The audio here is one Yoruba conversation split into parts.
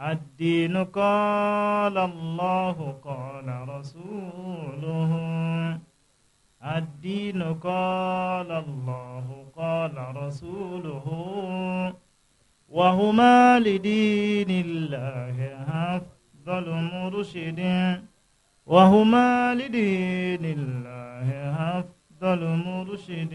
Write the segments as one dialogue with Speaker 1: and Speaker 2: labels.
Speaker 1: الدين قال الله قال رسوله الدين قال الله قال رسوله وهما لدين الله أفضل مرشد وهما لدين الله أفضل مرشد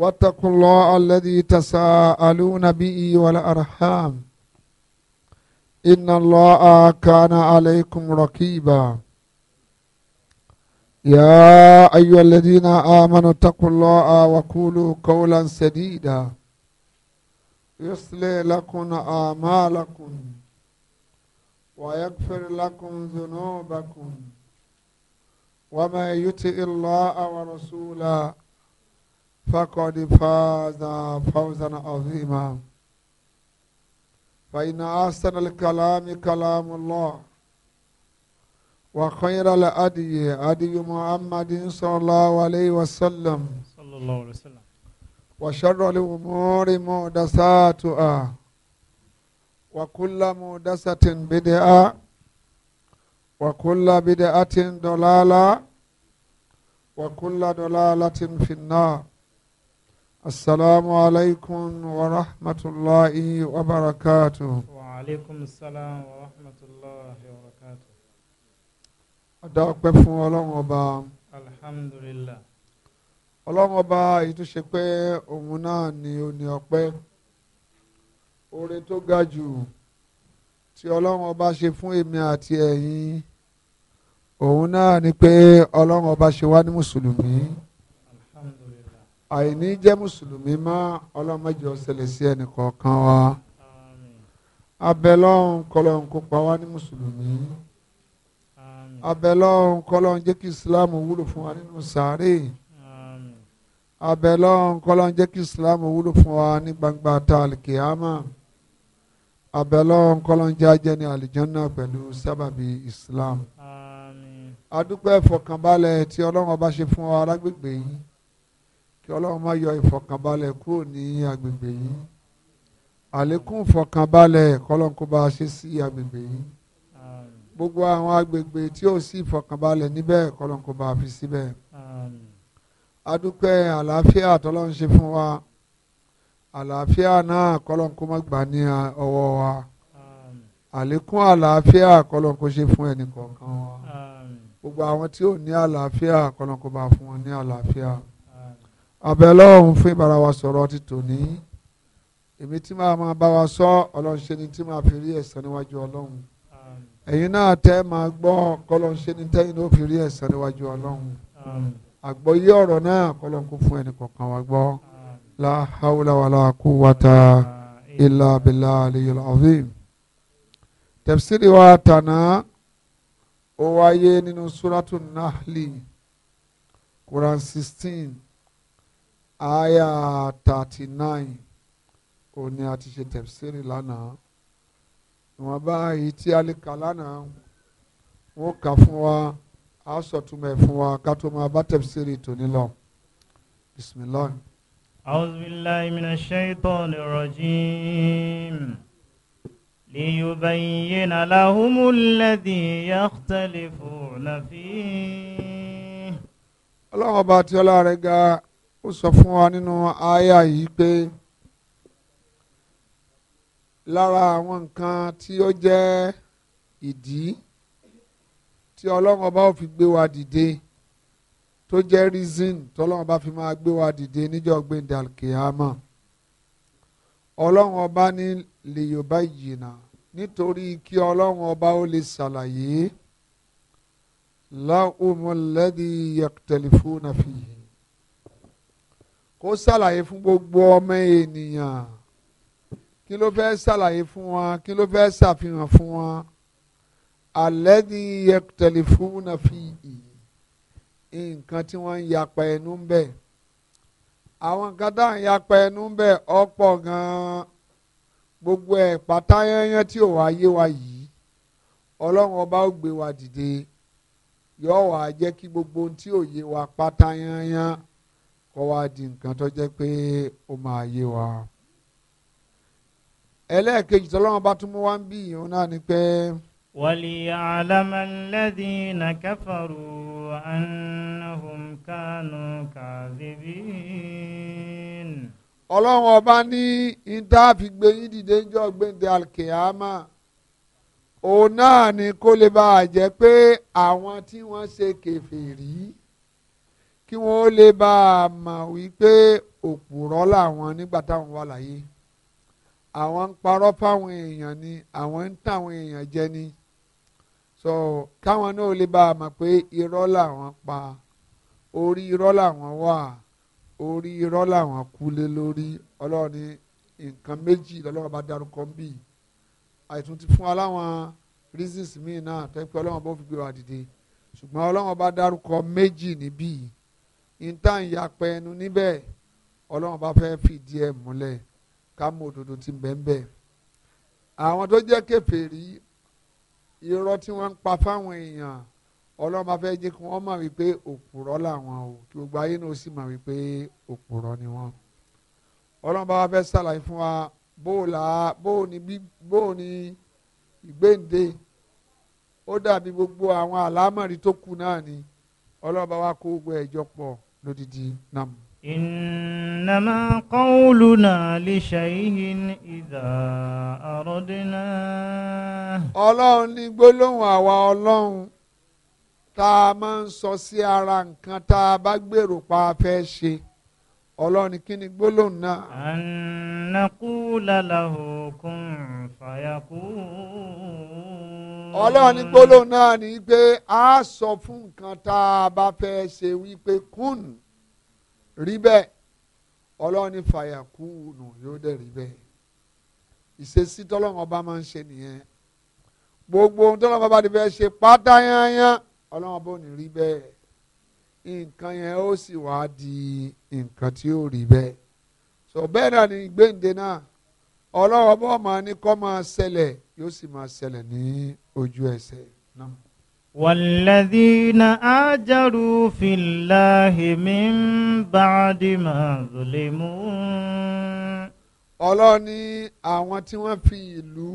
Speaker 2: واتقوا الله الذي تساءلون به والأرحام إن الله كان عليكم رقيبا يا أيها الذين آمنوا اتقوا الله وقولوا قولا سديدا يصلي لكم آمالكم ويغفر لكم ذنوبكم وما يطع الله ورسوله فقد فاز فوزا عظيما فإن أحسن الكلام كلام الله وخير الأدي أدي محمد صلى الله عليه وسلم صلى الله عليه وسلم وشر الأمور محدثاتها وكل محدثة بدعة وكل بدعة ضلالة وكل ضلالة في النار السلام عليكم ورحمة الله وبركاته
Speaker 1: وعليكم السلام ورحمة الله وبركاته
Speaker 2: أدعوك فún Ọlọ́run Ọba
Speaker 1: alhamdulillah
Speaker 2: Ọlọ́run Ọba èyí tó ṣe pé òun náà ni ó ní ọpẹ́ oore tó ga jù tí Ọlọ́run Ọba ṣe fún èmi àti ẹ̀yin òun náà ni pé Ọlọ́run Ọba ṣe wá ní mùsùlùmí. Mm -hmm àìní jẹ́ mùsùlùmí má ọlọ́mọdé ọ̀sẹ̀lẹ̀ sí ẹnì kọ̀ọ̀kan wa abẹ́lọ́hún kọlọ́hún kó pa wá ní mùsùlùmí abẹ́lọ́hún kọlọ́hún jẹ́ kí islam wúlò fún wa nínú sàárè abẹ́lọ́hún kọlọ́hún jẹ́ kí islam wúlò fún wa ní gbangba ta alikiyama abẹ́lọ́hún kọlọ́hún jẹ́ ajẹ́ni alijanna pẹ̀lú sábàbí islam adúpẹ́ fọkànbalẹ̀ tí ọlọ́run ọba ṣe fún wa lágbègbè yìí kí ọlọ́run má yọ ìfọ̀kànbalẹ̀ kúrò ní agbègbè yìí àlékún ìfọ̀kànbalẹ̀ kọ́lọ́n kó bá a ṣe sí agbègbè yìí gbogbo àwọn agbègbè tí ó sì ìfọ̀kànbalẹ̀ níbẹ̀ kọ́lọ́n kó bá a fi síbẹ̀ adúpẹ́ àlàáfíà tọ́lọ́run ṣe fún wa àlàáfíà náà kọ́lọ́n kó má gbà ní ọwọ́ wa àlékún àlàáfíà kọ́lọ́n kó ṣe fún ẹnì kọ̀ọ̀kan wa gbogbo àwọn tí ò ní àlàáfíà kọ́lọ́n kó bá fún wọn ní àlàáfíà abẹ́lọ́hún fún ìbára wa sọ̀rọ̀ ti tòní èmi tí màá máa bá wa sọ ọlọ́run ṣe ni tí màá fi rí ẹ̀san níwájú ọlọ́run ẹ̀yin náà tẹ́ máa gbọ́ kọ́lọ́run ni tẹ́yin ló fi rí ẹ̀san níwájú ọlọ́run àgbọ́yé ọ̀rọ̀ náà kọ́lọ́run fún ẹnì kọ̀ọ̀kan wa gbọ́ la hawla wala quwwata illa billahi aliyul azim tafsiri wa tànà ó wáyé nínú súrátù nahli quran sixteen aya thirty nine òní àti ṣe tẹ̀síìrì lánàá ìwọ̀nba èyí tí a lè kà lánàá wọ́n kà fún wa a sọ̀túnmẹ̀ fún wa ká tó máa bá tẹ̀síìrì tòní lọ bisimilahi.
Speaker 1: أعوذ بالله من الشيطان الرجيم ليبين لهم الذي يختلفون فيه.
Speaker 2: ọlọ́run ọba tí ọlá rẹ̀ ga ó sọ fún wa nínú àyà yìí pé lára àwọn nǹkan tí ó jẹ́ ìdí tí ọlọ́run ọba ó fi gbé wa dìde tó jẹ́ reason tọ́lọ́run ọba fi máa gbé wa dìde níjọ́ gbẹ̀ndẹ̀ alkiyama ọlọ́run ọba ní lè yorùbá yìí nítorí kí ọlọ́run ọba ó lè ṣàlàyé láwùmọ̀lẹ́dì yẹtẹlifóònù fi kó ṣàlàyé fún gbogbo ọmọ ènìyàn kí ló fẹ́ ṣàlàyé fún wọn kí ló fẹ́ ṣàfihàn fún wọn alladhi yaktalifuna fihi nǹkan tí wọ́n ń yapa ẹnu ń bẹ̀ àwọn nǹkan tá à ń yapa ẹnu ń bẹ̀ ọ̀pọ̀ gan-an gbogbo ẹ̀ pátá tí ò wá yé wa yìí ọlọ́run ọba ó gbé wa dìde yóò wá jẹ́ kí gbogbo ohun tí ò yé wa pátá kó wá di nǹkan tó jẹ́ pé ó máa yé wa. ẹlẹ́ẹ̀kejì tọ́lọ́wọ́n bá tún mú wá ń bí ìyẹn náà ni pé.
Speaker 1: وليعلم الذين كفروا أنهم كانوا كاذبين.
Speaker 2: ọlọ́run ọba ní ìdáàfígbé yín dìde ń jọ gbẹ̀ǹdẹ̀ alkiyama òun náà ni kó lè bá a jẹ́ pé àwọn tí wọ́n ṣe kèfèrí kí wọ́n lè bá a mọ̀ wípé òpùrọ́ làwọn nígbà táwọn wà láyé àwọn ń parọ́ fáwọn èèyàn ni àwọn ń tàwọn èèyàn jẹ ni so káwọn náà lè bá a mọ̀ pé irọ́ làwọn pa orí irọ́ làwọn wà orí irọ́ làwọn kú lé lórí ọlọ́run ní nǹkan méjì lọ́lọ́run bá darúkọ ń bì àìtún ti fún wa láwọn reasons míì náà tẹ́ pé ọlọ́run bó fi gbé wa dìde ṣùgbọ́n ọlọ́run bá darúkọ méjì níbí yìí ìta ń yapẹ́ ẹnu níbẹ̀ ọlọ́run bá fẹ́ fìdí ẹ̀ múlẹ̀ ká mọ òdodo ti bẹ́ẹ̀ àwọn tó jẹ́ kèfèrí irọ́ tí wọ́n ń pa fáwọn èèyàn ọlọ́run bá fẹ́ jẹ́ kí wọ́n mọ̀ wípé òpùrọ́ làwọn o kí gbogbo ayé náà sì mọ̀ wípé òpùrọ́ ni wọ́n ọlọ́run bá fẹ́ ṣàlàyé fún wa bóòlà bóòní bóòní ìgbéǹde ó dàbí gbogbo àwọn àlámọ̀rí tó kù náà ni ọlọ́run bá wa kó gbogbo ẹ̀jọ pọ̀ lódìdí nam.
Speaker 1: إنما قولنا لشيء إذا
Speaker 2: أردناه. ọlọ́run ní gbólóhùn àwa ọlọ́run tá a máa ń sọ sí ara nǹkan tá a bá gbèrò pa a fẹ́ ṣe ọlọ́run kí ni gbólóhùn náà. an naqula lahu kun
Speaker 1: ọlọ́run ní gbólóhùn
Speaker 2: náà ni pé a sọ fún nǹkan tá a bá fẹ́ ṣe wípé kún rí bẹ́ẹ̀ ọlọ́run ní fàyà kúùnù yóò dẹ̀ rí bẹ́ẹ̀ ìṣesí tọ́lọ́run ọba máa ń ṣe nìyẹn gbogbo ohun tọ́lọ́run ọba ti fẹ́ ṣe pátá yányán ọlọ́run ọba ò ní rí bẹ́ẹ̀ nǹkan yẹn ó sì wá di nǹkan tí ó rí bẹ́ẹ̀ sọ bẹ́ẹ̀ náà ni gbéǹde náà ọlọ́run ọba ọ̀ máa kọ́ máa ṣẹlẹ̀ yóò sì máa ṣẹlẹ̀ ní ojú ẹsẹ̀ náà. والذين
Speaker 1: آجروا في الله من بعد ما
Speaker 2: ظلموا. ọlọ́run ní àwọn tí wọ́n fi ìlú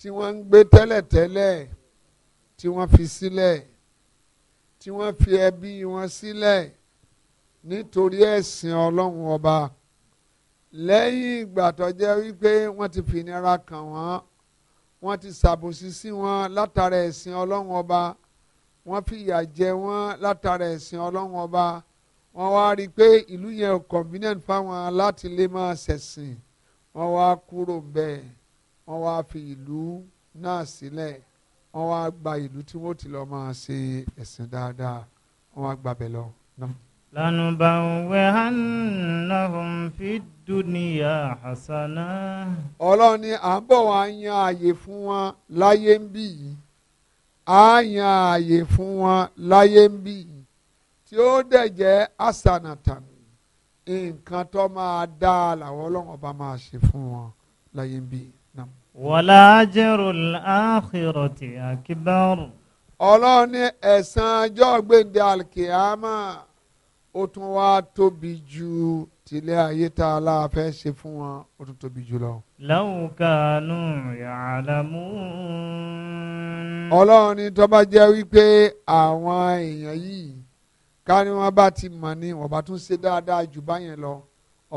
Speaker 2: tí wọ́n ń gbé tẹ́lẹ̀tẹ́lẹ̀ tí wọ́n fi sílẹ̀ tí wọ́n fi ẹbí wọn sílẹ̀ nítorí ẹ̀sìn ọlọ́run ọba lẹ́yìn ìgbà tó jẹ́ wípé wọ́n ti fìnira kàn wọ́n wọ́n ti ṣàbòsí sí wọn látara ẹ̀sìn ọlọ́run ọba wọ́n fìyà jẹ wọ́n látara ẹ̀sìn ọlọ́run ọba wọ́n wá rí i pé ìlú yẹn convenient fáwọn láti lè máa ṣẹ̀sìn wọ́n wá kúrò bẹ́ẹ̀ wọ́n wá fi ìlú náà sílẹ̀ wọ́n wá gba ìlú tí wọ́n ti lọ máa ṣe ẹ̀sìn dáadáa wọ́n wá gbàbẹ̀ lọ náà
Speaker 1: lanubawwihannahum fid dunya hasana.
Speaker 2: ọlọ́run ni à ń bọ̀ wá yan àyè fún wọn láyé ń bì yìí á yan àyè fún wọn láyé ń bì yìí tí ó dẹ̀ jẹ́ hasanatan nǹkan tó máa dá làwọn ọlọ́run ọba máa ṣe fún wọn láyé ń bì yìí. wala
Speaker 1: ajrul akhirati akbar.
Speaker 2: ọlọ́run ni ẹ̀san ọjọ́ gbèǹde alkiyama ó tún wá tóbi ju tilẹ̀ ayé tá a la fẹ́ ṣe fún wọn ó tún tóbi jù lọ. law
Speaker 1: kanu ya'lamun.
Speaker 2: ọlọ́run ni tó bá jẹ́ wípé àwọn èèyàn yìí ká ní wọ́n bá ti mọ̀ ni wọ́n bá tún ṣe dáadáa jù báyẹn lọ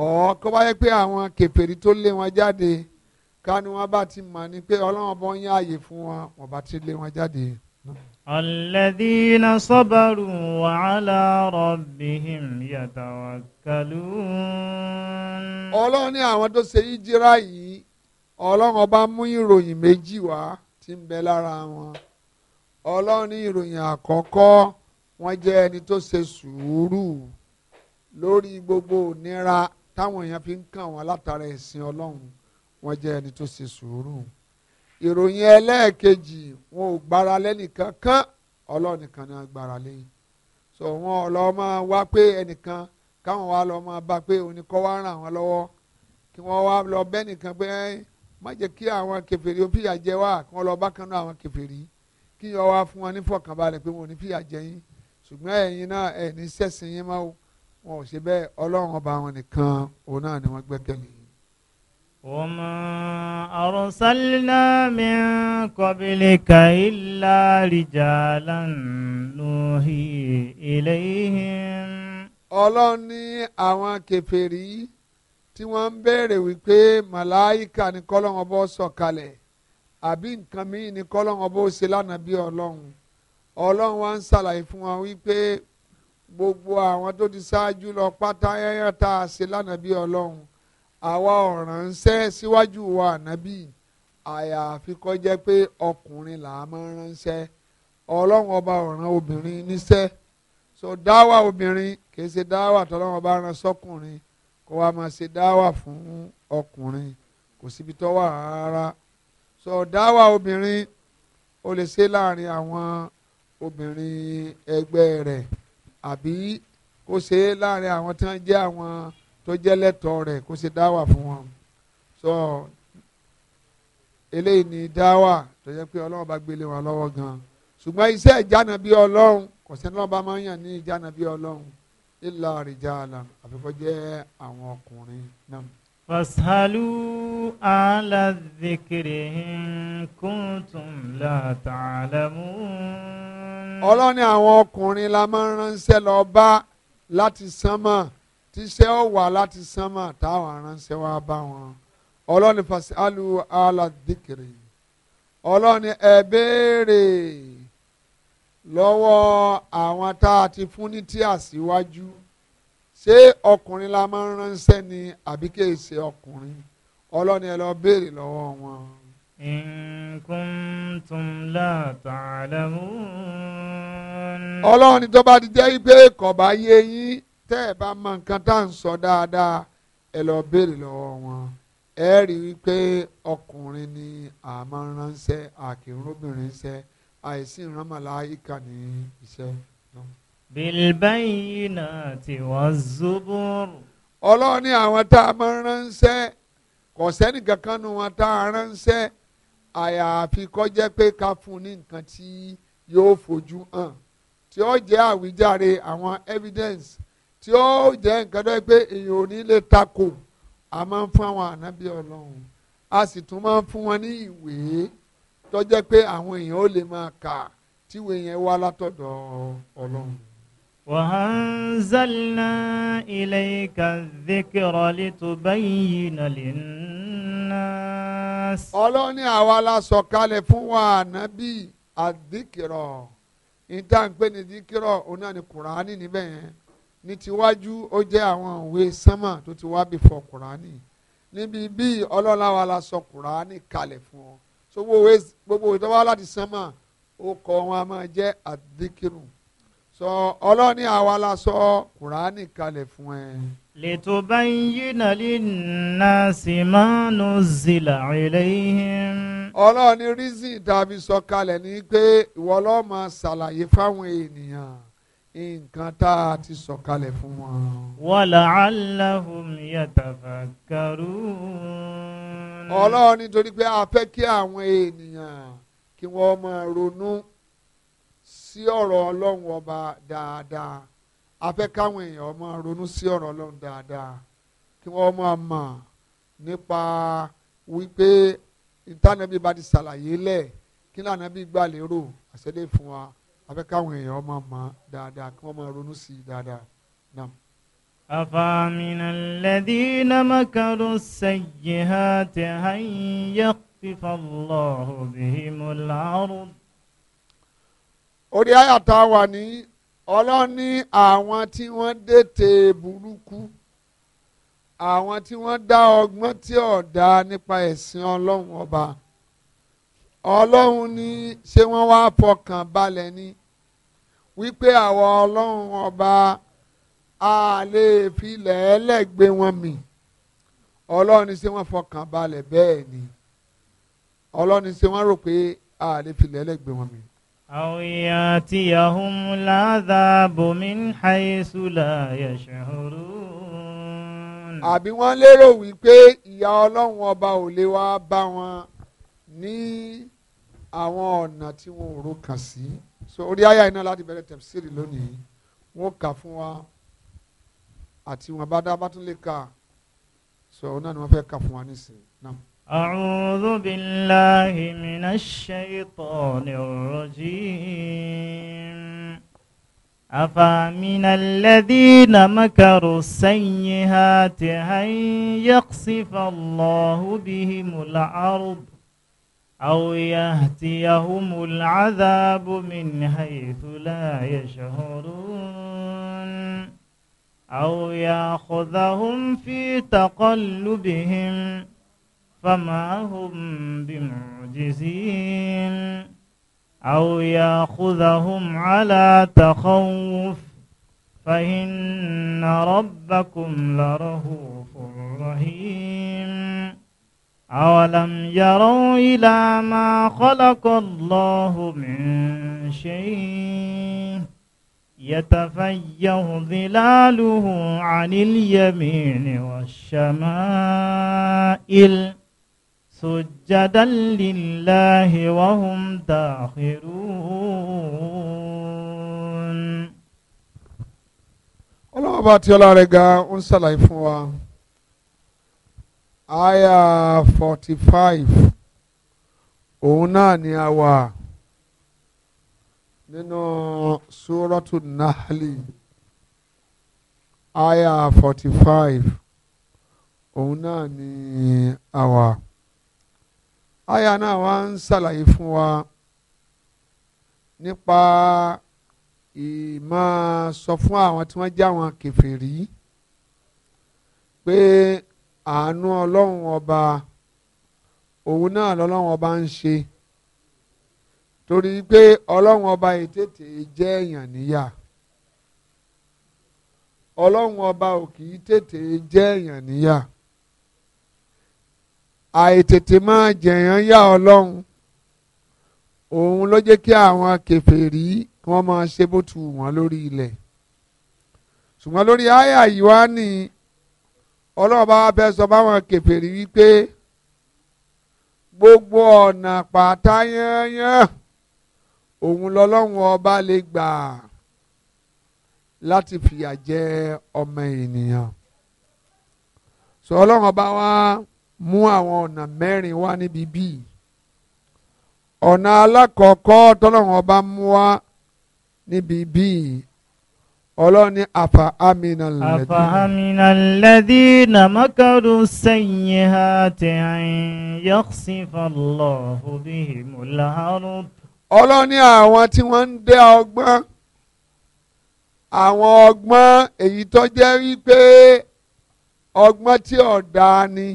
Speaker 2: ọ̀ kó bá yẹ pé àwọn kèfèrí tó lé wọn jáde ká ní wọ́n bá ti mọ̀ ni pé ọlọ́run bọ́ ń yáàyè fún wọn wọ́n bá ti lé wọn jáde. No.
Speaker 1: الذين صبروا وعلى ربهم يتوكلون.
Speaker 2: ọlọ́run ní àwọn tó ṣe ìjírá yìí ọlọ́run ọba mú ìròyìn méjì wá tí ń bẹ lára wọn ọlọ́run ní ìròyìn àkọ́kọ́ wọ́n jẹ́ ẹni tó ṣe sùúrù lórí gbogbo ìnira táwọn èèyàn fi ń kàn wọ́n látara ẹ̀sìn ọlọ́run wọ́n jẹ́ ẹni tó ṣe sùúrù ìròyìn ẹlẹ́ẹ̀kejì wọn ò gbára lẹ́nìkan kán ọlọ́run ni wọ́n gbára lé so wọn ọ̀lọ́ máa wá pé ẹnìkan káwọn wá lọ máa bá pé òun ni kọ́ wá ràn wọ́n lọ́wọ́ kí wọ́n wá lọ bẹ́ nìkan pé má jẹ́ kí àwọn kèfèrí ó fìyà jẹ wá kí wọ́n lọ bá kanú àwọn kèfèrí kí wọ́n wá fún wọn ní fọkànbalẹ̀ pé wọn ò ní fìyà jẹ yín ṣùgbọ́n ẹ̀yin náà ẹ̀ ní sẹ́sìn yín máa wọn ò ṣe bẹ́ẹ̀ ọlọ́run ọba wọn nìkan òun náà ni wọ́n gbẹ́kẹ̀lé وما
Speaker 1: أرسلنا من قبلك إلا رجالا
Speaker 2: نوحي إليهم ọlọ́run àwọn kèfèrí tí wọ́n ń béèrè wípé màláìka ni kọ́lọ́run ọbọ̀ sọ̀kalẹ̀ àbí nǹkan míì ni ọbọ̀ ṣe lánàá bí ọlọ́run ọlọ́run wa ń ṣàlàyé fún wípé gbogbo àwọn tó ti ṣáájú lọ pátá tá a ṣe lánàá bí àwa ọ̀ránṣẹ́ síwájú wa ànábì àyàfi kó jẹ́ pé ọkùnrin là á máa ránṣẹ́ ọlọ́run ọba ọ̀ràn obìnrin níṣẹ́ so dáwà obìnrin kì í ṣe dáwà tọ́lọ́run ọba rán sọ́kùnrin kó wa máa ṣe dáwà fún ọkùnrin kò síbi tó wà rárá so dáwà obìnrin o lè ṣe láàrin àwọn obìnrin ẹgbẹ́ rẹ̀ àbí kó ṣe láàrin àwọn tí wọ́n jẹ́ àwọn tó jẹ́ lẹ́tọ̀ọ́ rẹ̀ kó ṣe dáwà fún wọn so eléyìí ni dáwà tó jẹ́ pé ọlọ́run bá gbélé wọn lọ́wọ́ gan ṣùgbọ́n iṣẹ́ ìjànà bíi ọlọ́run kò sẹ́ni lọ́ba máa ń yàn ní ìjànà bíi ọlọ́run illa rijalan àfikọ́ jẹ́ àwọn ọkùnrin náà.
Speaker 1: فاسألوا أهل الذكر
Speaker 2: إن كنتم لا ọlọ́ni àwọn ọkùnrin la máa ń ránṣẹ́ lọ bá láti sánmà tíṣẹ́ ó wà láti sánmà táwọn aránṣẹ́ wa bá wọn ọlọ́ni fàṣẹ alu aladikiri ọlọ́ni ẹ béèrè lọ́wọ́ àwọn tá a ti fún ní tí àṣìwájú ṣé ọkùnrin la máa ń ránṣẹ́ ni àbí kìí ṣe ọkùnrin ọlọ́ni ẹ lọ béèrè lọ́wọ́ wọn. In kuntum la ta'lamun. ọlọ́run tó bá ti jẹ́ pé kò yé yín tẹ́ ẹ bá mọ nǹkan tá à ń sọ dáadáa ẹ lọ béèrè lọ́wọ́ wọn ẹ rí i pé ọkùnrin ni àmọ́ ránṣẹ́ àkìrúnbìnrin ṣẹ́ àìsí ìrànmọ́lá ìkà ní iṣẹ́. bilbayyinati wazzubur. ọlọ́run ní àwọn tá a máa ránṣẹ́ kò sẹ́ni kankan nu wọn tá a ránṣẹ́ àyàfi kó pé ká fún un ní nǹkan tí yóò fojú hàn tí ó jẹ́ àwíjàre àwọn evidence tí ó jẹ́ nǹkan tó yẹ pé èèyàn ò ní lè takò a máa ń fún àwọn ànábì ọlọ́run a sì tún máa ń fún wọn ní ìwé tó jẹ́ pé àwọn èèyàn ó lè máa kà tíwèé yẹn wá látọ̀dọ̀ ọlọ́run.
Speaker 1: وأنزلنا إليك الذكر لتبين للناس
Speaker 2: ọlọ́run àwa la sọ̀kalẹ̀ fún wa ànábì àdìkìrọ̀ ìtàn pé ní dìkìrọ̀ onáà ní kùránì níbẹ̀ yẹn ní tiwájú ó jẹ́ àwọn òwe sánmà tó ti wá bìfọ kùránì níbi bí ọlọ́lá wa la sọ kùránì kalẹ̀ fún ọ so gbogbo òwe tó wá láti sánmà ó kọ wọn a máa jẹ́ àdìkírù sọ ọlọ́ni àwa la sọ kùránì kalẹ̀ fún ẹ.
Speaker 1: litubayyina linnasi ma nuzzila ilayhim.
Speaker 2: ọlọ́ni rízìn tàbí sọ kalẹ̀ ni pé ìwọ máa ṣàlàyé fáwọn ènìyàn nǹkan tá a ti sọ̀kalẹ̀ fún wọn. wàlà
Speaker 1: aláhùn yàtàfàkàrú. ọlọ́run nítorí
Speaker 2: pé a fẹ́ kí àwọn ènìyàn kí wọ́n máa ronú sí ọ̀rọ̀ ọlọ́run ọba dáadáa a fẹ́ káwọn èèyàn máa ronú sí ọ̀rọ̀ ọlọ́run dáadáa kí wọ́n máa mọ̀ nípa wípé ìtànàbí bá ti ṣàlàyé lẹ̀ kí lànà bí gbà lérò àṣẹlẹ̀ fún wa afẹ́ káwọn èèyàn ọmọ mọ̀ dáadáa kí wọ́n máa ronú sí i dáadáa náà. أفمن
Speaker 1: الذين مكروا السيئات أن يخفف الله بهم الأرض orí
Speaker 2: àyàtà wà ní ọlọ́run ní àwọn tí wọ́n dètè burúkú àwọn tí wọ́n dá ọgbọ́n tí ò dáa nípa ẹ̀sìn ọlọ́run ọba ọlọ́run ní ṣé wọ́n wá fọkàn balẹ̀ ni wípé àwa ọlọ́run ọba a lè fi lẹ́ẹ̀lẹ́ gbé wọn mì ọlọ́run ní ṣé wọ́n fọkàn balẹ̀ bẹ́ẹ̀ ni ọlọ́run ní ṣé wọ́n rò pé a lè fi lẹ́ẹ̀lẹ́ gbé wọn mì.
Speaker 1: أو يأتيهم العذاب من حيث لا يشعرون.
Speaker 2: àbí wọ́n lérò wípé ìyà ọlọ́run ọba ò lè wá bá wọn ní àwọn ọ̀nà tí wọn ò ro kàn sí so orí àyà iná láti bẹ̀rẹ̀ tẹ̀síìrì lónìí wọn kà fún wa àti wọn bá dá bá tún lè kà so náà ni wọn fẹ́ kà fún wa nísìnyí أعوذ
Speaker 1: بالله من الشيطان الرجيم أفمن الذين مكروا السيئات أن يقصف الله بهم الأرض أو يهتيهم العذاب من حيث لا يشعرون أو يأخذهم في تقلبهم فما هم بمعجزين أو يأخذهم على تخوف فإن ربكم لرهوف رحيم أولم يروا إلى ما خلق الله من شيء يتفيه ظلاله عن اليمين والشمائل سجدا لله وهم داخرون
Speaker 2: ọlọ́wọ́ bá ti ọlá rẹ̀ ga ó aya forty five òun náà ni a wà nínú suratu nahli aya forty five òun náà ni a wà aya náà wá ń ṣàlàyé fún wa nípa ìmọ̀ sọ fún àwọn tí wọ́n jẹ́ àwọn kèfèrí pé àánú ọlọ́run ọba òun náà lọ́lọ́run ọba ń ṣe torí pé ọlọ́run ọba ètètè jẹ́ èèyàn níyà ọlọ́run ọba ò kì í tètè jẹ́ èèyàn níyà àìtètè máa jẹ̀yàn yá ọlọ́run òun ló jẹ́ kí àwọn kèfèrí kí máa ṣe bó tu wọ́n lórí ilẹ̀ ṣùgbọ́n lórí àyà yìí wá ní ọlọ́run bá wá fẹ́ sọ fáwọn kèfèrí wípé gbogbo ọ̀nà pátá yányán òun lọ́lọ́run ọba lè gbà láti fìyà jẹ ọmọ ènìyàn sọ ọlọ́run ọba wá mú àwọn ọ̀nà mẹ́rin wá níbi bíi ọ̀nà alákọ̀ọ́kọ́ tọ́lọ́run ọba mú wá níbi bíi ọlọ́run ní afa amina lẹ́dí. afa amina
Speaker 1: lẹ́dí namakaru sẹ́yìn ha ti hàn yọ́ọ̀sì
Speaker 2: fọlọ́ òbí ìmúláhàrún. ọlọ́run ní àwọn tí wọ́n ń dẹ́ ọgbọ́n àwọn ọgbọ́n èyí tó jẹ́ wípé ọgbọ́n tí ò dáa ni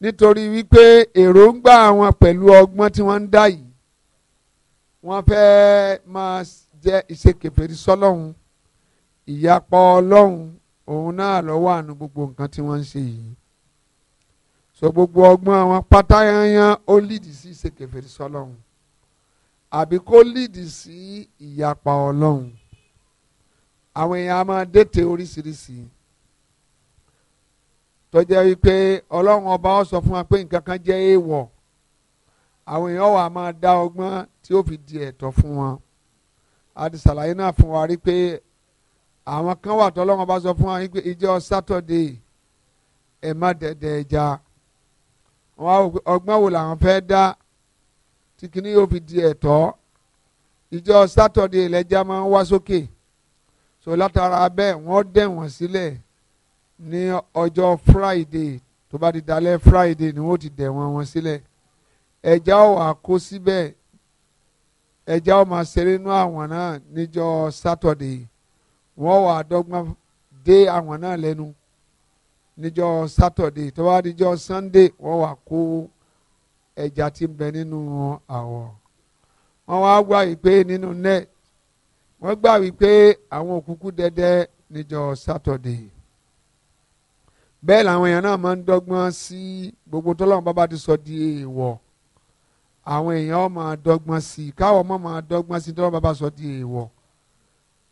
Speaker 2: nítorí wípé èròǹgbà wọn pẹ̀lú ọgbọ́n tí wọ́n ń dá yìí wọ́n fẹ́ẹ́ máa jẹ́ ìṣekèfèrí sọ́lọ́hún. So ìyapa ọlọ́run òun náà ló wà nínú gbogbo nǹkan tí wọ́n ń ṣe yìí so gbogbo ọgbọ́n àwọn pátá yanyan ó lídì sí ìṣèkèfèrè sọlọ́run àbí kó lídì sí ìyapa ọlọ́run àwọn èèyàn a máa dètè oríṣiríṣi tó jẹ́ wípé ọlọ́run ọba ó sọ fún wa pé nǹkan kan jẹ́ èèwọ̀ àwọn èèyàn wà máa dá ọgbọ́n tí ó fi di ẹ̀tọ́ fún wọn a ti ṣàlàyé náà fún wa rí pé àwọn kan wà tọ́lọ́wọ́n bá sọ fún wa pé ìjọ sátọ̀dé ẹ̀ má dẹ̀dẹ̀ ẹja wọn á ọgbọ́n wo làwọn fẹ́ dá tí kìíní yóò fi di ẹ̀tọ́ ìjọ sátọ̀dé ẹlẹ́ja máa ń wá sókè so látara bẹ́ẹ̀ wọ́n dẹ̀ wọ́n sílẹ̀ ní ọjọ́ Friday tó bá di dalẹ́ Friday ni wọ́n ti dẹ̀ wọ́n wọn sílẹ̀ ẹja ò wá kó síbẹ̀ ẹja ò máa ṣeré nú àwọn náà níjọ́ sátọ̀dé yìí wọ́n wà dọ́gbọ́n dé àwọn náà lẹ́nu níjọ́ sátọ̀dé tó bá níjọ́ sànńdé wọ́n wà kó ẹja tí ń bẹ nínú àwọ̀ wọ́n wá gbà wípé nínú net wọ́n gbà wípé àwọn òkúkú dẹdẹ níjọ́ sátọ̀dé bẹ́ẹ̀ làwọn èèyàn náà máa ń dọ́gbọ́n sí gbogbo tọ́lọ́run bá ti sọ di èèwọ̀ àwọn èèyàn máa dọ́gbọ́n sí káwọn máa dọ́gbọ́n sí tọ́lọ́run bá sọ di èèwọ̀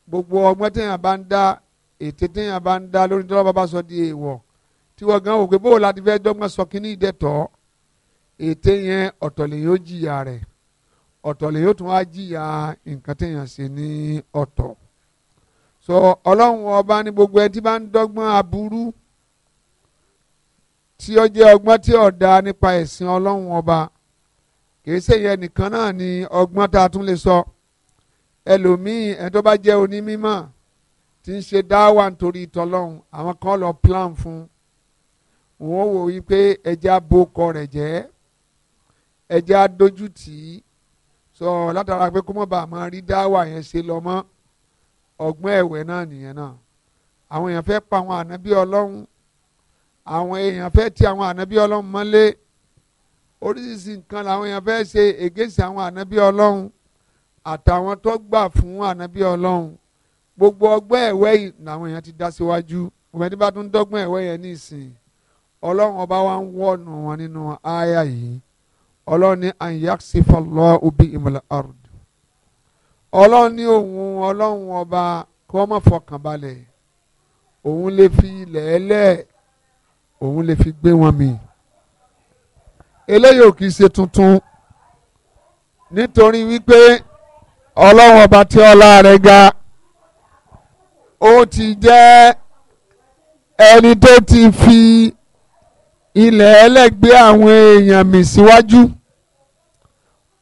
Speaker 2: gbogbo ọgbọ́n téèyàn bá ń dá ète téèyàn bá ń dá lórí tọ́lọ́ bàbá sọ di èèwọ̀ tí wọ́n gan òkè bóòlù àti fẹ́ dọ́gbọ́n sọ kínní ìdẹ́tọ̀ ète yẹn ọ̀tọ̀ lè yóò jìyà rẹ̀ ọ̀tọ̀ lè yóò tún wá jìyà nǹkan téèyàn ṣe ní ọ̀tọ̀ so ọlọ́run ọba ní gbogbo ẹni tí bá ń dọ́gbọ́n aburú tí ó jẹ́ ọgbọ́n tí ó dá nípa ẹ̀sìn ọlọ́run ọba kì í ṣèyẹn nìkan náà ni ọgbọ́n tá a tún lè sọ. So, ẹlòmíì ẹni tó bá jẹ́ onímọ̀ tí ń ṣe dáwà nítorí ìtọ́lọ́hún àwọn kan lọ plan fún wọn wò wípé ẹja bókọ rẹ̀ jẹ́ ẹja dojú tì í sọ látara pé kó mọ̀ bá a máa rí dáwà yẹn ṣe lọ mọ́ ọgbọ́n ẹ̀wẹ̀ náà nìyẹn náà àwọn èèyàn fẹ́ pa àwọn ànábí ọlọ́run àwọn èèyàn fẹ́ ti àwọn ànábí ọlọ́run mọ́lé oríṣiríṣi nǹkan làwọn èèyàn fẹ́ ṣe ègèsì àwọn ànábí ọlọ́run àtàwọn tó gbà fún ànábì ọlọ́run gbogbo ọgbọ́n ẹ̀wẹ́ yìí làwọn èèyàn ti dá síwájú ọmọ ẹni bá tún dọ́gbọ́n ẹ̀wẹ́ yẹn ní ìsìn ọlọ́run ọba wa ń wọ̀nù wọn nínú àyà yìí ọlọ́run ní àyàksífọ̀lọ́ òbí ìmọ̀lẹ̀ ọ̀rùd ọlọ́run ní òun ọlọ́run ọba kí wọ́n má fọkàn balẹ̀ òun lè fi ilẹ̀ ẹlẹ́ òun lè fi gbé wọn mì eléyìí ò kì í ṣe tuntun nítorí wípé ọlọ́run ọba tí ọlá rẹ̀ ga ó ti jẹ́ ẹni tó ti fi ilẹ̀ ẹlẹ́gbẹ́ àwọn èèyàn mì síwájú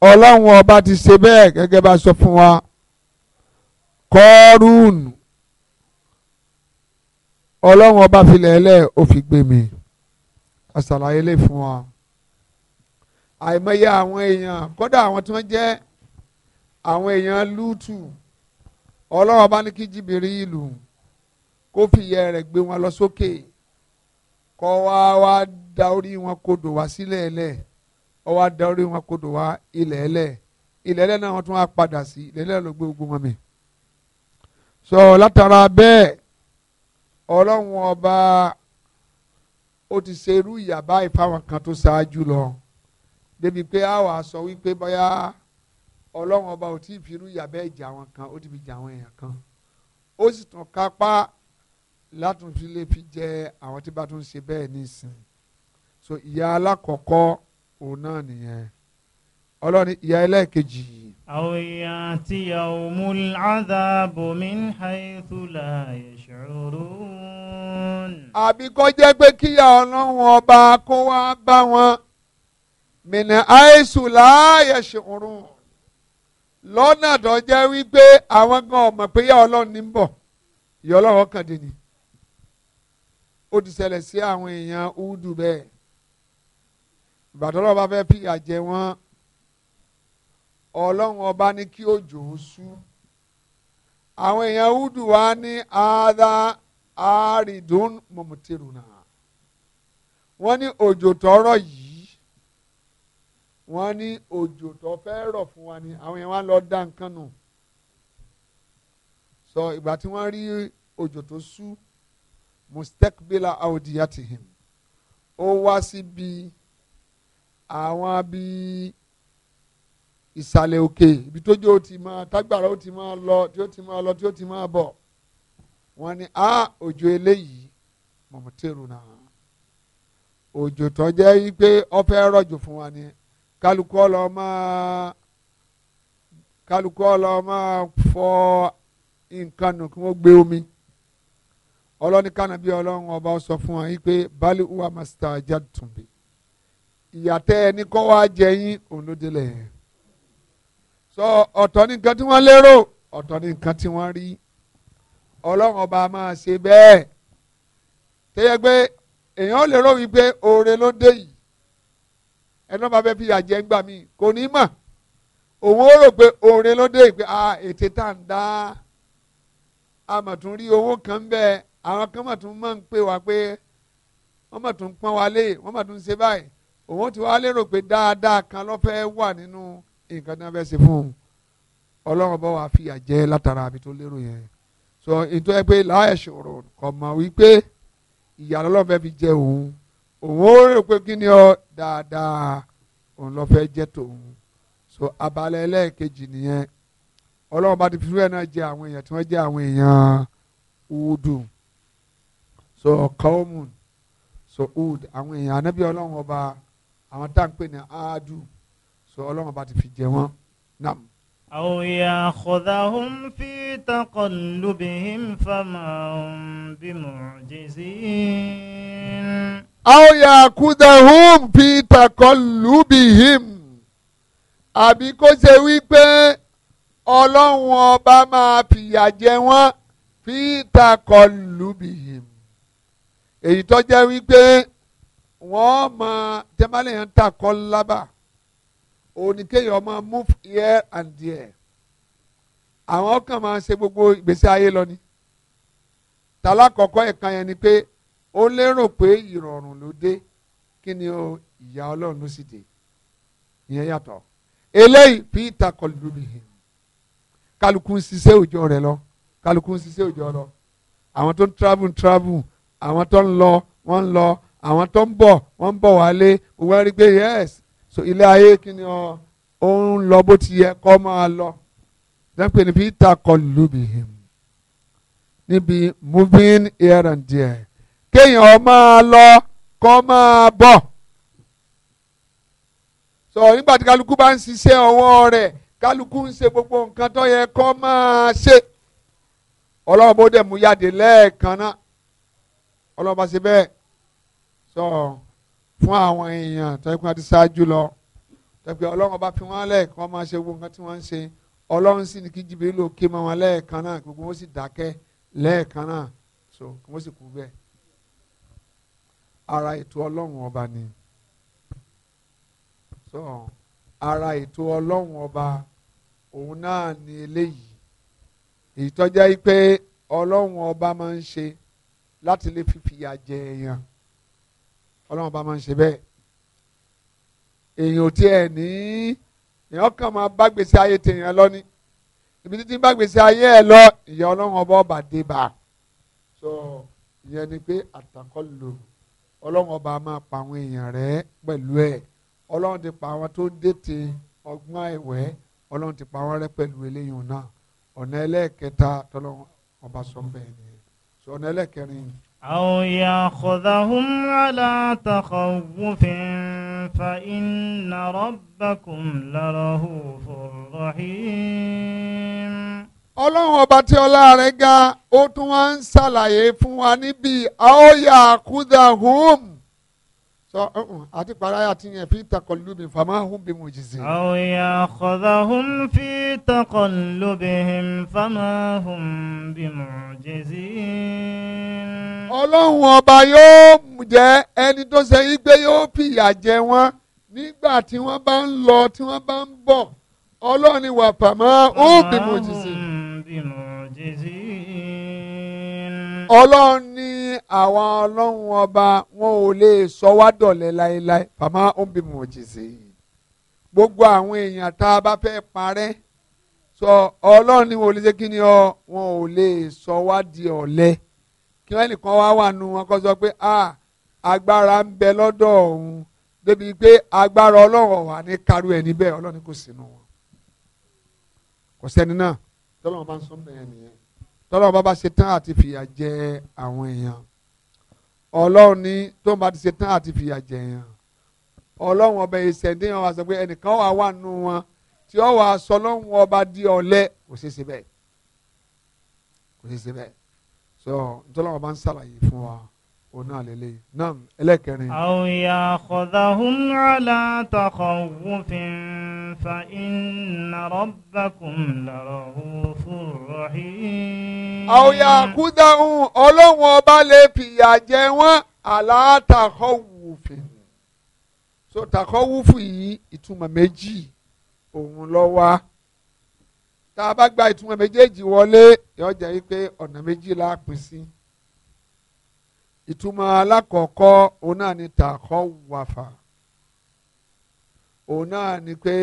Speaker 2: ọlọ́run ọba ti ṣe bẹ́ẹ̀ gẹ́gẹ́ bá sọ fún wa kọ́rùn ọlọ́run ọba filẹ̀ ẹlẹ́ ó mi àṣàlàyé lè fún wa àìmọye àwọn èèyàn kódà àwọn tí wọ́n jẹ́ àwọn èèyàn lútù ọlọ́run bá ní kí jìbìrì ìlú kó fìyẹ́ rẹ̀ gbé wọn lọ sókè kọ́ wá wá da orí wọn kodò wá sílẹ̀ ẹlẹ̀ ọ wá da orí wọn kodò wá ilẹ̀ ẹlẹ̀ ilẹ̀ ẹlẹ̀ náà wọ́n tún wá padà sí ilẹ̀ ẹlẹ̀ ló gbé ogun wọn mi. sọ látara bẹ́ẹ̀ ọlọ́run ọba ó ti ṣe irú ìyà báyìí kan tó ṣáájú lọ débi pé a wàá wípé báyà ọlọ́run ọba ò tí ì fi irú yàbẹ́ ìjà wọn kan ó ti fi jà àwọn èèyàn kan ó sì tún kápá látúnfi fi jẹ àwọn tí bá tún ṣe bẹ́ẹ̀ nísìn so ìyá alákọ̀ọ́kọ́ òun náà nìyẹn ọlọ́run ìyá ẹlẹ́ẹ̀kejì.
Speaker 1: àwọn èèyàn ti mú àdàbò mi ń ha ètò láàyè ṣòro.
Speaker 2: àbí jẹ́ pé kíyà ọlọ́run ọba kó wá bá wọn mìnà àìsùn láàyè ṣòro lọ́nà tó jẹ́ wípé àwọn gan ọmọ pé yá ọlọ́run ní ń bọ̀ ìyá ọlọ́run ọkàn dè ní. ó ti ṣẹlẹ̀ sí àwọn èèyàn údù bẹ́ẹ̀ ìbàdàn ọlọ́run bá fẹ́ jẹ wọ́n ọlọ́run ọba ní kí òjò sú àwọn èèyàn údù wa ní àádá àárídùn mọ̀mọ́tẹ́rù wọ́n ní òjò tọrọ yìí wọ́n ní òjò tó fẹ́ rọ̀ fún wa ni àwọn yẹn wá lọ dá nǹkan nù sọ ìgbà tí wọ́n rí òjò tó sú mustekbela audiyatihim ó wá síbi àwọn abi ìsàlẹ̀ òkè ibi tójú ó ti máa tágbàrá ó ti máa lọ tí ó ti máa lọ tí ó ti máa bọ̀ wọ́n ní a òjò eléyìí mọ̀mọ́tẹ́rù náà òjò tó jẹ́ wípé ó fẹ́ rọ̀jò fún wa ni kálukú ọlọ máa kálukú fọ nǹkan nù kí wọ́n gbé omi ọlọ́ni kánàbí ọlọ́run ọba sọ fún wa bali uwa masita jadtunbi ìyàtẹ̀ ẹni kọ́ wa jẹ yín òun ló délẹ̀ sọ ọ̀tọ̀ ní nǹkan tí wọ́n lérò ọ̀tọ̀ ní nǹkan tí wọ́n rí ọlọ́run ọba ẹni ọba fẹ́ fi àjẹ́ gbà mí kò ní mọ̀ òun ó rò pé orin ló dé ìpè a ah, ètè tá à ń dá a mà tún rí owó kan bẹ́ẹ̀ àwọn kan mà tún máa ń pè wá pé wọ́n mà tún pọ́n wa lé wọ́n mà tún ṣe báyìí òun ti wá lérò pé dáadáa kan ló fẹ́ wà nínú nǹkan tí wọ́n fẹ́ ṣe fún un ọlọ́run bá wàá fi àjẹ́ látara àbí tó lérò yẹn so ètò ẹ pé láàyè ṣòro kọ̀ mọ̀ wípé ìyá fi jẹ òun òun ó rò pé kí ni ọ dáadáa òun lọ fẹ́ jẹ́ tòun so abalẹ̀ ẹlẹ́ẹ̀kejì nìyẹn ọlọ́run bá ti fi fúwẹ́ náà jẹ àwọn èèyàn tí wọ́n jẹ àwọn èèyàn udu so kaumun so ud àwọn èèyàn anábì ọlọ́run ọba àwọn tá à ń pè ní aadu so ọlọ́run ọba ti fi jẹ wọ́n nam. aw ya'khudhahum
Speaker 1: fi taqallubihim famahum bimu'jizin
Speaker 2: àwọn yakudahum peter kọlùbìhìm àbí kó ṣe wípé ọlọ́run ọba máa fìyà jẹ wọ́n peter kọlùbìhìm èyí tó jẹ́ wípé wọ́n máa tẹ́málẹ̀ yẹn ń takọ́ lábà máa move here and there àwọn kan máa ṣe gbogbo ìgbésí ayé lọ ni tàlákọ̀ọ́kọ́ ẹ̀ka yẹn ni pé ó lérò pé ìrọ̀rùn ló dé kí ni o ìyà ọlọ́run ló sì dé ìyẹn yàtọ̀ eléyìí peter kọlùbí kálukú ń ṣiṣẹ́ òjò rẹ̀ lọ kálukú ń ṣiṣẹ́ òjò lọ àwọn tó ń travel travel àwọn tó ń lọ wọ́n ń lọ àwọn tó ń bọ̀ wọ́n ń bọ̀ wálé gbogbo rí pé yes so ilé ayé kí ni ọ ó ń lọ bó ti yẹ kó máa lọ dẹ́pẹ́ ni peter kọlùbí níbi moving here and there kéèyàn máa lọ kó máa bọ̀ sọ nígbà tí kálukú bá ń ṣiṣẹ́ ọwọ́ rẹ̀ kálukú ń ṣe gbogbo nǹkan tó yẹ kó máa ṣe ọlọ́run bó dẹ̀ mú yáde lẹ́ẹ̀kan náà ọlọ́run bá ṣe bẹ́ẹ̀ sọ fún àwọn èèyàn tó yẹ kó ti ṣáájú lọ tẹ̀pẹ́ ọlọ́run bá fi wọ́n lẹ́ẹ̀kan máa ṣe gbogbo nǹkan tí wọ́n ń ṣe ọlọ́run sì ní kí jìbìrì lò ké mọ́ wọn lẹ́ẹ̀kan náà gbogbo wọn sì dákẹ́ lẹ́ẹ̀kan náà so wọ́n sì kú bẹ́ẹ̀ ara ètò ọlọ́run ọba ni so ara ètò ọlọ́run ọba òun náà ni eléyìí ìtọ́já yìí pé ọlọ́run ọba máa ń ṣe láti lè fìfìyà jẹ èèyàn ọlọ́run ọba máa ń ṣe bẹ́ẹ̀ èèyàn ò tiẹ̀ ní èèyàn kàn máa bá gbèsè ayé tèèyàn lọ ni ibi títí bá gbèsè ayé ẹ lọ ìyà ọlọ́run ọba ọba dé bá so ìyẹn ni pé àtàkọ́ lòrùn ọlọ́run ọba máa pa àwọn èèyàn rẹ̀ pẹ̀lú ẹ̀ ọlọ́run ti pa àwọn tó dètè ọgbọ́n ẹ̀wẹ́ ọlọ́run ti pa àwọn rẹ̀ pẹ̀lú eléyìí náà ọ̀nà ẹlẹ́ẹ̀kẹta tọ́lọ́run ọba sọ bẹ́ẹ̀ ni ọ̀nà ẹlẹ́ẹ̀kẹrin.
Speaker 1: àwọn ya khudahum ala takhawufin fa inna
Speaker 2: rabbakum larahufur
Speaker 1: rahim
Speaker 2: ọlọ́run ọba tí ọlá rẹ̀ ga ó tún wá ń ṣàlàyé fún wa níbi àóyà kúdàhùn sọ àti paraya ti yẹn fi takọlùbí famahum bí mo jìzì.
Speaker 1: àóyà kúdàhùn fi takọlùbí
Speaker 2: famahum
Speaker 1: bí mo jìzì.
Speaker 2: ọlọ́run ọba yóò jẹ́ ẹni tó ṣe yí yóò fìyà jẹ wọ́n nígbà tí wọ́n bá ń lọ tí wọ́n bá ń bọ̀ ọlọ́run ni wà fàmà ó bí mo jìzì. ọlọ́run ní àwọn ọlọ́run ọba wọn ò lè sọ wá dọ̀lẹ́ láéláé fàmà ó ń bí mọ̀ jèsè yìí gbogbo àwọn èèyàn tá a bá fẹ́ parẹ́ sọ ọlọ́run ní wọn ò lè ṣe kí ni ọ wọn ò lè sọ wá di ọ̀lẹ kí wọ́n nìkan wá wà nù wọn kọ́ sọ pé a agbára ń bẹ lọ́dọ̀ ọ̀hún débi pé agbára ọlọ́run wà ní karu ẹ̀ níbẹ̀ ọlọ́run kò sínú wọn kò sẹ́ni náà tọ́lọ́run bá ń sọ bẹ́ẹ̀ nìyẹn tọ́lọ́run bá bá ṣe tán àti fìyà jẹ àwọn èèyàn ọlọ́run ní tó ń bá ti ṣe tán àti fìyà jẹ èèyàn ọlọ́run ọba ìṣẹ̀ wọn wá sọ ẹnìkan wà wà nù wọn tí ó wàá sọ lọ́run ọba di ọ̀lẹ kò ṣeé ṣe bẹ́ẹ̀ kò ṣeé ṣe bẹ́ẹ̀ so tọ́lọ́run ọba ń ṣàlàyé fún wa òun lélẹ̀ náà ẹlẹ́kẹrin.
Speaker 1: àwòyà àkọ́dà hùn rẹ̀ látàkọ̀ wọ́n fi ń. فَإِنَّ رَبَّكُمْ لرؤوف رحيم.
Speaker 2: أو يأخذهم ọlọ́run ọba lè fìyà jẹ wọ́n aláàtàkọ́wùfẹ́ so tàkọ́wùfù yìí ìtumọ̀ méjì òun ló wà tá a bá gba ìtumọ̀ méjèèjì wọlé yóò jẹ́ wípé ọ̀nà méjì la pín sí ìtumọ̀ alákọ̀ọ́kọ́ òun náà ni tàkọ́wàfà òun náà ni pé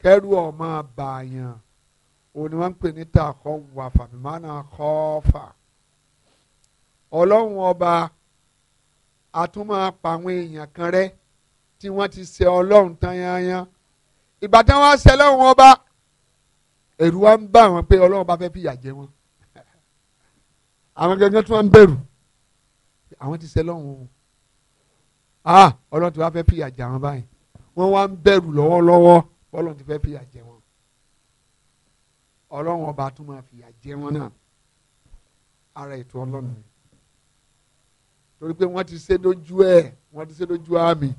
Speaker 2: kẹ́rù ọmọ bàyàn òun ni wọ́n ń pè ní tàkọ́ wà fàmìmánà kọ́ fà ọlọ́run ọba àtúmọ̀ pa àwọn èèyàn kan rẹ́ tí wọ́n ti ṣe ọlọ́run tán yányán ìgbà tí ṣe ọlọ́run ọba ẹ̀rù wa ń bá wọn pé ọlọ́run ọba fẹ́ fìyà jẹ wọn àwọn gẹ́gẹ́ tí wọ́n ń bẹ̀rù àwọn ti ṣe ọlọ́run o ah ọlọ́run ti wá fẹ́ fìyà jẹ àwọn báyìí wọ́n wá ń bẹ̀rù lọ́wọ́lọ́wọ́ bọ́lọ̀ ti fẹ́ fìyà jẹ wọn ọlọ́run ọba tún máa fìyà jẹ wọn náà ara ètò ọlọ́run ni torí pé wọ́n ti ṣe lójú ẹ̀ wọ́n ti ṣe lójú àmì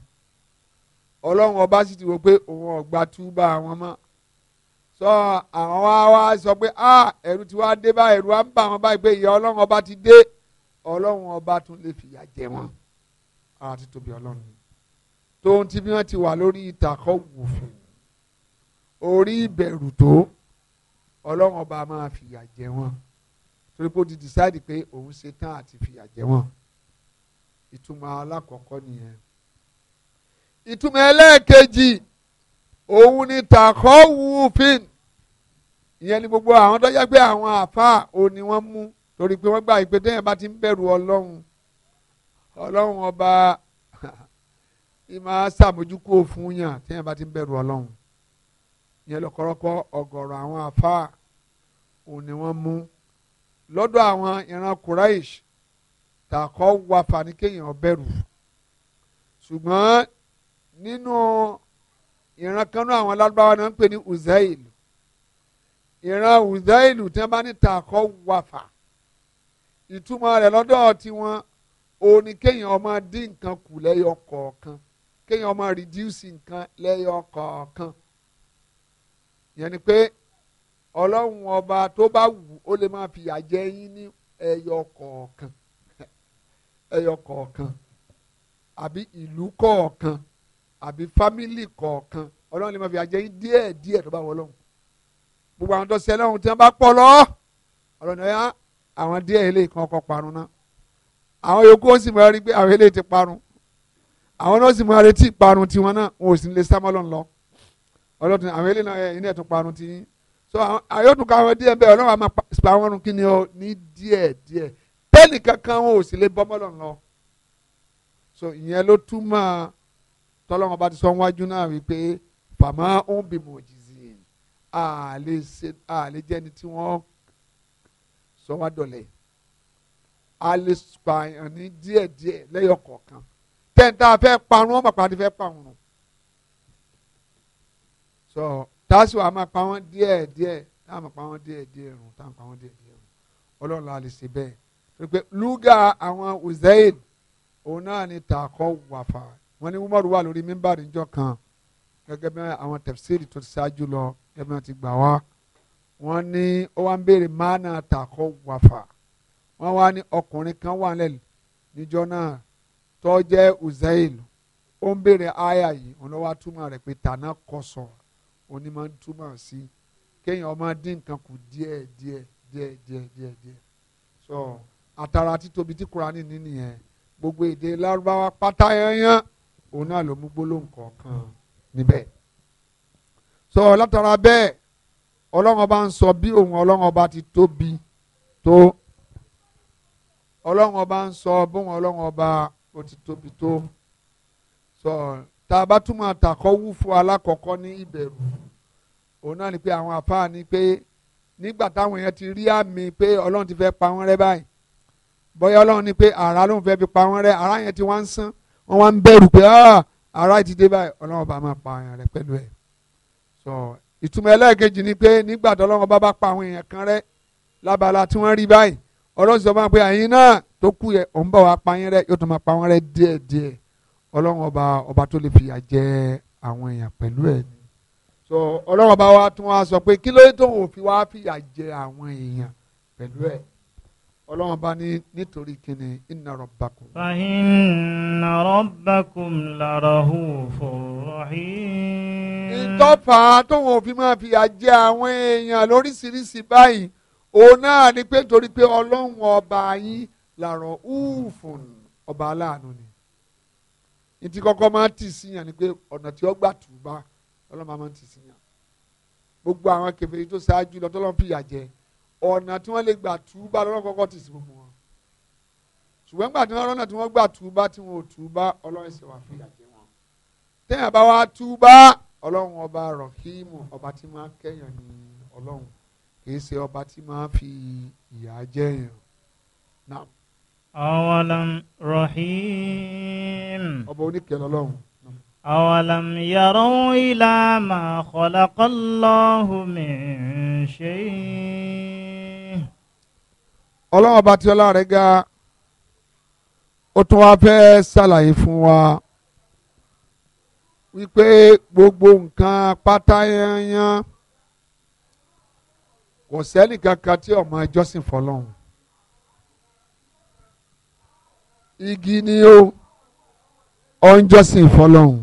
Speaker 2: ọlọ́run ọba sì ti wò pé òun ọ̀gbà túbà àwọn mọ́ sọ àwọn wá wá sọ pé a ẹ̀rù ti wá dé bá ẹ̀rù wá ń bà wọ́n báyìí pé ìyà ọlọ́run ọba ti dé ọlọ́run ọba tún lè fìyà jẹ wọn ara ti tóbi ọlọ́run ni tóun ti bí wọ́n ti wà lórí ìtàkọ́ wùfìn orí ìbẹ̀rù tó ọlọ́run ọba máa fìyà jẹ wọ́n torí pé ó ti decide pé òun ṣe tán àti fìyà jẹ wọ́n ìtumọ̀ alákọ̀ọ́kọ́ nìyẹn ìtumọ̀ ẹlẹ́ẹ̀kejì òun ni tàkọ́ wùfìn ìyẹn ni gbogbo àwọn tó yẹ pé àwọn àáfàá òun ni wọ́n mú torí pé wọ́n gbà pé téèyàn bá ti ń bẹ̀rù ọlọ́run ọlọ́run ọba ìmọ̀ sàmójúkú fún yàn téèyàn bá ti ń bẹ̀rù ọlọ́run yẹn lọ́kọ́rọ́kọ́ ọ̀gọ̀rọ̀ àwọn àfáà òun ni wọ́n mú lọ́dọ̀ àwọn ìran Quraish tàkọ́ wà fani kéèyàn bẹ̀rù ṣùgbọ́n nínú ìran kanú àwọn lárúbáwá náà ń pè ní Uzail ìran Uzail tí wọ́n bá ní tàkọ́ wà fà ìtumọ̀ rẹ̀ lọ́dọ̀ tiwọn òun ni kéèyàn máa dín nǹkan kù lẹ́yọ kọ̀ọ̀kan kéèyàn máa reduce nǹkan lẹ́yọ kọ̀ọ̀kan yẹn ni pé ọlọ́run ọba tó bá wù ó lè máa fìyà jẹ yín ní ẹyọ kọ̀ọ̀kan ẹyọ kọ̀ọ̀kan àbí ìlú kọ̀ọ̀kan àbí fámìlì kọ̀ọ̀kan ọlọ́run lè máa fìyà jẹ yín díẹ̀ díẹ̀ tó bá wọ ọlọ́run gbogbo àwọn tó ṣe lọ́hùn tí wọ́n bá pọ̀ lọ ọlọ́run ẹ̀yà àwọn díẹ̀ eléyìí kan kọ́ parun náà àwọn yòókù ó sì mọ̀ ẹ́ rí pé àwọn eléyìí ti parun àwọn náà sì máa retí ìparun tiwọn náà wọn ò sì lè sámọ́lọ́n lọ ọlọ́tún àwọn eléyìí náà ilé ẹ̀tún parun ti yín so àyọ̀tún ká wọn díẹ̀ bẹ́ẹ̀ ọlọ́run àmọ́ pa wọn kí ni ọ ní díẹ̀ díẹ̀ pẹ́ẹ́nì kankan wọn ò sì lè bọ́mọ́lọ́n lọ so ìyẹn ló túmọ̀ tọ́lọ́run ọba ti sọ wájú náà wípé fàmà ń bí mòjìzì àlè jẹ́ni tí wọ́n sọ wá dọ̀lẹ́ àlè pààyàn ní díẹ̀ díẹ̀ lẹ́yọ̀ kọ̀ọ̀kan pẹ́ ń tá a fẹ́ parun wọ́n pàpà ti fẹ́ parun rùn sọ táàsì wa máa pa wọ́n díẹ̀ díẹ̀ táà máa pa wọ́n díẹ̀ díẹ̀ rùn táà máa pa wọ́n díẹ̀ díẹ̀ rùn ọlọ́run la lè ṣe bẹ́ẹ̀ pé lúgà àwọn uzaid òun náà ni tààkọ́ wàfà wọ́n ní umaru wà lórí mímbàrí njọ́ kan gẹ́gẹ́ bí àwọn tafsiri tó ti ṣáájú lọ gẹ́gẹ́ bí wọ́n ti gbà wá wọ́n ní ó wá ń béèrè máàna tààkọ́ wàfà wọ́n wá ní ọkùnrin kan wà lẹ́lẹ̀ níjọ́ náà tó jẹ́ uzail ó ń béèrè aya yìí òun ló wá túmọ̀ rẹ̀ pé tànà kọsọ̀ òní máa ń túmọ̀ sí kéèyàn ọmọ dín nǹkan kù díẹ̀ díẹ̀ díẹ̀ díẹ̀ díẹ̀ díẹ̀ so àtàrà títóbi tí Kúránì ní nìyẹn gbogbo èdè lárúbáwá pátá yanyan òun náà ló mú gbólóhùn kọ̀ọ̀kan níbẹ̀ so látara bẹ́ẹ̀ ọlọ́run ọba ń sọ bí òun ọlọ́run ọba ti tóbi tó ọlọ́run ọba ń sọ bóun ọlọ́run ọba ó ti tóbi tó sọ tá a bá túmọ̀ àtàkọ́ alákọ̀ọ́kọ́ ní ìbẹ̀rù òun náà ni pé àwọn àfáà ni pé nígbà táwọn èèyàn ti rí àmì pé ọlọ́run ti fẹ́ pa wọ́n rẹ́ báyìí bóyá ọlọ́run ni pé ara ló fẹ́ fi pa wọ́n rẹ́ ara yẹn ti wá ń sán wọ́n wá ń bẹ̀rù pé ara ah, ti dé báyìí ọlọ́run bá máa pa èèyàn rẹ́ pẹ̀lú ẹ̀ sọ ìtumọ̀ ẹlẹ́ẹ̀kejì ni pé nígbà tó ọlọ́run bá bá pa àwọn èèyàn kan rẹ́ lábala tí wọ́n rí báyìí ọlọ́run sọ fún wa pé àyín náà tó kú yẹ òun bá wa pa yín rẹ́ yóò tún máa pa wọ́n rẹ́ díẹ̀díẹ̀ ọlọ́run ọba ọba tó lè fìyà jẹ àwọn èèyàn pẹ̀lú ẹ̀ ni so ọlọ́run ọba wa tún wá sọ pé kí ló dé tóun fi wá fìyà jẹ àwọn èèyàn pẹ̀lú ẹ̀ ọlọ́run ọba ní nítorí kíni inna rabbakum. fa
Speaker 1: inna rabbakum larahufur
Speaker 2: rahim. ìtọ́fà tóun ò fi máa fìyà jẹ àwọn èèyàn lóríṣiríṣi báyìí òun náà ni pé torí pé ọlọ́run ọba yín làrọ̀ úùfùn ọba aláàánú ni ìtì kọ́kọ́ máa tì síyàn ni pé ọ̀nà tí ó gbà tù bá ọlọ́mọ máa tì síyàn gbogbo àwọn kèfèrí tó ṣáájú lọ tọ́lọ́ fìyà jẹ ọ̀nà tí wọ́n lè gbà tù bá lọ́lọ́ kọ́kọ́ tì sí gbogbo wọn ṣùgbọ́n gbà tí wọ́n rọ́nà tí wọ́n gbà tù bá tí wọn ò tù bá ọlọ́run ṣe wà fìyà jẹ wọn téèyàn bá wá tù bá ọlọ́run ọba rọ̀kíìmù ọba tí máa kẹ́yàn ní ọlọ́run kì í ṣe ọba tí máa fi
Speaker 1: ìyà jẹ́yàn náà. أولم رحيم أولم يروا إلى ما خلق الله من شيء
Speaker 2: ọlọ́run ọba tí ọlá rẹ̀ ga ó tún wá fẹ́ ṣàlàyé fún wa wípé gbogbo nǹkan pátá yányán kò sẹ́nìkankan tí ó máa jọ́sìn fọlọ́run igi ni ó ọ̀njọ́sìn fọlọ́hún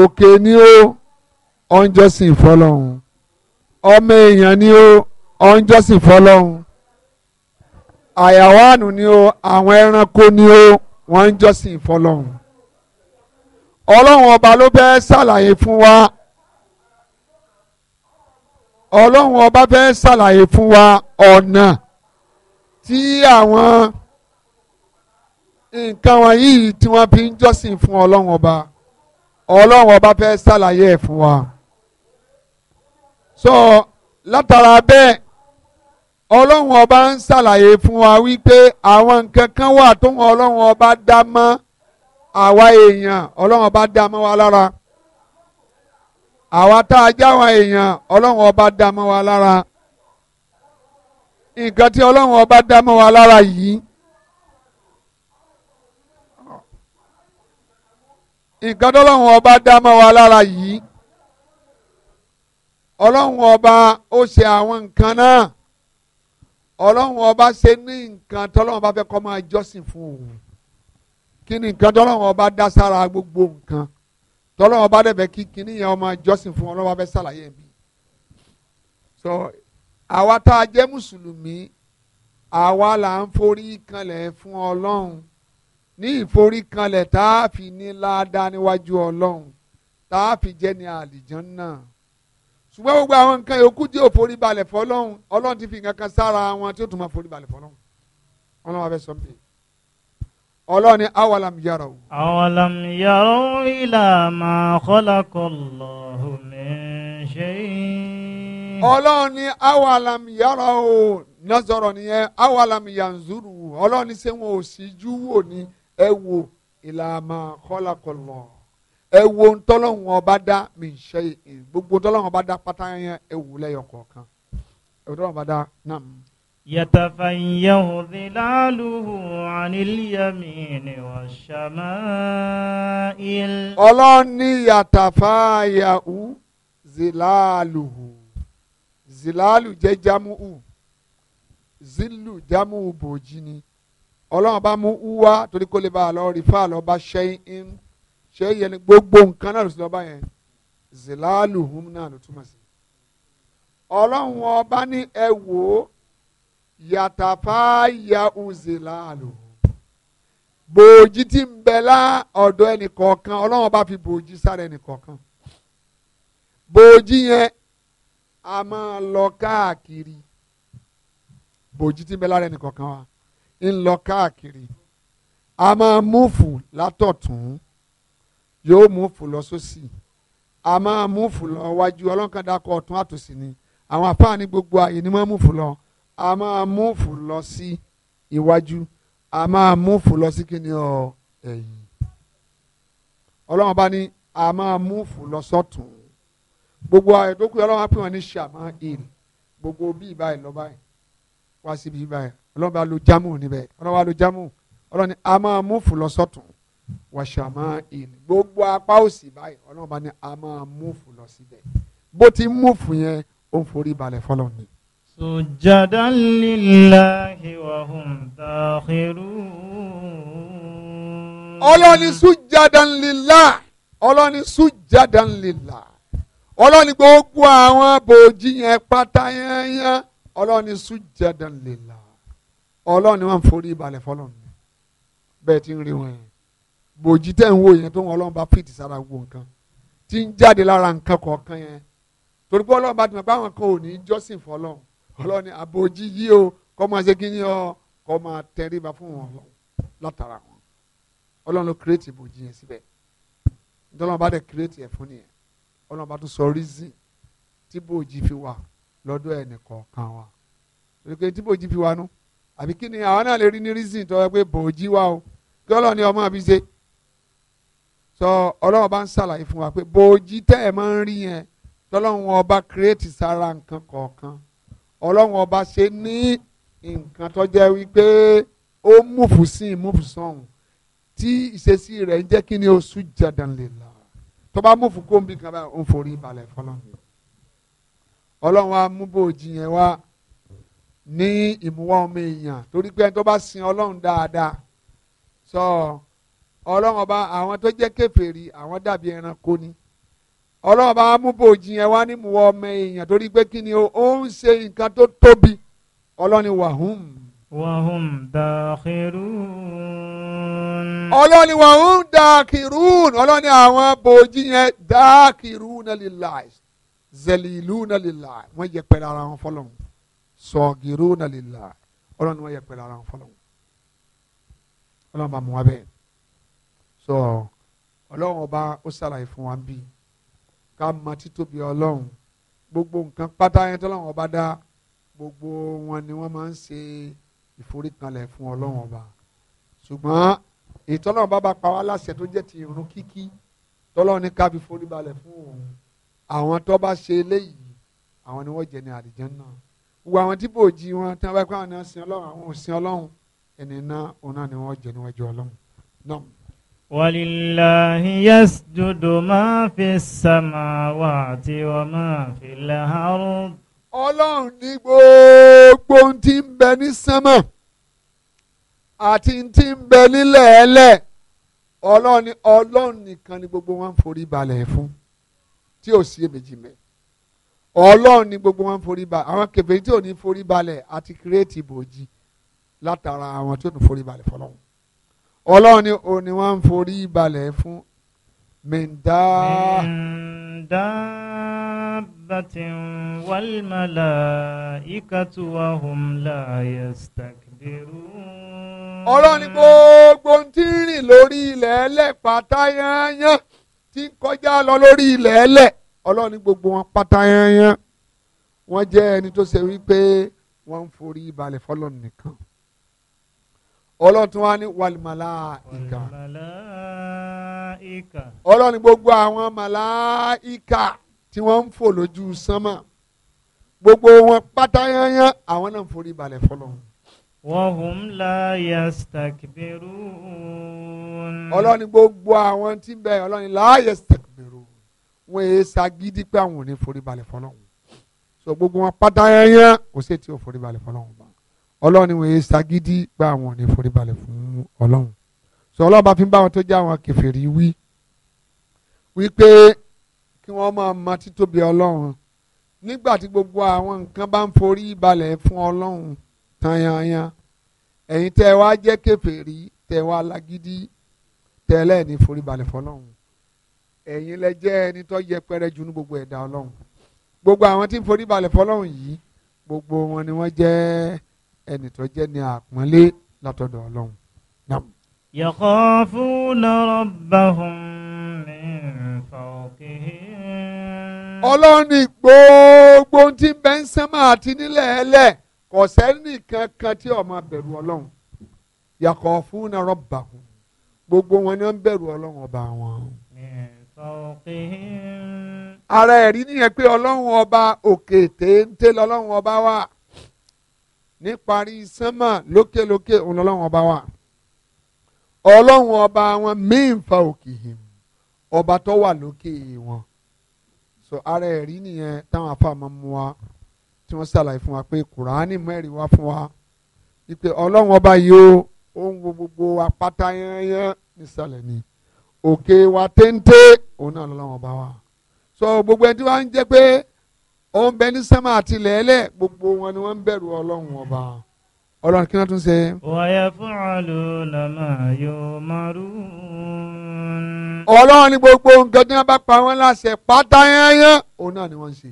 Speaker 2: òkè ni ó ọ̀njọ́sìn fọlọ́hún ọmọ èèyàn ni ó ọ̀njọ́sìn fọlọ́hún àyàwánu ni ó àwọn ẹranko ni ó wọ́n ń jọ́sìn fọlọ́hún ọlọ́run ọba ló bẹ́ẹ́ ṣàlàyé fún wa ọlọ́run ọba bẹ́ẹ́ ṣàlàyé fún wa ọ̀nà tí àwọn nǹkan wọ̀nyí tí wọ́n fi ń jọ́sìn fún ọlọ́run ọba ọlọ́run ọba fẹ́ ṣàlàyé ẹ̀ fún wa. sọ látara bẹ́ẹ̀ ọlọ́run ọba ń ṣàlàyé fún wa wípé àwọn nǹkan kan wà tóun ọlọ́run ọba dá mọ́ àwa èèyàn ọlọ́run ọba dá mọ́ wa lára àwa tá a jáwọn èèyàn ọlọ́run ọba dá mọ́ wa lára nǹkan tí ọlọ́run ọba dá mọ́ wa lára yìí nǹkan tọ́lọ́run ọba dá mọ́ wa lára yìí ọlọ́run ọba ó ṣe àwọn nǹkan náà ọlọ́run ọba ṣe ní nǹkan tọ́lọ́run ọba fẹ́ kọ́ máa jọ́sìn fún òun kí ni nǹkan tọ́lọ́run ọba dá sára gbogbo nǹkan tọ́lọ́run ọba dẹ̀ kí kíní yẹn ó jọ́sìn fún ọlọ́run fẹ́ ṣàlàyé mi so àwa tá a jẹ́ mùsùlùmí àwa là ń forí kanlẹ̀ fún ọlọ́run ní ìforíkanlẹ̀ tá a fi ní láàdá níwájú ọlọ́run tá a fi jẹ́ ní àlìjọ́n náà ṣùgbọ́n gbogbo àwọn nǹkan yòókù tí ò foríbalẹ̀ fọlọ́run ọlọ́run ti fi nǹkan kan sára wọn tí ó tún máa foríbalẹ̀ fọlọ́run ọlọ́run abẹ́ sọ pé ọlọ́run ni awalam yàrá o.
Speaker 1: awalam yàrá o ilà máa khalaqallahu
Speaker 2: min shay'in. ọlọ́run ni awalam yàrá o nọ́sọ̀rọ̀ nìyẹn awalam yanzuru ọlọ́run ni ṣé wọn ò ni. Mm -hmm ẹ wo ìlànà kọ́lákọ̀lọ̀ ẹ wo ntọ́lọ́hún ọba dá mi ṣe gbogbo ntọ́lọ́hún ọba dá pátá yẹn ẹ wò lẹ́yọ kọ̀ọ̀kan ẹ wò ntọ́lọ́hún ọba dá náà.
Speaker 1: يتفيه ظلاله عن اليمين والشمائل
Speaker 2: ọlọ́run ní yàtàfáyàwó zilaluhu zilalu jẹ́ jamuhu zilu jamuhu bòjì ọlọ́run bá mú wá torí kó lè bá a lọ rí fáà lọ bá ṣẹ́yìn ṣẹ́yìn yẹn ni gbogbo nǹkan náà ló sì lọ bá yẹn zilalu hum náà ló túmọ̀ sí. ọlọ́run ọba ní ẹ wò ó yàtàfà ya hu zilalu bòójì tí ń bẹ lá ọ̀dọ̀ ẹnìkọ̀ọ̀kan ọlọ́run bá fi bòójì sára ẹnìkọ̀ọ̀kan bòójì yẹn a máa lọ káàkiri bòójì tí ń bẹ lára ẹnìkọ̀ọ̀kan wa ń lọ káàkiri a máa múfù látọ̀tún yóò múfù lọ sósì a máa múfù lọ wájú ọlọ́kadà kọ ọ̀tún àtòsí ni àwọn afáàní gbogbo ààyè ni wọ́n múfù lọ a máa múfù lọ sí iwájú a máa múfù lọ sí kíni ọ ẹ̀yìn ọlọ́run bá ní a máa múfù lọ sọ́tún gbogbo ààyè tó kú ọlọ́run á pè wọ́n ní sàmá ìlú gbogbo bí ìbáyìí lọ báyìí wá síbi ìbáyìí ọlọ́run bá lu jámù níbẹ̀ ọlọ́run bá lu jámù ọlọ́run ni a máa mú fù lọ sọ́tún wàṣàmá ìní gbogbo apá òsì báyìí ọlọ́run bá ní a máa mú fù lọ síbẹ̀ bó ti mú fù yẹn ó ń forí balẹ̀ fọlọ́ ni. sujadan lillahi
Speaker 1: wa hum dakhirun.
Speaker 2: ọlọ́ni sujadan lillah ọlọ́ni sujadan lillah ọlọ́ni gbogbo àwọn bòójì yẹn pátá yẹn yẹn ọlọ́ni sujadan lillah ọlọ́run ni wọ́n forí balẹ̀ fọlọ́run bẹ́ẹ̀ ti ń rí wọn yẹn bòjì tẹ̀ ń wò yẹn tó ń ọlọ́run bá fìtì sára gbogbo nǹkan ti ń jáde lára nǹkan kọ̀ọ̀kan yẹn torí pé ọlọ́run bá ti mọ̀ pé àwọn kan ò ní jọ́sìn fọlọ́run ọlọ́run ni àbòjì yìí o kọ́ máa ṣe kíni ọ kọ́ máa tẹríba fún wọn látara wọn ọlọ́run ló kírètì bòjì yẹn síbẹ̀ ọlọ́run bá dẹ̀ kírètì ẹ̀ fún nìyẹn ọlọ́run bá tún sọ rízìn àbí kí ni àwọn náà lè rí ní reason tó yẹ pé bòójì wá o kí ọlọ́run ní ọmọ àbí ṣe sọ ọlọ́run bá ń ṣàlàyé fún wa pé bòójì tẹ́ ẹ̀ máa ń rí yẹn tọ́lọ́run ọba kírètì sára nǹkan kọ̀ọ̀kan ọlọ́run ọba ṣe ní nǹkan tó jẹ́ wípé ó múfù sí múfù sọ̀hún tí ìṣesí rẹ̀ ń jẹ́ kí ni oṣù jẹ̀dán lè la tó bá múfù kó ń bí kan báyìí ó ń forí balẹ̀ fọlọ́run ọlọ́run wa mú bòójì yẹn wá ní ìmúwá ọmọ èèyàn torí pé ẹni tó bá sin ọlọ́run dáadáa sọ ọlọ́run ọba àwọn tó jẹ́ kèfèrí àwọn dàbí ẹranko ni ọlọ́run ọba amúbòjì yẹn wá ní ìmúwá ọmọ èèyàn torí pé kí ni ó ń ṣe nǹkan tó tóbi ọlọ́ni wàhùn. wàhùn dàkírùn. ọlọ́ni wàhùn dàkírùn ọlọ́ni àwọn bòjì yẹn dàkírùn náà láì zẹ̀lìlú náà lè láì wọ́n yẹpẹrẹ ara wọn fọlọ́run sọ̀gìrúnà lìlà ọlọ́run ni wọ́n yẹ pẹ̀lú ara wọn fọlọ́ ọlọ́run bá mú wa bẹ́ẹ̀ sọ ọlọ́run ọba ó ṣàlàyé fún wa bí ká mọ títóbi ọlọ́run gbogbo nǹkan pátá yẹn tọ́lọ́run ọba dá gbogbo wọn ni wọ́n máa ń ṣe ìforíkanlẹ̀ fún ọlọ́run ọba ṣùgbọ́n ìtọ́lọ́run bá bá pa wá láṣẹ tó jẹ́ ti irun kíkí tọ́lọ́run ní ká fi forí fún òun àwọn tó bá ṣe eléyìí àwọn ni wọ́n jẹ ní àlìjẹ́ náà gbogbo àwọn tí bòójì wọn tí wọn bá pẹ́ àwọn náà sin ọlọ́run àwọn ò sin ọlọ́run ẹni náà òun náà ni wọ́n jẹ níwájú ọlọ́run náà.
Speaker 1: wàlíláhi yasjudu máa fi sàmà wà tí wa máa fi lẹ́hàrún.
Speaker 2: ọlọ́run ní
Speaker 1: gbogbo
Speaker 2: ohun tí ń bẹ ní sánmà àti tí ń bẹ nílẹ̀ ẹlẹ̀ ọlọ́run nìkan ni gbogbo wọn ń forí balẹ̀ fún tí ò sí èméjì mẹ́ẹ̀ ọlọ́run ni gbogbo wọn forí ba àwọn kèfèrí tí ò ní forí balẹ̀ àti kírètì bòjì látara àwọn tí ò ní forí balẹ̀ fọlọ́run ọlọ́run ni ò ní wọn forí balẹ̀ fún mẹ́ńdá. mẹ́ńdá
Speaker 1: bàtì wàlmàlà ìkàtú wàhùn láàyè stakbiru.
Speaker 2: ọlọ́run ni gbogbo ń tí ń rìn lórí ilẹ̀ ẹlẹ́pàá táyà yán ti ń kọjá lọ lórí ilẹ̀ ẹlẹ́ ọlọ́run ní gbogbo wọn pátá yányán wọ́n jẹ́ ẹni tó ṣe wípé wọ́n ń forí balẹ̀ fọlọ́run nìkan ọlọ́run tí wọ́n á ní wàlìmọ̀lá ìkà ọlọ́run ní gbogbo àwọn màlá ìkà tí wọ́n ń fò lójú sánmà gbogbo wọn pátá àwọn náà ń forí balẹ̀ fọlọ́run. Wọ́hùn la yastakbiru. Ọlọ́run ní gbogbo àwọn tí ń bẹ ọlọ́run la yastakbiru wọn èé ṣagídí pé àwọn ò ní forí fọlọ́hún so gbogbo wọn pátá yányán kò sí ètí ò forí balẹ̀ fọlọ́hún bá ọlọ́run ni wọn èé ṣagídí pé àwọn ò ní forí fún ọlọ́run so ọlọ́run bá fi ń bá wọn tó jẹ́ àwọn kèfèrí wí wípé kí wọ́n máa ma títóbi ọlọ́run nígbà tí gbogbo àwọn nǹkan bá ń forí balẹ̀ fún ọlọ́run tán ẹ̀yin tẹ́ wá jẹ́ kèfèrí tẹ́ wá lágídí tẹ́ lẹ́ẹ̀ ní forí fọlọ́run ẹ̀yin lẹ jẹ́ ẹni tó yẹpẹrẹ jù ní gbogbo ẹ̀dá ọlọ́run gbogbo àwọn tí ń forí balẹ̀ fọlọ́run yìí gbogbo wọn ni wọ́n jẹ́ ẹni tó jẹ́ ní àpọ́nlé látọ̀dọ̀ ọlọ́run. yakhafuna rabbahum min
Speaker 1: fawqihim.
Speaker 2: ọlọ́run gbogbo tí bẹ́ ń sánmà àti nílẹ̀ ẹlẹ̀ kò sẹ́ni kankan tí ó bẹ̀rù ọlọ́run yakhafuna rabbahum gbogbo wọn ni wọ́n bẹ̀rù ọlọ́run ọba wọn. ara ẹ̀rí nìyẹn pé ọlọ́run ọba òkè téńté lọ́lọ́run ọba wà níparí sánmà lókèlókè òun ọba wà ọlọ́run ọba wọn míín fa ọba tó wà lókè wọn so ara ẹ̀rí nìyẹn táwọn afáàmọ́ mú wa tí wọ́n ṣàlàyé fún wa pé kùránì mẹ́rin wá fún wa ọba yìí òkè wa téńté òun náà lọ́wọ́n bá wa so gbogbo ẹni tí wọ́n ń jẹ́ pé ó ń bẹ ní sẹ́mà àti lẹ́lẹ̀ gbogbo wọn ni wọ́n ń bẹ̀rù ọlọ́run ọba ọlọ́run kí wọ́n tún ṣe.
Speaker 1: wọ́yẹ fún àlùlọ máa yọ
Speaker 2: márùn-ún. ọlọ́run ni gbogbo nǹkan tí wọ́n bá pa wọ́n láṣẹ pátá òun náà ni wọ́n ń ṣe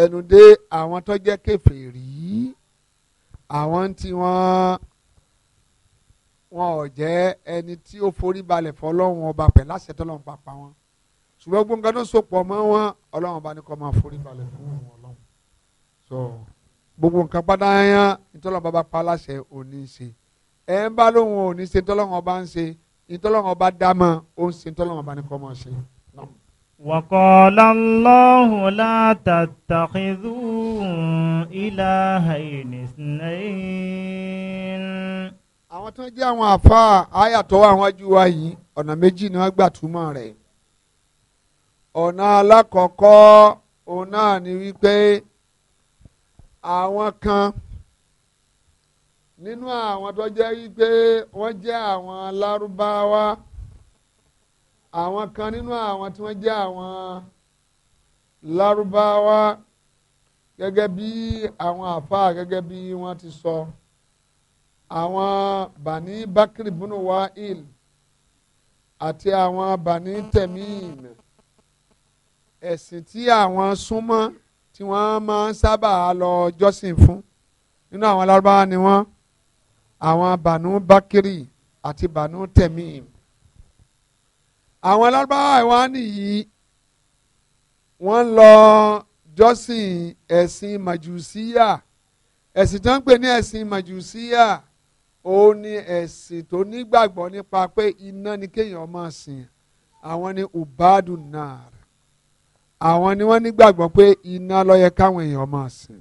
Speaker 2: ẹnu dé àwọn tó jẹ́ kèfèrí àwọn tí wọ́n wọn ò jẹ́ ẹni tí ó forí balẹ̀ fún ọlọ́run ọba pẹ̀ láṣẹ tọ́lọ́run pàpà wọn ṣùgbọ́n gbogbo nǹkan tó sopọ̀ mọ́ wọn ọlọ́run ọba ní kó máa forí balẹ̀ fún wọn ọlọ́run so gbogbo nǹkan pátáyán ìtọ́lọ́run bàbá pa láṣẹ ò ní í ṣe ẹ̀ ń bá lóun ò ní í ṣe tọ́lọ́run ọba ń ṣe ìtọ́lọ́run ọba dá mọ́ ó ń ṣe tọ́lọ́run ọba ní kó máa ṣe.
Speaker 1: وقال àwọn tó ń jẹ́ àwọn
Speaker 2: àfáà ayàtọ̀ àwọn ajú wa yìí ọ̀nà méjì ni wọ́n gbà túmọ̀ rẹ̀ ọ̀nà alákọ̀ọ́kọ́ òun náà ni wípé àwọn kan nínú àwọn tó jẹ́ wípé wọ́n jẹ́ àwọn lárúbáwá àwọn kan nínú àwọn tí wọ́n jẹ́ àwọn lárúbáwá gẹ́gẹ́ bí àwọn àfáà gẹ́gẹ́ bí wọ́n ti sọ. So àwọn bani bakri bunu wa'il àti àwọn bani tẹ̀míìn ẹ̀sìn tí àwọn súnmọ́ tí wọ́n máa ń sábà lọ jọ́sìn fún nínú àwọn alárúbáwá ni wọ́n àwọn banu bakri àti banu tẹ̀míìn àwọn alárúbáwá wa nìyí wọ́n lọ jọ́sìn ẹ̀sìn màjùsíyà ẹ̀sìn tó ń pè ní ẹ̀sìn màjùsíyà òun ni ẹ̀sìn tó nígbàgbọ́ nípa pé iná ni kéèyàn máa sìn àwọn ni ubadu nar àwọn ni wọ́n nígbàgbọ́ pé iná ló yẹ káwọn èèyàn máa sìn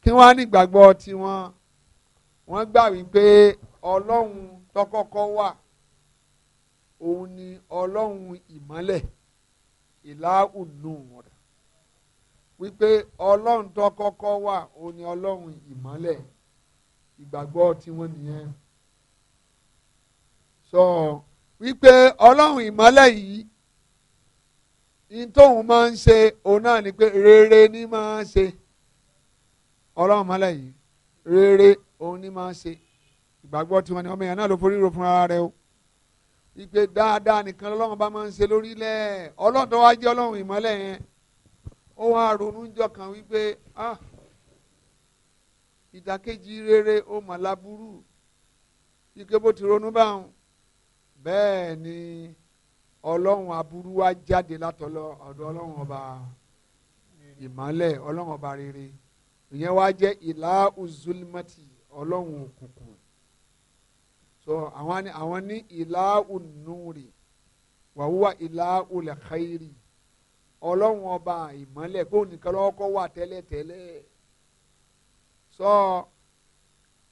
Speaker 2: kí wọ́n á nígbàgbọ́ tiwọn wọ́n gbà wípé ọlọ́run tọkọ́kọ́ wà òun ni ọlọ́run ìmọ́lẹ̀ ìlà ònù rẹ̀ wípé ọlọ́run tọkọ́kọ́ wà òun ni ọlọ́run ìmọ́lẹ̀ ìgbàgbọ́ tiwọn nìyẹn sọ wípé ọlọ́run ìmọ́lẹ̀ yìí ní tóun máa ń ṣe òun náà ni pé rere ni máa ń ṣe ọlọ́run ìmọ́lẹ̀ yìí rere òun ni máa ń ṣe ìgbàgbọ́ tiwọn ni ọmọ èèyàn náà ló forí ro fún ara rẹ o wípé dáadáa nìkan ọlọ́run bá máa ń ṣe lórílẹ̀ ọlọ́run tó ọlọ́run ìmọ́lẹ̀ yẹn ó wá ronú jọkàn wípé ah ìdàkejì rere ó mà láburú ike bó ti ronú báwọn bẹ́ẹ̀ ni ọlọ́run aburú wa jáde látọ̀lọ́ ọ̀dọ̀ ọlọ́run ọba ìmọ́lẹ̀ ọlọ́run ọba rere ìyẹn wá jẹ́ ìlà uzulmati ọlọ́run òkùnkùn so àwọn ni àwọn ní ìlà unúri wàhùwà ìlà ulẹ̀kẹ́rì ọlọ́run ọba ìmọ́lẹ̀ kó nìkan lọ́kọ́ wà tẹ́lẹ̀tẹ́lẹ̀. Tẹ́lẹ̀ sọ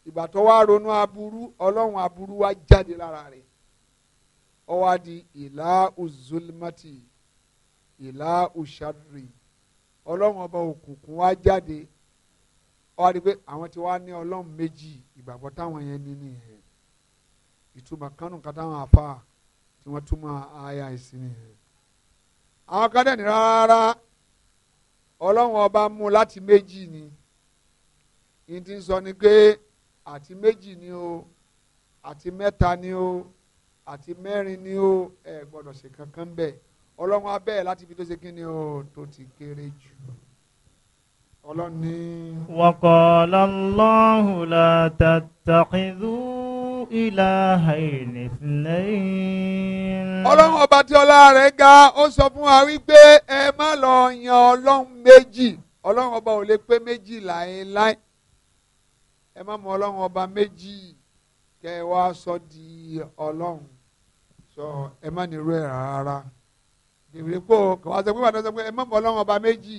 Speaker 2: ìgbà tó wá ronú aburú ọlọ́run aburú wá jáde lára rẹ̀ ó wá di ìlà uzulmati ìlà usharri ọlọ́run ọba òkùnkùn wá jáde ó wá di pé àwọn tí wá ní ọlọ́run méjì ìgbàgbọ́ táwọn yẹn ní nìyẹn ìtumọ̀ kánú kan afa tí wọ́n túmọ̀ aya ìsìn nìyẹn àwọn kan dẹ̀ ní rárá ọlọ́run ọba mú láti méjì ni n ti sọ ni pé àti méjì ni o àti mẹ́ta ni o àti mẹ́rin ni o ẹ gbọ́dọ̀ ṣe kankan bẹ́ẹ̀ ọlọ́run abẹ́ láti fi tó ṣe kíni o tó ti kéré jù ọlọ́run
Speaker 1: ní. waqala Allahu la tattakhidhu
Speaker 2: ilahayn
Speaker 1: ithnayn.
Speaker 2: ọlọ́run ọba tí ọlá rẹ̀ ga ó sọ fún wa wípé ẹ má lọ yan ẹ má mọ ọlọ́run ọba méjì kẹ́ ẹ wá sọ di ọlọ́run sọ ẹ má nírú ẹ̀ rárá ìrèpò kàwá sọ pé wà lọ́sọ pé ẹ má mọ ọlọ́run ọba méjì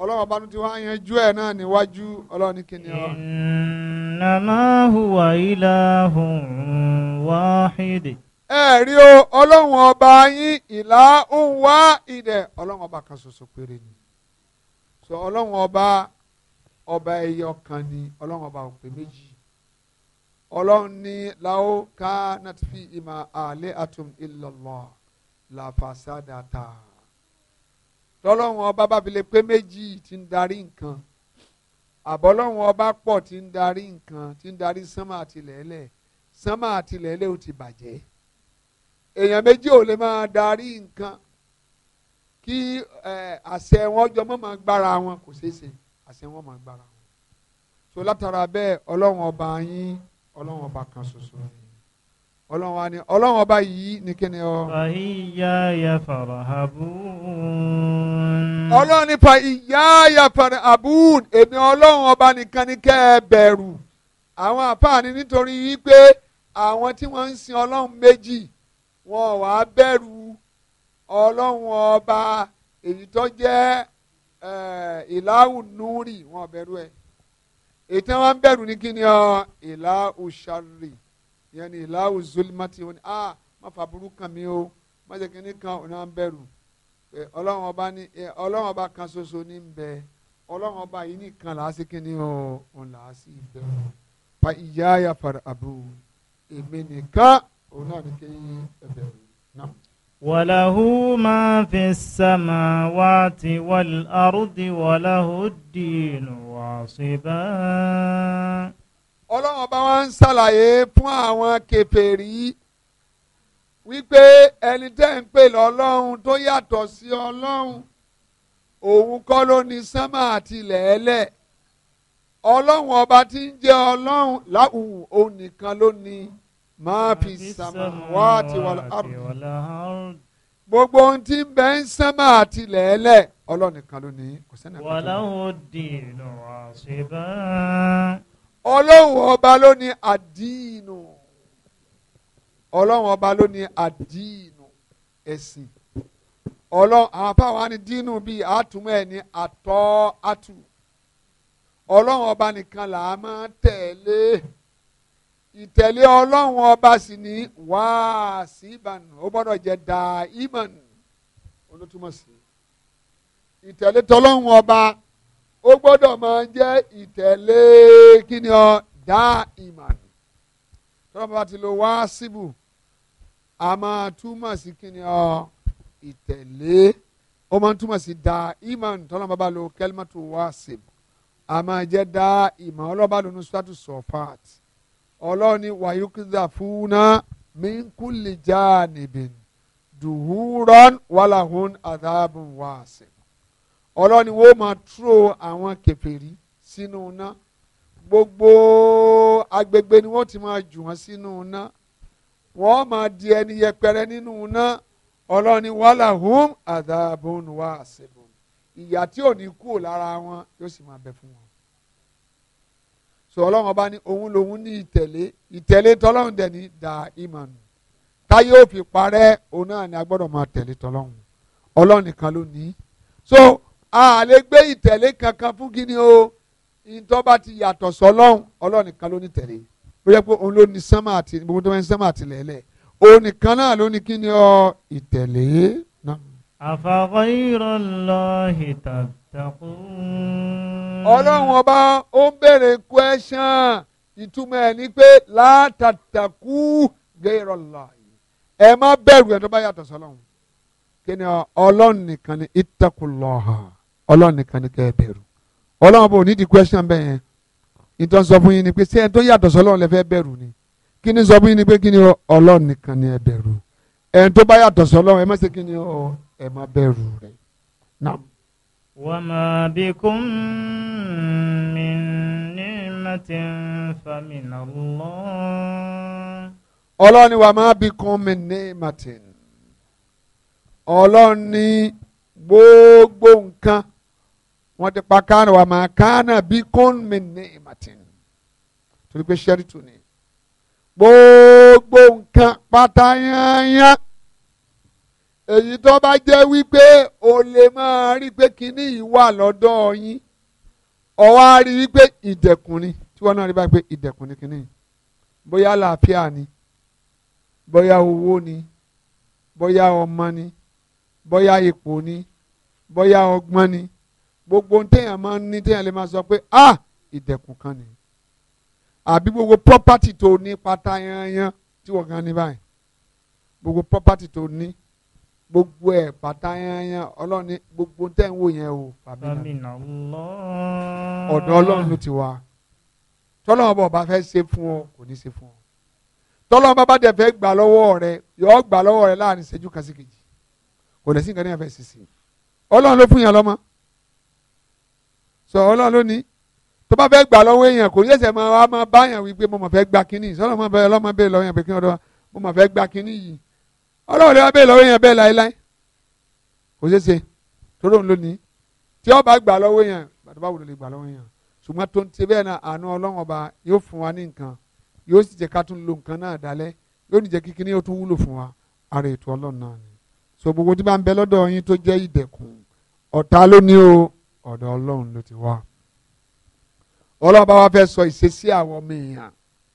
Speaker 2: ọlọ́run ọba tí wọ́n á yanjú ẹ̀ náà níwájú ọlọ́run ní kíni ọ.
Speaker 1: innama huwa ilahun
Speaker 2: wahidi. ẹ rí o ọlọ́run ọba yín ilahun wahidi ọlọ́run ọba kan ṣoṣo péré ni sọ ọlọ́run ọba ọba ẹyọ kan ni ọlọ́run ọba ò pé méjì ọlọ́run ní láwọ ká náà fi ìmọ̀ àlẹ́ àtúm ìlọ̀lọ̀ làfàṣàdàtà tọ́lọ́run ọba bá fi lè pé méjì tí ń darí nǹkan àbọ̀lọ́run ọba pọ̀ tí ń darí nǹkan tí ń darí sánmà àtìlẹ́lẹ̀ sánmà àtìlẹ́lẹ̀ ò ti bàjẹ́ èèyàn méjì ò lè máa darí nǹkan kí àṣẹ wọn jọ máa gbára wọn kò ṣeé ṣe àṣẹ wọn máa gbára wọn so látara bẹ́ẹ̀ ọlọ́run ọba yín ọlọ́run ọba kan ṣoṣo ni ọlọ́run wa ni ọlọ́run ọba yìí ni kíni ọ. fàyíyá ya farhabun. ọlọ́run ní fàyíyá ya farhabun èmi ọlọ́run ọba nìkan ni kẹ́ ẹ bẹ̀rù àwọn àfààní nítorí wípé àwọn tí wọ́n ń sin ọlọ́run méjì wọn ò wá bẹ̀rù ọlọ́run ọba èyí tó jẹ́ ìlàhùn eh, núrì wọn bẹ̀rù ẹ̀ ètò wọn bẹ̀rù ní kí ni ọ ìlàhùn sharri yẹn ni ìlàhùn zulmati wọn ni a ah, má fa burú kàn mí o má jẹ́ kí ni kan òun náà bẹ̀rù eh, ọlọ́run ọba ní eh, ọlọ́run ọba kan ṣoṣo ní bẹ ọlọ́run ọba yìí nìkan là á sí kí ni ọ òun là á sí bẹ̀rù pa ìyá ayà fara àbúrò èmi nìkan òun náà ní kí ẹ bẹ̀rù náà. وله
Speaker 1: ما في السماوات والأرض وله الدين
Speaker 2: واصبا ọlọ́run ọba wa ń ṣàlàyé fún àwọn kèfèrí wípé ẹni tẹ́ ń pè lọ́lọ́run tó yàtọ̀ sí ọlọ́run òun kọ́ ló ní sánmà àti lẹ́ẹ̀lẹ̀ ọlọ́run ọba tí ń jẹ́ ọlọ́run láwùú òun nìkan ló ní. ما في sàmáwáàtì wal ard gbogbo ohun tí ń bẹ ń sánmà àti lẹ́ẹ̀lẹ̀ ọlọ́run nìkan ló ní kò sẹ́nà kan. wàláwọ̀ dìínú àṣìbá. ọlọ́run ọba ló ní àdínù ọlọ́run ọba ló ní àdínù ẹ̀sìn ọlọ́run àwọn afáwọn á ní dínú bíi àtúmọ̀ ẹ̀ ní àtọ́ àtù ọlọ́run ọba nìkan là máa tẹ̀lé ìtẹ̀lé ọlọ́run ọba sì ní wáá sí ìbànú ó gbọ́dọ̀ jẹ́ dáa ìmọ̀nù olótúmọ̀ sí ìtẹ̀lé tọlọ́run ọba ó gbọ́dọ̀ máa jẹ́ ìtẹ̀lé kíni ọ dáa ìmọ̀nù tọ́lọ́mọ bá ti lo wáá síbù a máa túmọ̀ sí kíni ọ ìtẹ̀lé ó máa túmọ̀ sí dáa ìmọ̀nù tọ́lọ́mọ bá lo kẹ́límọ̀tò wáá síbù a máa jẹ́ dáa ìmọ̀ ọlọ́ba lónú sọ́tù sọ̀fàtì ọlọ́ni wàyúkúdà fúnà mínkúlì jáàníbìn dùhúrọ́n wàláhùn àdáàbùn wàásì ọlọ́ni wo máa tró àwọn kèfèrí sínú iná gbogbo agbègbè ni wọ́n ti máa jù wọ́n sínú iná wọ́n máa di ẹni yẹpẹrẹ nínú iná ọlọ́ni wàláhùn àdáàbùn wàásì ìyà tí ò ní kúrò lára wọn yóò sì máa bẹ fún wọn so ọlọ́run ọba ní òun lòun ní ìtẹ̀lé ìtẹ̀lé tọ́lọ́run dẹ̀ ní dà ìmọ̀nù táyé ò fi parẹ́ òun náà ni a gbọ́dọ̀ máa tẹ̀lé tọ́lọ́run ọlọ́run nìkan ló ní. so a lè gbé ìtẹ̀lé kankan fún kí ni o ìtọ́ba ti yàtọ̀ sọlọ́run ọlọ́run nìkan ló ní tẹ̀lé ó yẹ pé òun ló ní sánmà àti gbogbo tó máa ń sánmà àti lẹ́lẹ̀ òun nìkan náà ló ní kí ni o ìtẹ̀lé náà. àfàkọ́ ìrọ̀lọ́
Speaker 1: ìtàkùn ọlọ́run
Speaker 2: ọba ó ń béèrè question ìtumọ̀ ẹ̀ ni pé látàtàkù gẹ́rọ̀lá ẹ má bẹ̀rù ẹ̀ tó bá yàtọ̀ sọlọ́run kí ni ọlọ́run nìkan ni ìtàkùlọ́hà ọlọ́run nìkan ni kẹ́ ẹ bẹ̀rù ọlọ́run bò ní di question bẹ́ẹ̀ yẹn ìtàn sọ fún yín ni pé ṣé ẹ tó yàtọ̀ sọlọ́run lẹ fẹ́ bẹ̀rù ni kí ni sọ fún yín ni pé kí ni ọlọ́run nìkan ni ẹ bẹ̀rù ẹ̀ tó bá yàtọ̀ sọlọ́run ẹ má ṣe kí ọ
Speaker 1: ẹ má bẹ̀rù
Speaker 2: rẹ̀ náà.
Speaker 1: وما بكم
Speaker 2: من نعمة
Speaker 1: فمن الله
Speaker 2: ọlọ́ni wa máa bí kún mi ní martin ọlọ́ni gbogbo nǹkan wọ́n ti pa kánà wa máa kánà bí mi ní torí pé ṣẹ́rìtù ni gbogbo nǹkan pátá yányán èyí tó bá jẹ́ wípé o lè máa rí pé kinní yìí wà lọ́dọ̀ yín ó wá rí wípé ìdẹ̀kùn ni tí wọ́n náà rí báyìí pé ìdẹ̀kùn ni kinní yìí bóyá làáfíà ni bóyá owó ni bóyá ọmọ ni bóyá ipò ni bóyá ọgbọ́n ni gbogbo téèyàn máa ń ní téèyàn lè máa sọ pé ah ìdẹ̀kùn kan ni àbí gbogbo property tó ní pátá yanyan tí wọ́n gan ní báyìí gbogbo property tó ní gbogbo ẹ̀ bàtà yanyan ọlọ́ni gbogbo tẹ́ ń wò yẹn o fàmínà ọ̀dọ̀ ọlọ́run ló ti wá tọ́lọ́wọ́n bọ̀ bá fẹ́ ṣe fún ọ kò ní ṣe fún ọ tọ́lọ́wọ́n bá bá dẹ̀ fẹ́ gbà lọ́wọ́ rẹ yọ̀ọ́ gbà lọ́wọ́ rẹ láàrin ìṣẹ́jú kan sí kejì kò lẹ́sìn kan ní ẹ̀fẹ́ sì sí ọlọ́run ló fún yàn lọ́mọ sọ ọlọ́run ló ní tó bá fẹ́ gbà lọ́wọ́ èèyàn kò yẹ̀sẹ̀ máa wá máa báyàn wípé mo mọ̀ fẹ́ gbà kínní sọ́lọ́ mo fẹ́ lọ́mọ bẹ́ẹ̀ lọ́yàn pé kí wọ́n mo mọ̀ fẹ́ gbà kínní yìí ọlọ́run lè wá bẹ́ẹ̀ lọ́wọ́ èèyàn bẹ́ẹ̀ láéláé kò ṣeé ṣe tóró ń lónìí tí ọba gbà lọ́wọ́ èèyàn bàtà bá wùdó lè gbà lọ́wọ́ èèyàn ṣùgbọ́n tó ń ti bẹ́ẹ̀ náà àánú ọlọ́run ọba yóò fún wa ní nǹkan yóò sì jẹ́ ká tún lo nǹkan náà dálẹ́ yóò ní jẹ́ kí kíní yóò tún wúlò fún wa ara ètò ọlọ́run náà ni so gbogbo tí bá ń bẹ lọ́dọ̀ yín tó jẹ́ ìdẹ̀kùn ọ̀tá ló ní o ọ̀dọ̀ ọlọ́run ló ti wá ọlọ́run bá wa fẹ́ sọ ìṣesí àwọn ọmọ èèyàn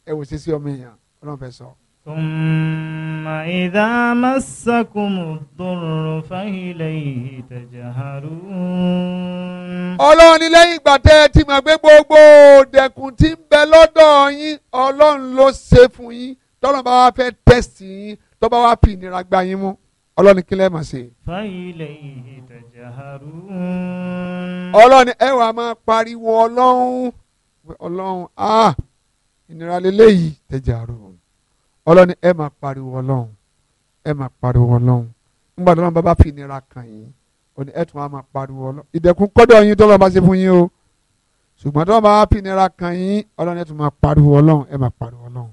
Speaker 2: ẹ wò ìṣesí ọmọ èèyàn ọlọ́run fẹ́ sọ. So.
Speaker 1: ثم إذا مسكم الضر فإليه تجهرون.
Speaker 2: ọlọ́run ní lẹ́yìn ìgbà tẹ́ ẹ ti mọ̀ pé gbogbo dẹ̀kun tí ń bẹ lọ́dọ̀ yín ọlọ́run ló ṣe fún yín tọ́lọ́run bá wá fẹ́ tẹ̀sí yín tó bá wá fi ìnira gba yín mú ọlọ́run ní kí lẹ́ẹ̀ máa ṣe.
Speaker 1: فإليه
Speaker 2: تجهرون. ọlọ́run ẹ wàá máa pariwo ọlọ́run ọlọ́run ah ìnira lélẹ́yìí tẹ̀jà ọlọ́ni ẹ máa pariwo ọlọ́run ẹ máa pariwo ọlọ́run nígbà tó lọ́nà bá fi ìnira kàn yín òní ẹ tún wá máa pariwo ọlọ́run ìdẹ̀kùn kọ́dọ̀ yín tó bá ṣe fún yín o ṣùgbọ́n tó lọ́nà bá fi ìnira kàn yín ọlọ́ni ẹ tún máa pariwo ọlọ́run ẹ máa pariwo ọlọ́run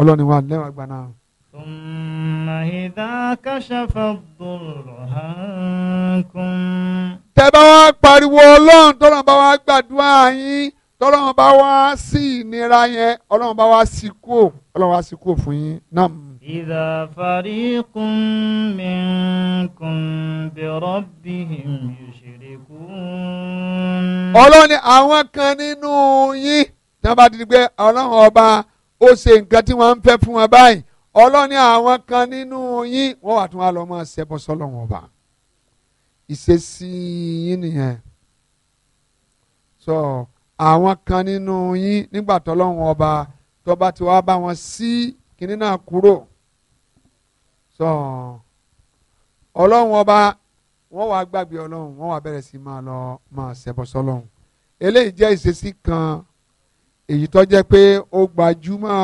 Speaker 2: ọlọ́ni wa lẹ́wàá gba náà.
Speaker 1: Thumma idha kashafa ad-durra ankum.
Speaker 2: tẹ́ bá wá pariwo ọlọ́run tó bá wá gbàdúrà yín tọ́lọ́run bá wá sí ìnira yẹn ọlọ́run bá wá sí kúò ọlọ́run wá sí kúò fún yín náà. إذا فريق منكم بربهم يشركون. ọlọ́run ni àwọn kan nínú yín tí wọ́n bá di pé ọlọ́run ọba ó ṣe nǹkan tí wọ́n ń fẹ́ fún wọn báyìí ọlọ́run ni àwọn kan nínú yín wọ́n wà tún wá lọ́ọ́ máa ṣẹbọ sọ́lọ́run ọba ìṣesí yín nìyẹn. So, àwọn kan nínú yín nígbà tọ́lọ́run ọba tọba tí wàá bá wọn sí kinní náà kúrò sọ ọlọ́run ọba wọ́n wàá gbàgbé ọlọ́run wọ́n wàá bẹ̀rẹ̀ sí máa lọ máa ṣẹbọ sọ́lọ́run eléyìí jẹ́ ìṣesí kan èyí tó jẹ́ pé ó gbajúmọ̀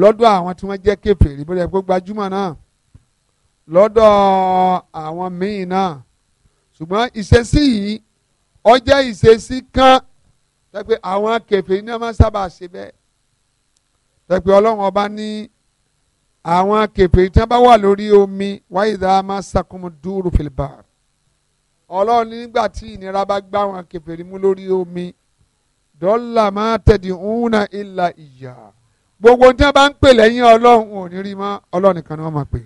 Speaker 2: lọ́dọ̀ àwọn tí wọ́n jẹ́ kèfèrí bó pé ó gbajúmọ̀ náà lọ́dọ̀ àwọn míì náà ṣùgbọ́n ìṣesí yìí ó ìṣesí kan tẹ́pẹ́ àwọn kẹfẹ́ ní ọmọ sábà ṣe bẹ́ẹ̀ tẹ́pẹ́ ọlọ́run ọba ní àwọn kẹfẹ́ tí wọ́n bá wà lórí omi wáyé dáa máa ṣàkóso dúró fìlìbà ọlọ́run nígbà tí ìnira bá gbá àwọn kẹfẹ́ rí mú lórí omi dọ́là máa tẹ̀dí húnà ìlà ìyá gbogbo tí wọ́n bá ń pè lẹ́yìn ọlọ́run ò ní rí mọ́ ọlọ́run nìkan ni wọ́n máa pè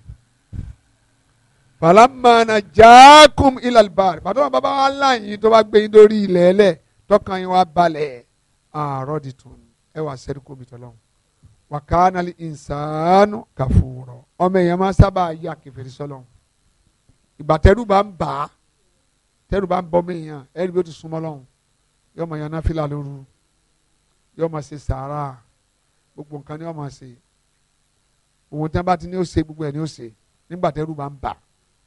Speaker 2: falamana jaakum ilalbar bàtọ́ bàbá wa láyìn tó bá gbé yín lórí ilẹ̀ ẹlẹ́ẹ̀ tọkàn yín wá balẹ̀ àárọ̀ di tún ẹ wà sẹ́rí kó bitọ̀ lọ́hùn wà ká nàlẹ́ ìsànù kàfùrọ̀ ọmọ èèyàn máa sábà yà kẹfẹ́rẹ́ sọ́lọ́hùn ìgbà tẹ́rù bá ń bà á tẹ́rù bá ń bọ́ mẹ́yìn ẹ̀rí bí ó ti súnmọ́ lọ́hùn yóò máa yan náfìlà lóru yóò máa ṣe sàárà gbogbo nǹkan ni yóò máa ṣe òun tán bá ti ní ó ṣe gbogbo ẹ̀ ni ó ṣe nígbà tẹ́rù bá ń bà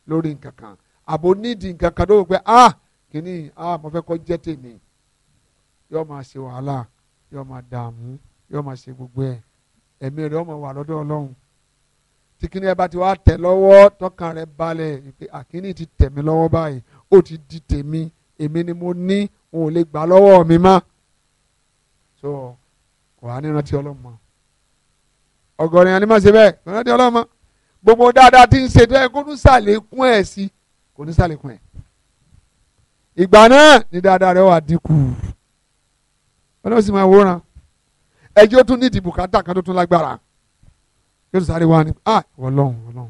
Speaker 2: lórí nǹkan kan àbò nídìí nǹkan kan tó wò pé ah kìíní ah mo fẹ́ kọ́ jẹ́ tèmi yóò máa ṣe wàhálà yóò máa dààmú yóò máa ṣe gbogbo ẹ̀ ẹ̀mí rẹ̀ ọmọ wà lọ́dọ̀ ọlọ́run tí ẹ bá ti wá tẹ̀ lọ́wọ́ tọkàn rẹ̀ balẹ̀ pé àkíní ti tẹ̀ mí lọ́wọ́ báyìí ó ti di tèmi èmi ni mo ní wọn ò lè gbà lọ́wọ́ mi má so kò wá nírántí ọlọ́run mọ́ ọgọ́rin àní má ṣe bẹ́ẹ̀ kò nírántí ọlọ́run mọ́ gbogbo dáadáa ti ń ṣe tó yẹ kó ní sàlékún ẹ̀ sí kò ní sàlékún ẹ̀ ìgbà náà ni dáadáa rẹ̀ wà dínkù ọlọ́run sì máa wòran ẹjọ́ tún ní ìdìbò kátà kan tó tún lágbára yóò tún sáré wá ní ah ọlọ́run ọlọ́run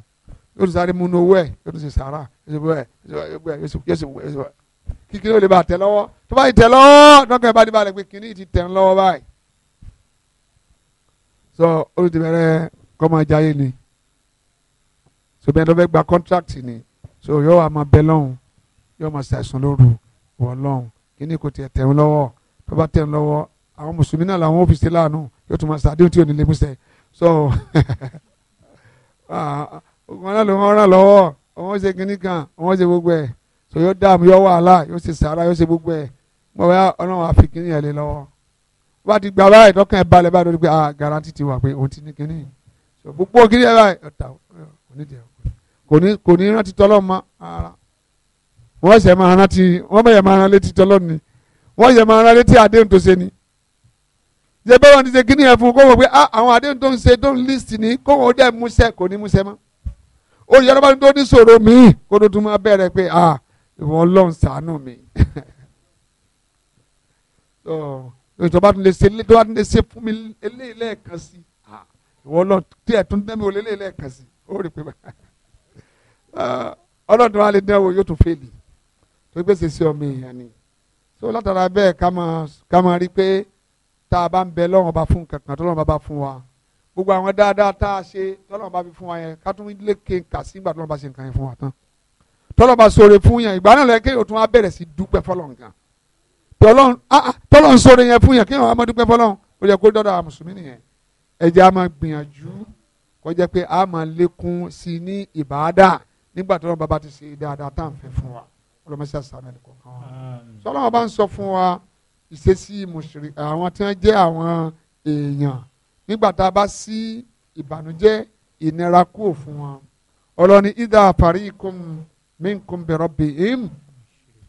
Speaker 2: yóò tún sáré múnú owó ẹ̀ yóò tún sì sàrà yóò sì wẹ̀ kíkiri ó lè bá tẹ lọ́wọ́ tó bá yìí tẹ lọ́wọ́ dọ́kàn ẹ̀ bá dé balẹ̀ pé kìnìún ti tẹ̀ ń lọ́wọ́ báyìí. sọ olùdíbẹ̀rẹ̀ kọ́ máa jáyé ni so bẹ́ẹ̀ tó fẹ́ gba contract ni so yóò wá máa bẹ lọ́hùn yóò máa ṣàìsàn lóru wọ̀ lọ́hùn kíní kò tiẹ̀ tẹ̀ ń lọ́wọ́ tó bá tẹ̀ ń lọ́wọ́ àwọn mùsùlùmí náà làwọn òfìsí láàánú yóò tún máa sàdéhùn tí ò ní lè mú sẹ́ so ah, wọn náà ló wọn ràn lọ́wọ́ wọn ṣe kinní kan wọn ṣe gbogbo ẹ̀ so yóò dààmú yóò wàhálà yóò ṣe sàárà yóò ṣe gbogbo ẹ̀ mo bá ọlọ́run àfi kinní yẹn lé lọ́wọ́ bá ti gba báyìí tọkàn ẹ̀ balẹ̀ báyìí lórí pé ah garanti ti wà pé òun ti ní kinní so gbogbo kinní yẹn báyìí ọ̀tà kò ní kò ní rántí tọ́lọ́ mọ́ ara wọ́n ṣẹ̀ máa rántí wọ́n bẹ̀yẹ̀ máa rántí tọ́lọ́ ni wọ́n yẹ máa rán létí àdéhùn tó ṣe ni ṣe bẹ́ẹ̀ wọ́n ti ṣe kíní yẹn fún un kó wọ́n pé ah, àwọn àdéhùn tó ń ṣe tó ń list ni kó wọ́n dẹ̀ múṣẹ́ kò ní múṣẹ́ mọ́ olùyẹ lọ́ba tó ní sọ̀rọ̀ míì kó tó tún máa bẹ̀rẹ̀ pé ah ìwọ ọlọ́run ṣàánú mi ìjọba tún lè ṣe tó bá tún lè ṣe fún mi eléyìí lẹ́ẹ̀kan sí ah, ìwọ ọlọ́run tí ẹ̀ tún dẹ́ mi ò lélẹ́yìí lẹ́ẹ̀kan sí ó rí pé ah, ọlọ́run tó wà lè dẹ́wọ̀ yóò tún fèlì tó gbèsè sí ọmọ èèyàn so látara bẹ́ẹ̀ ká máa ká máa rí i pé tá a bá ń bẹ lọ́wọ́n bá fún kankan tọ́lọ́wọ́n bá bá fún wa gbogbo àwọn dáadáa tá a ṣe tọ́lọ́wọ́n bá fi fún wa yẹn ká tún lè ké kà sí ìgbà tọ́lọ́wọ́n bá ṣe nǹkan yẹn fún wa tán tọ́lọ́wọ́n bá ṣoore fún yẹn ìgbà náà lẹ́yìn kéèyàn tún wá bẹ̀rẹ̀ sí dúpẹ́ fọlọ́n gan ah, ah, pé a máa lékún sí ní ìbáadà nígbà tọ́lọ́wọ́n bá bá ti ṣe dáadáa tá à ń fẹ́ fún wa ọlọmọsí àṣàánú ẹni kọ̀ọ̀kan wa sọlá wọn bá ń sọ fún wa ìṣesí mùsùlùmí àwọn tí wọn jẹ àwọn èèyàn nígbà tá a bá sí ìbànújẹ́ ìnira kúrò fún wọn ọlọ́ni idha fariqum minkum bi rabbihim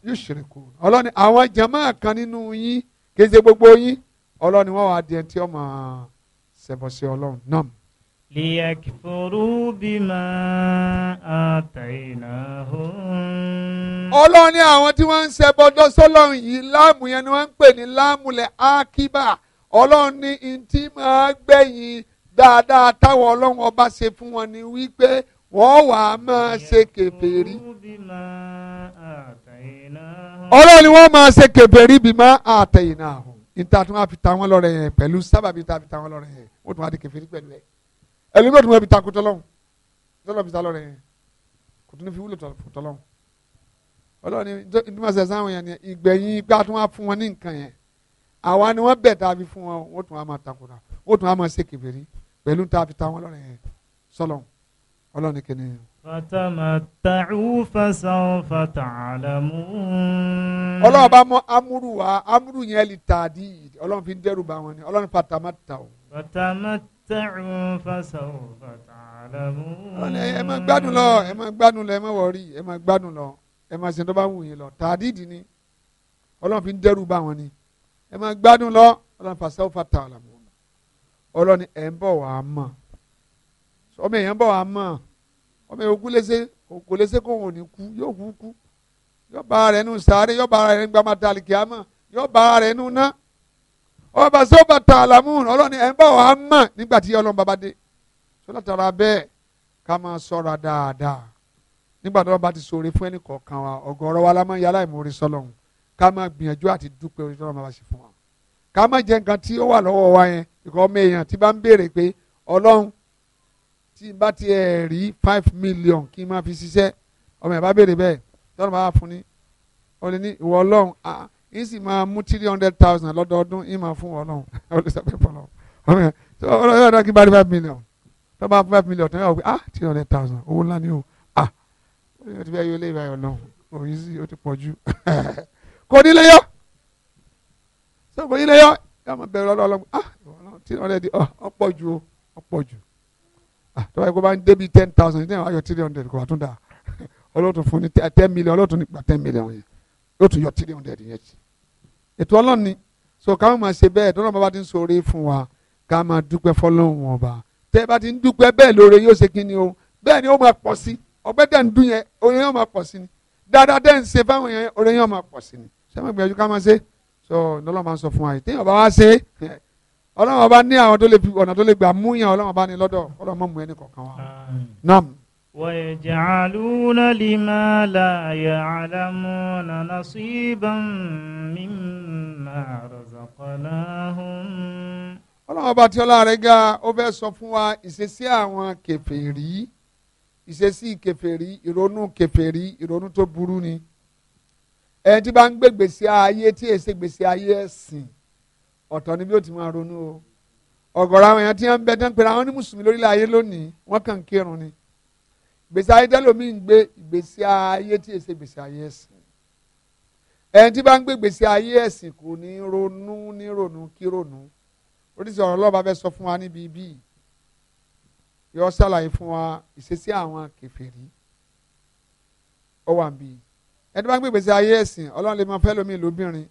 Speaker 2: yushrikun ọlọ́ni àwọn jama kan nínú yín kéde gbogbo yín ọlọ́ni wọn wà á di ẹni tí ọmọ ṣẹbọ sí ọlọ́run náà
Speaker 1: liyakfuru bima atainahum.
Speaker 2: ọlọ́run ní àwọn tí wọ́n ń ṣe bọ́jọ́ sọ́lọ́run yìí láàmù yẹn ni wọ́n ń pè ní láàmùlẹ̀ akíbà ọlọ́run ní ntí máa gbẹ̀yìn dáadáa táwọn ọlọ́run ọba ṣe fún wọn ni wípé wọ́n wà máa ṣe kèfèrí. ọlọ́run ni wọ́n máa ṣe kèfèrí bima atainahum. níta tí wọ́n á fi ta wọ́n lọ́rẹ̀ yẹn pẹ̀lú sábàbí tá fi ta wọ́n lọ́rẹ̀ yẹn ó tún wá di kèfèrí pẹ̀lú ẹ̀ ẹlòmíì ọ̀tún ẹbí takò tọ́lọ́hún tọ́lọ́ fi ta lọ́rẹ̀ yẹn kò tún ní fi wúlò tọ́lọ́hún ọlọ́ọ̀ni ìdúmọ̀sẹ̀ sáwọn yẹn ni ìgbẹ̀yìn ipá tún wá fún wọn ní nǹkan yẹn àwa ni wọ́n bẹ̀ tá a fi fún wọn wọ́n tún wá máa takò rà wọ́n tún wá máa ṣe kèfèrí pẹ̀lú tá a fi ta wọn lọ́rẹ̀ yẹn sọ́lọ́ ọlọ́ọ̀ni kìíní. fatamatta'u
Speaker 1: fasawfa ta'lamun. ọlọ́run bá
Speaker 2: mọ amúrú wa amúrú yẹn lè tàdí ọlọ́run fi ń bá wọn ni ọlọ́run fatamatta'u. fatamatta'u. تَتَّبِعُوا
Speaker 1: فَسَوْفَ تَعْلَمُونَ. ọ̀nà ẹ máa gbádùn lọ ẹ máa gbádùn
Speaker 2: lọ ẹ máa wọrí ẹ máa gbádùn lọ ẹ máa ṣe tó bá wù yín lọ tàdídì ni ọlọ́run fi ń dẹ́rù bá wọn ni ẹ máa gbádùn lọ ọlọ́run فَسَوْفَ تَعْلَمُونَ ọlọ́run ẹ̀ ń bọ̀ wá mọ̀ ọmọ èèyàn bọ̀ wá mọ̀ ọmọ èèyàn kú léṣe kò léṣe kó wọn ò ní kú yóò kú kú yóò bá ara rẹ̀ nù sáré yóò bá ara rẹ̀ nù gbàmátàlì kìámà yóò bá ara rẹ̀ nù náà ọba sọ́ba tààlàmùn ọlọ́ni ẹ̀ ń bá wàá mọ̀ nígbà tí ọlọ́run bàbá dé sọ́dọ̀ tara bẹ́ẹ̀ ká máa sọ́ra dáadáa nígbà tí ọlọ́run bá ti sọ̀rọ̀ fún ẹnì kọ̀ọ̀kan wa ọ̀gọ̀ọ̀rọ̀ wa la máa ń yàrá ìmúrí sọ́lọ́run ká máa gbìyànjú àti dúpẹ́ orí tọ́lọ́run bàbá ṣe fún wa ká má jẹ nǹkan tí ó wà lọ́wọ́ wa yẹn ìkọ́ ọmọ èèyàn tí bá ń béèrè pé ọlọ́run tí bá ti ẹ̀ rí five million kí n máa fi ṣiṣẹ́ ọmọ ẹ̀ bá béèrè bẹ́ẹ̀ tọ́lọ́run bá fún ni ó yín sì máa mú three hundred thousand lọ́dọọdún yín máa fún wọn náà olùsọ̀pẹ̀ pọ̀ náà ọlọ́run yóò dá kí n bá rí five million tó bá five million tó yà wọ́n ah three hundred thousand owó ńlá ni o ah o ti fẹ́ yọ ilé ìbáyọ̀ náà òyìn sí o ti pọ̀ jù kò ní lè yọ so kò ní lè yọ yà máa bẹ̀rù ọlọ́run ah three hundred ọ̀pọ̀ ah, jù o ọ̀pọ̀ jù ah tó bá yẹ kó bá ń débi ten thousand ní ayọ̀ three hundred kò wá tún dà ọlọ́run tún fún ten million ọlọ́run tún ní gba ten million yẹn yóò tún three hundred yẹn ètò ọlọ́run ni so káwọn máa ṣe bẹ́ẹ̀ tọ́lọ́mọ bá ti ń sọ̀rọ̀ fún wa ká máa dúpẹ́ fọlọ́run ọba tẹ́ bá ti ń dúpẹ́ bẹ́ẹ̀ lóore yóò ṣe kíni o bẹ́ẹ̀ ni ó máa pọ̀ sí ọgbẹ́ tẹ̀ ń dún yẹn oore yẹn máa pọ̀ sí ni dáadáa tẹ̀ ń ṣe fáwọn yẹn oore yẹn máa pọ̀ sí ni sẹ́mi gbìyànjú ká máa ṣe so ọlọ́run máa ń sọ fún wa yìí téèyàn bá wá ṣe ọlọ́run ọba ní àwọn tó lè ọ̀nà tó lè gbà mú yàn ọlọ́run ọba ní lọ́dọ̀ ọlọ́run mọ̀ mú ẹnì kọ̀ọ̀kan wa. nam ويجعلون لما لا
Speaker 1: يعلمون نصيبا مما رزقناهم
Speaker 2: ọlọ́run ọba tí ọlá ga ó fẹ́ sọ fún wa ìṣesí àwọn kèfèrí ìṣesí kèfèrí ìrònú kèfèrí ìrònú tó burú ni ẹni tí bá ń gbé gbèsè ayé tí èsè gbèsè ayé ẹ̀sìn ọ̀tọ̀ ni bí ó ti máa ronú o ọ̀gọ̀rọ̀ àwọn èèyàn tí wọ́n ń bẹ tán pé àwọn ní lórílẹ̀ ayé lónìí wọ́n kàn ń kírun ni gbèsè ayé tẹ́lómi ń gbé gbèsè ayé tí èsè gbèsè ayé ẹ̀sìn ẹni tí bá ń gbé gbèsè ayé ẹ̀sìn kò ní ronú ní ronú kí ronú oríṣi ọ̀rọ̀ lọ́ba fẹ́ sọ fún wa níbi bíi yọ ṣàlàyé fún wa ìṣesí àwọn kèfèrí ó wà ń bí ẹni bá ń gbé gbèsè ayé ẹ̀sìn ọlọ́run lè máa fẹ́ lómi lóbìnrin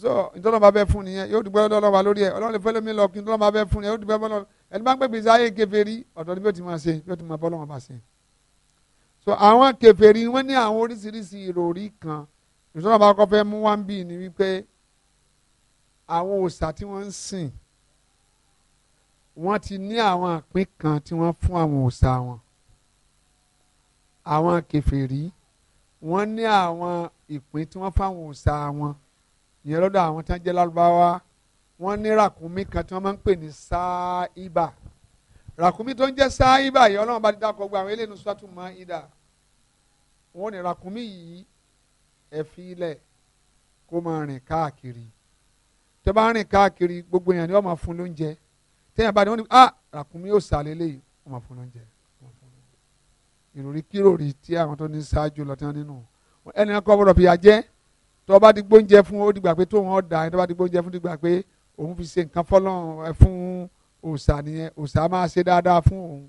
Speaker 2: so ìtọ́nà bá fẹ́ fún nìyẹn yóò dúpẹ́ lọ́dọ̀ wa lórí ẹ̀ ọlọ́run lè fẹ́ lómi lọ kí ìtọ́nà bá fẹ́ fún nìyẹn yóò dúpẹ́ lọ́dọ̀ ẹni bá ń gbé gbèsè ayé kèfèrí ọ̀dọ́ ni bí ó ti máa ṣe bí ó ti máa bọ́ lọ́wọ́ bá ṣe so àwọn kèfèrí wọ́n ní àwọn oríṣiríṣi ìròrí kan ìṣọ́nà bá kọ́ fẹ́ mú wá ń bì ní wípé àwọn òòṣà tí wọ́n ń sìn wọ́n ti ní àwọn àpín kan tí wọ́n fún àwọn òòṣà wọn àwọn kèfèrí wọ́n ní àwọn ìpín tí wọ́n fáwọn òòṣà wọn ìyẹn lọ́dọ̀ àwọn tí wọ́n jẹ́ lárúbáwá wọ́n ní ràkúnmí kan tí wọ́n máa ń pè ní sáà ibà. Rakumi tó ń jẹ́ sáyé báyìí ọlọ́run bá ti dákọ̀ gba àwọn eléyìí sọ́tún mọ́ ìdá wọn ni ràkúnmí yìí ẹ fi kó máa rìn káàkiri tó bá rìn káàkiri gbogbo èèyàn ni wọ́n máa fún lóúnjẹ téèyàn bá ní wọ́n ní ah rakumi yóò sàlẹ̀ eléyìí wọ́n máa fún lóúnjẹ ìròrí kíròrí tí àwọn tó ní ṣáájú lọ tán nínú ẹni kọ́ bọ̀rọ̀ fìyà jẹ́ tó bá ti gbóúnjẹ fún ó dìgbà pé tóun ọ̀ dà tó bá ti gbóúnjẹ fún dìgbà pé òun fi ṣe nǹkan fọ́lọ́run fún òòsà nìyẹn òòsà máa ṣe dáadáa fún òun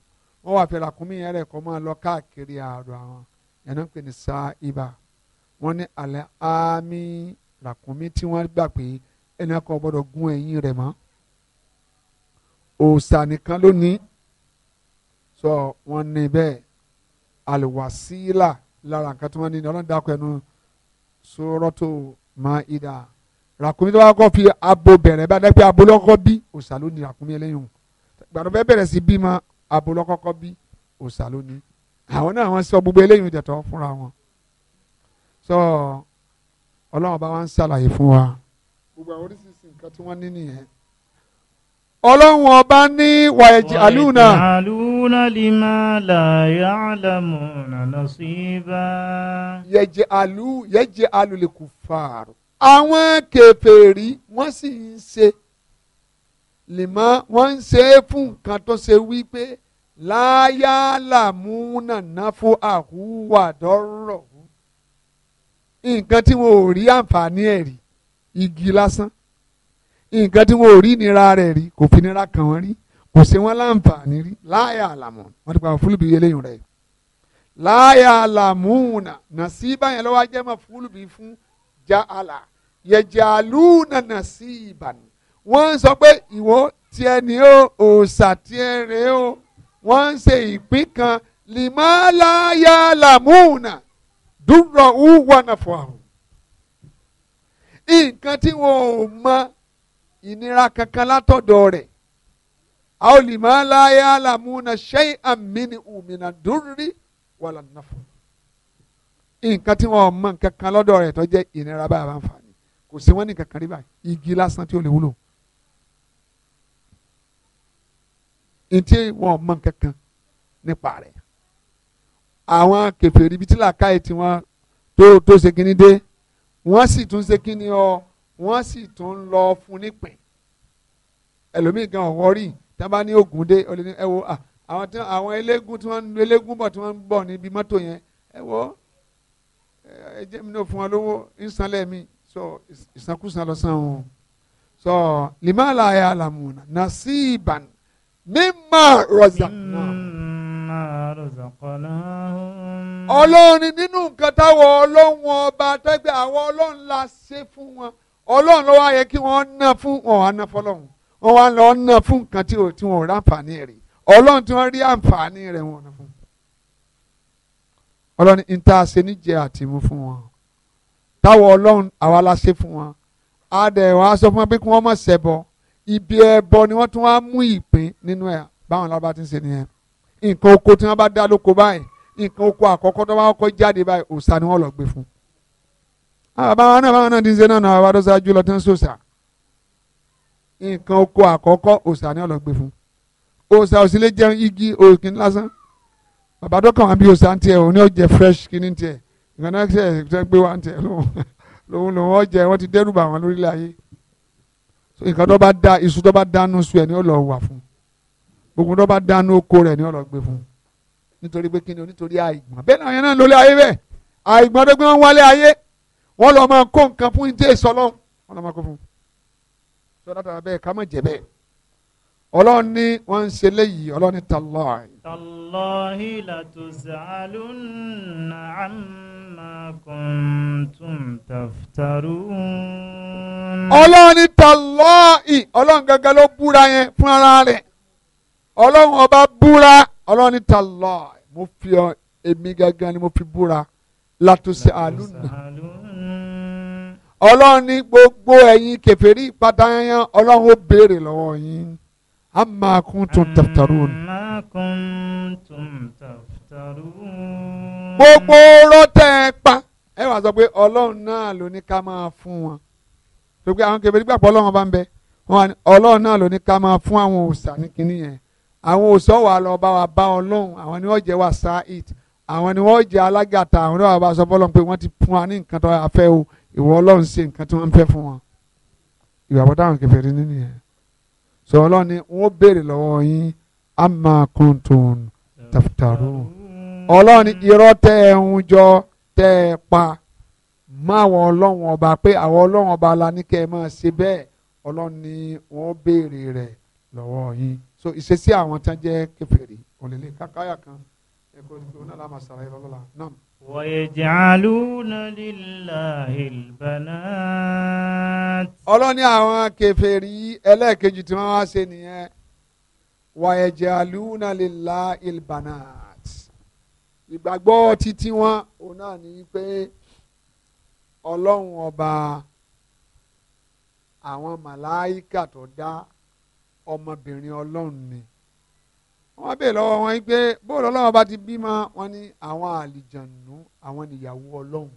Speaker 2: wọn wà fẹ́ làkúnmí yẹn rẹ̀ kọ́ máa lọ káàkiri àrò àwọn yẹn náà pè ní sa ibà wọn ní alẹ́ àmì làkúnmí tí wọ́n gbà pé ẹnì kan gbọ́dọ̀ gún ẹ̀yìn rẹ̀ mọ́ òòsà nìkan ló ní sọ wọn ní bẹ́ẹ̀ àlùwàsílà lára nǹkan tí wọ́n ní ọlọ́dàkọ̀ ẹnu sọ́rọ́tò máa ìdá. So, Rakumi tó bá kọ́ fi abo bẹ̀rẹ̀ bá dẹ́pẹ́ abo lọ́kọ́ bí òòṣà ló ní ràkúnmí ẹlẹ́yìn o gbàdọ̀ bẹ́ẹ̀ bẹ̀rẹ̀ sí bímọ abo lọ́kọ́kọ́ bí òòṣà ló ní àwọn náà wọ́n sọ gbogbo eléyìí dẹ̀tọ́ fúnra wọn sọ ọlọ́run bá wá ṣàlàyé fún wa gbogbo àwọn oríṣiríṣi nǹkan tí wọ́n ní nìyẹn ọlọ́run ọba ní wàyẹ̀jì àlùna.
Speaker 1: àlùna lima la ya'lamuna nasiba.
Speaker 2: yẹ̀jẹ̀ àlù yẹ̀jẹ̀ àlù lè kú fàárọ̀ àwọn kèfèrí wọ́n sì ń ṣe lèmọ́ wọ́n ń ṣe é fún nǹkan tó ṣe wípé láyàlà múnà náfó àhúwà dọ́rọ̀ nǹkan tí wọn ò rí àǹfààní ẹ̀ rí igi lásán nǹkan tí wọn ò rí ìnira rẹ̀ rí kò fi nira kàn wọ́n rí kò ṣe wọ́n láǹfààní rí láyà àlàmù wọ́n ti pa fúlùbí eléyìí rẹ̀ láyà àlàmù nà nà sí báyẹn lọ́wọ́ ajẹ́ mọ́ fúlùbí fún já àlà yẹ̀jàlú nànà sí ìbàn wọ́n ń sọ pé ìwọ tiẹ̀ ni ó òòṣà tiẹ̀ rè ó wọ́n ń ṣe ìpín kan lìmọ́láyàlámùnà dúró wúwọ́nàfọ̀ àrùn nǹkan tí wọn ò mọ ìnira kankan látọ̀dọ̀ rẹ̀ àwọn lìmọ́láyàlámùnà ṣe àmìnì òmìnà dúró wàlànàfọ̀ nǹkan tí wọn ò mọ kankan lọ́dọ̀ rẹ̀ tó jẹ́ ìnira bá a bá ń fà kò sí wọn ní kankan rí báyìí igi lásán tí ó lè wúlò ntí wọn mọ kankan nípa rẹ̀ àwọn kèfèrí ibi tí làákàyè tí wọn tó tó ṣe kíní dé wọn sì tún ṣe kíní ọ wọn sì tún lọ fún nípìn ẹlòmíì gan ọwọ rí tí wọn bá ní ogun dé ọlẹ ní ẹ wo àwọn tí àwọn eléégún tí wọn eléégún bọ tí wọn ń bọ níbi mọ́tò yẹn ẹ ẹ jẹ́ mi náà fún wọn lówó ń sanlẹ̀ mi so ìsàkúsà lọ́sàn o so limala ya lamuna nasiban mimma razaqna. ọlọ́run nínú nǹkan táwọn ọlọ́run ọba tẹ́gbẹ́ àwọn ọlọ́run la ṣe fún wọn ọlọ́run ló wá yẹ kí wọ́n ná fún wọn wá ná fọlọ́run wọn wá lọ ná fún nǹkan tí wọn ò rí àǹfààní rẹ̀ ọlọ́run tí wọ́n rí àǹfààní rẹ̀ wọn ná fún ọlọ́run ní ta ṣe níjẹ àtìmú fún wọn táwọn ọlọ́run àwa la ṣe fún wọn a dẹ̀ wá sọ fún wọn pé kí wọ́n má ṣẹbọ ibi ẹbọ ni wọ́n tún wá mú ìpín nínú ẹ̀ báwọn lábá ti ń ṣe nìyẹn nǹkan oko tí wọ́n bá dá lóko báyìí nǹkan oko àkọ́kọ́ tó bá kọ́kọ́ jáde báyìí òòṣà ni wọ́n lọ gbé fún. àbáwọn náà báwọn náà ti ń ṣe náà náà àbá tó ṣáájú lọ tó ń ṣòṣà nǹkan oko àkọ́kọ́ òòṣà ni wọ́n lọ gbé fún. òòṣà ò jẹun igi òòkìn lásán bàbá tó kàn wá bí òòṣà ń tiẹ̀ òun ni ó jẹ fresh kí ní tiẹ̀ nǹkan náà ṣe ṣe pé wá ń tẹ lòun lòun ọjẹ wọn ti dẹ́rù bà wọn lórílẹ̀ ayé nǹkan tó bá da iṣu tó bá dánú su ẹ ní ọlọ wà fún gbogbo tó bá dánú oko rẹ ní ọlọ gbé fún nítorí pé kíni nítorí àìgbọ́n bẹ́ẹ̀ náà yẹn náà lórí ayé bẹ́ẹ̀ àìgbọ́n tó gbé wọn wálé ayé wọn lọ máa kó nǹkan fún ìdí èso Ọlọ́run wọn lọ máa kó fún sọ látara bẹ́ẹ̀ ká má jẹ bẹ́ẹ̀ Ọlọ́run ní wọn ń ṣe léyìí Ọlọ́run ní tallahi. ما كنتم تفترون ọlọ́run ní tàlọ́ọ̀ì ọlọ́run gẹ́gẹ́ ló búra yẹn fún ara rẹ̀ ọlọ́run ọba búra ọlọ́run ní tàlọ́ọ̀ì mo fi ọ èmi gẹ́gẹ́ ni mo fi búra látòsí àlùnà ọlọ́run ní gbogbo ẹ̀yin kèfèrí ìpàdáyàn ọlọ́run ó béèrè lọ́wọ́ yín àmà kùntùm tàftàrún. àmà
Speaker 1: kùntùm tàftàrún
Speaker 2: gbogbo rọ́tẹ̀ pa ẹ wàá sọ pé ọlọ́run náà ló ní ká máa fún wọn gbogbo àwọn kẹfẹ́ nígbà pọ̀ ọlọ́run bá ń bẹ wọn ọlọ́run náà ló ní ká máa fún àwọn òòṣà ní kinní yẹn àwọn òòṣà wà lọ bá wa bá ọlọ́run àwọn ni wọ́n jẹ́ wà sá it àwọn ni wọ́n jẹ́ alágàtà àwọn náà wà bá sọ fọlọ́run pé wọ́n ti fún wa ní nǹkan tó a fẹ́ o ìwọ ọlọ́run ṣe nǹkan tí wọ́n ń fẹ́ fún wọn ìgbàgbọ́ táwọn kẹfẹ́ rí nínú yẹn sọ ọlọ́run ni wọ́n béèrè lọ́wọ́ yín amma kuntum taftarun ọlọ́run irọ́ tẹ́ ẹ ń jọ tẹ́ ẹ pa mọ́ àwọn ọlọ́run ọba pé àwọn ọlọ́run ọba la ní kẹ́ ẹ máa ṣe bẹ́ẹ̀ ọlọ́run ni wọ́n béèrè rẹ̀ lọ́wọ́ yín so ìṣesí àwọn tán jẹ́ kèfèrí òlélẹ̀ kákáyà kan ẹ̀kọ́ tó náà la máa ṣàlàyé lọ́la náà. ويجعلون لله البنات. ọlọ́ni àwọn kèfèrí ẹlẹ́ẹ̀kejì tí wọ́n wá ṣe nìyẹn ويجعلون لله البنات ìgbàgbọ́ títí wọn òun náà ní pé ọlọ́run ọba àwọn màláìkà tó dá ọmọbìnrin ọlọ́run ni wọ́n bèè lọ́wọ́ wọn pé bóòlù ọlọ́run ọba ti bímọ wọn ní àwọn àlìjànú àwọn nìyàwó ọlọ́run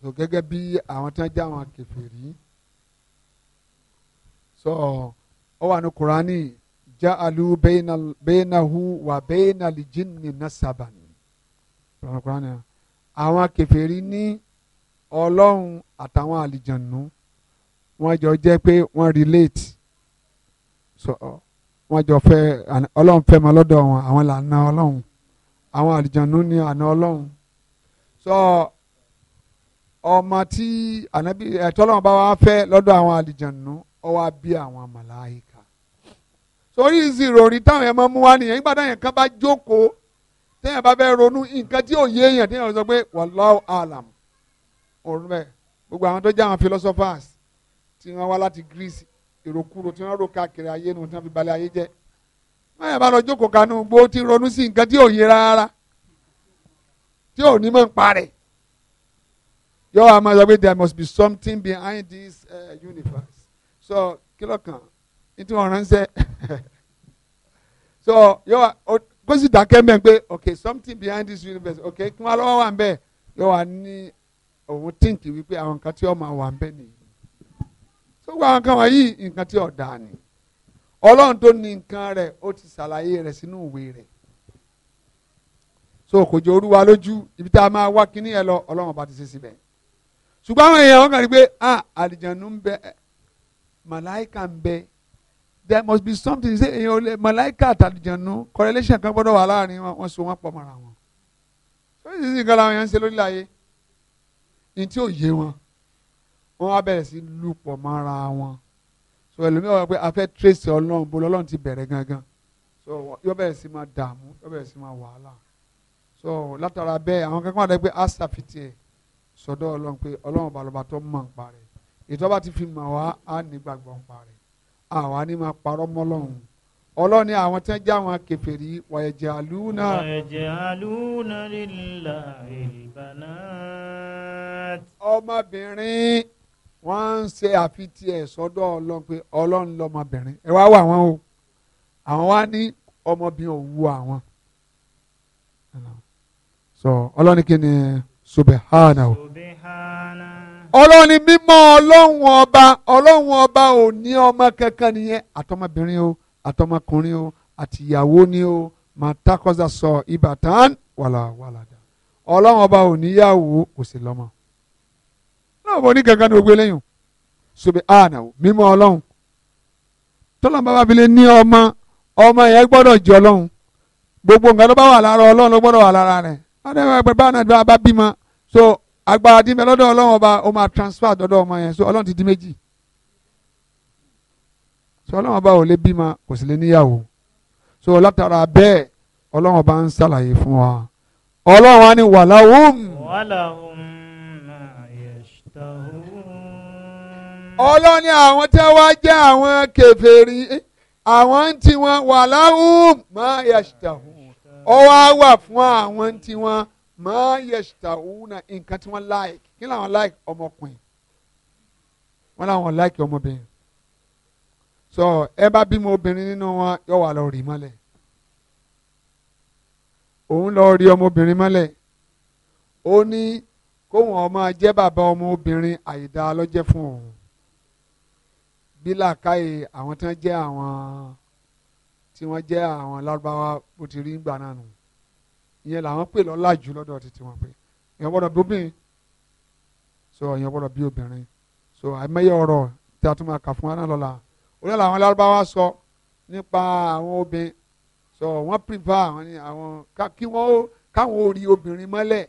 Speaker 2: so gẹ́gẹ́ bí àwọn tí wọ́n já wọn kèfèrí sọ ọ wà ní Kùránì ja'alu bainahu wa bainal jinni nasaban àwọn kèfèrí ní ọlọ́run àtàwọn àlìjànú wọ́n jọ jẹ́ pé wọ́n relate so uh, wọ́n jọ fẹ́ ọlọ́run fẹ́ mọ lọ́dọ̀ wọn àwọn làna ọlọ́run àwọn àlìjànú ní àna ọlọ́run so ọmọ tí ẹ̀tọ́ ọlọ́run bá wá fẹ́ lọ́dọ̀ àwọn àlìjànú ó wá bí àwọn màláíkà sórí ìsìròrí táwọn ẹ̀ máa mú wá nìyẹn nígbà táwọn kan bá jókòó téèyàn bá fẹ́ ronú nǹkan tí ò yé èèyàn téèyàn sọ pé wallahu alam òun bẹ́ẹ̀ gbogbo àwọn tó jẹ́ àwọn philosophers tí wọ́n wá láti Greece ìròkúrò tí wọ́n rò káàkiri ayé nu tí wọ́n fi balẹ̀ ayé jẹ́ báyọ̀ bá lọ jókòó kanú gbó tí ronú sí nǹkan tí ò yé rárá tí ò ní mọ̀ ń parẹ́ yọ àmọ́ sọ pé there must be something behind this uh, universe so kí ló kàn án nítorí wọn ránṣẹ́ so yóò kó sì dákẹ́ mẹ́ pé okay something behind this universe okay kí wọ́n lọ́wọ́ wà ń bẹ̀ yóò wà ní òun tíǹkì wípé àwọn nǹkan tí ó wà ń bẹ̀ nìyí so gbogbo àwọn nǹkan wọ̀nyí nǹkan tí ó dáa ni ọlọ́run tó ní nǹkan rẹ̀ ó ti ṣàlàyé rẹ̀ sínú ìwé rẹ̀ so kò jọ orúwa lójú ibi tá a máa wá kíní yẹn lọ ọlọ́run bá ti ṣe síbẹ̀ ṣùgbọ́n àwọn èèyàn wọn kàn rí pé ah àlìjànú ń bẹ màláìka ń bẹ there must be something Say, èyàn olè mọ̀láìkà àtàlùjọ̀nù correlation kan gbọ́dọ̀ wà láàrin wọn wọ́n so wọ́n pọ̀ mọ́ra wọn. lórí sísìn kan làwọn èèyàn ń ṣe lórí láyé ní tí ò yé wọn wọ́n á bẹ̀rẹ̀ sí lù pọ̀ mọ́ra wọn. so ẹlòmíràn wọ́n pé a fẹ́ trace ọlọ́run bó lọ́lọ́run ti bẹ̀rẹ̀ gangan so yóò bẹ̀rẹ̀ sí máa dààmú yóò bẹ̀rẹ̀ sí máa wàhálà so látara bẹ́ẹ̀ àwọn kankan wà pé asa fìtì ẹ̀ sọ́dọ̀ ọlọ́run pé ọlọ́run balọ̀bà tó mọ̀ ń parẹ́ ìtọ́ bá ti fi mọ̀ wá á nígbàgbọ́ ń parẹ́ àwa ni máa parọ́ mọ́ Ọlọ́run ni àwọn tí wọ́n já wọn kèfèrí wàyẹ̀jẹ̀ àlùúnà. wàyẹ̀jẹ̀
Speaker 1: àlùúnà lílà
Speaker 2: ìbànát. ọmọbìnrin wọ́n ń ṣe àfitì ẹ̀ sọ́dọ̀ Ọlọ́run pé Ọlọ́run lọ́mọbìnrin ẹ wá wà wọ́n o àwọn wá ní ọmọbìnrin òwú àwọn. sọ Ọlọ́run kí ni subhanahu ọlọ́run ni mímọ́ ọlọ́run ọba ọlọ́run ọba ò ní ọmọ kankan nìyẹn àtọmọbìnrin o àtọmọkùnrin o àtìyàwó ni o màá takọ́sà sọ ìbátan wàlàwàlàdà ọlọ́run ọba ò níyàwó kò sí lọ́mọ. náà bọ̀ ní kankan ní gbogbo eléyìí sobi ah, àná mímọ́ ọlọ́run tọ́lọ́n bàbá fi lè ní ọmọ ọmọ yẹn gbọ́dọ̀ jọ ọlọ́run gbogbo nǹkan tó bá wà lára ọlọ́run ló gbọ́dọ̀ wà lára rẹ̀ so agbára dín bẹ lọ́dọ̀ ọlọ́run ọba ó máa transfer dọ́dọ̀ ọmọ yẹn so ọlọ́run ti di méjì so ọlọ́run ọba ò lè bímọ kò sì lè níyàwó so látara bẹ́ẹ̀ ọlọ́run ọba ń ṣàlàyé fún wa ọlọ́run á ní wàláhùn.
Speaker 1: wàláhùn máa yẹ
Speaker 2: ṣùtàhùn. ọlọ́run ní àwọn tí wọ́n jẹ́ àwọn kèfèrí àwọn tí wọ́n wàláhùn máa yẹ ṣùtàhùn ọwọ́ á wà fún àwọn tí wọ́n máa yẹsùtà òun náà nǹkan tí wọ́n like kí làwọn like ọmọkùnrin wọ́n làwọn like ọmọbìnrin so ẹ bá bímọ obìnrin nínú wọn yọ wà lọ rí mọ́lẹ̀ òun lọ rí ọmọbìnrin mọ́lẹ̀ ó ní kóun ọmọ jẹ́ bàbá ọmọbìnrin àìdá lọ́jẹ́ fún òun bí làákàyè àwọn tí wọ́n jẹ́ àwọn tí wọ́n jẹ́ àwọn lárúbáwá bó ti rí gbà náà nù ìyẹn làwọn pè lọ́la jù lọ́dọ̀ títí wọn pé ìyẹn gbọ́dọ̀ bí obìnrin so ìyẹn gbọ́dọ̀ bí obìnrin so àìmọye ọ̀rọ̀ tí a tún máa kà fún wa náà lọ́la orí làwọn lárúbáwá sọ nípa àwọn obìnrin so wọ́n prefer àwọn ni àwọn kí wọ́n káwọn orí obìnrin mọ́lẹ̀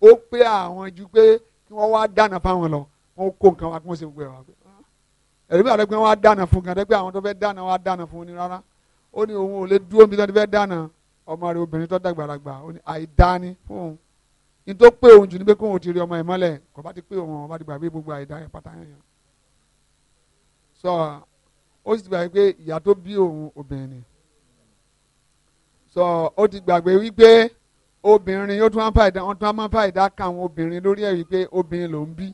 Speaker 2: ó pé àwọn ju pé kí wọ́n wá dáná fáwọn lọ wọ́n kó nǹkan wa kí wọ́n ṣe gbogbo ẹ̀ wá pé ah. ẹ̀rí bàtà pé wọ́n á dáná fún gan dẹ́gbẹ́ àwọn tó fẹ́ dáná wọ́n á dáná fún ni rárá ó ní òun ò lè dúró níbi tó fẹ́ dáná ọmọ rẹ obìnrin tó dàgbàlagbà ó ní àìdáni fún òun ní tó pé òun jù ní pé kóun ti rí ọmọ ẹ̀ mọ́lẹ̀ kò bá ti pé òun ọba ti gbàgbé gbogbo àìdá ẹ̀ pátá yẹn yẹn sọ ó sì ti gbàgbé pé ìyá tó bí òun obìnrin ni sọ ó ti gbàgbé wípé obìnrin ó tún á fà ìdá wọn tún á máa fà ìdá ka àwọn obìnrin lórí ẹ̀ wípé obìnrin ló ń bí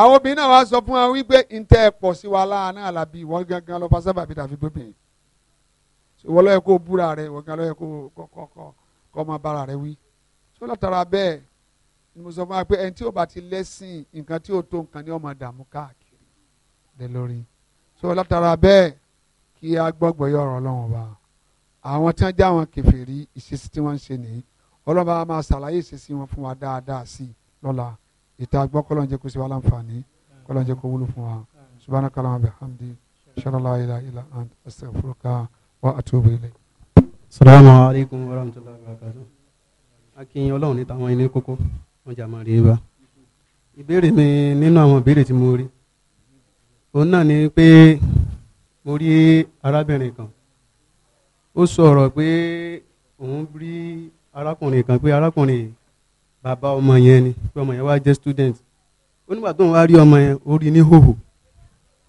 Speaker 2: àwọn obìnrin náà wá sọ fún wa wípé ntẹ́ ẹ̀ pọ̀ sí wa láàánú àlàbí ìwọ́n gangan lọ fa sábàbí tàbí gbóbìnrin ìwọ ló yẹ kó búra rẹ ìwọ gan ló yẹ kó kọ́kọ́ kọ́ máa bára rẹ wí tó látara bẹ́ẹ̀ ni mo sọ fún wa pé ẹni tí ò bá ti lẹ́sìn nǹkan tí ò tó nǹkan ni ó máa dààmú káàkiri lé lórí tó látara bẹ́ẹ̀ kí a gbọ́gbọ́ yọ ọ̀rọ̀ ọlọ́run wa àwọn tí wọ́n já wọn kèfèrí ìṣesí tí wọ́n ń ṣe nìyí ọlọ́run bá máa ṣàlàyé ìṣesí wọn fún wa dáadáa sí i lọ́la ìta gbọ́ kọ́lọ́n kó ṣe wá láǹfààní anta astaghfiruka. wa atubu
Speaker 3: salaamu aleykum wa rahmatullahi wa barakatuh. ní tàwọn ilé kókó wọn jà máa rí i bá. ìbéèrè mi nínú àwọn ìbéèrè tí mo rí òun náà ni pé mo rí arábìnrin kan ó sọ ọ̀rọ̀ pé òun rí arákùnrin kan pé arákùnrin bàbá ọmọ yẹn ni pé ọmọ yẹn wá jẹ́ student ó nígbà wá rí ọmọ yẹn ó rí ní hòhò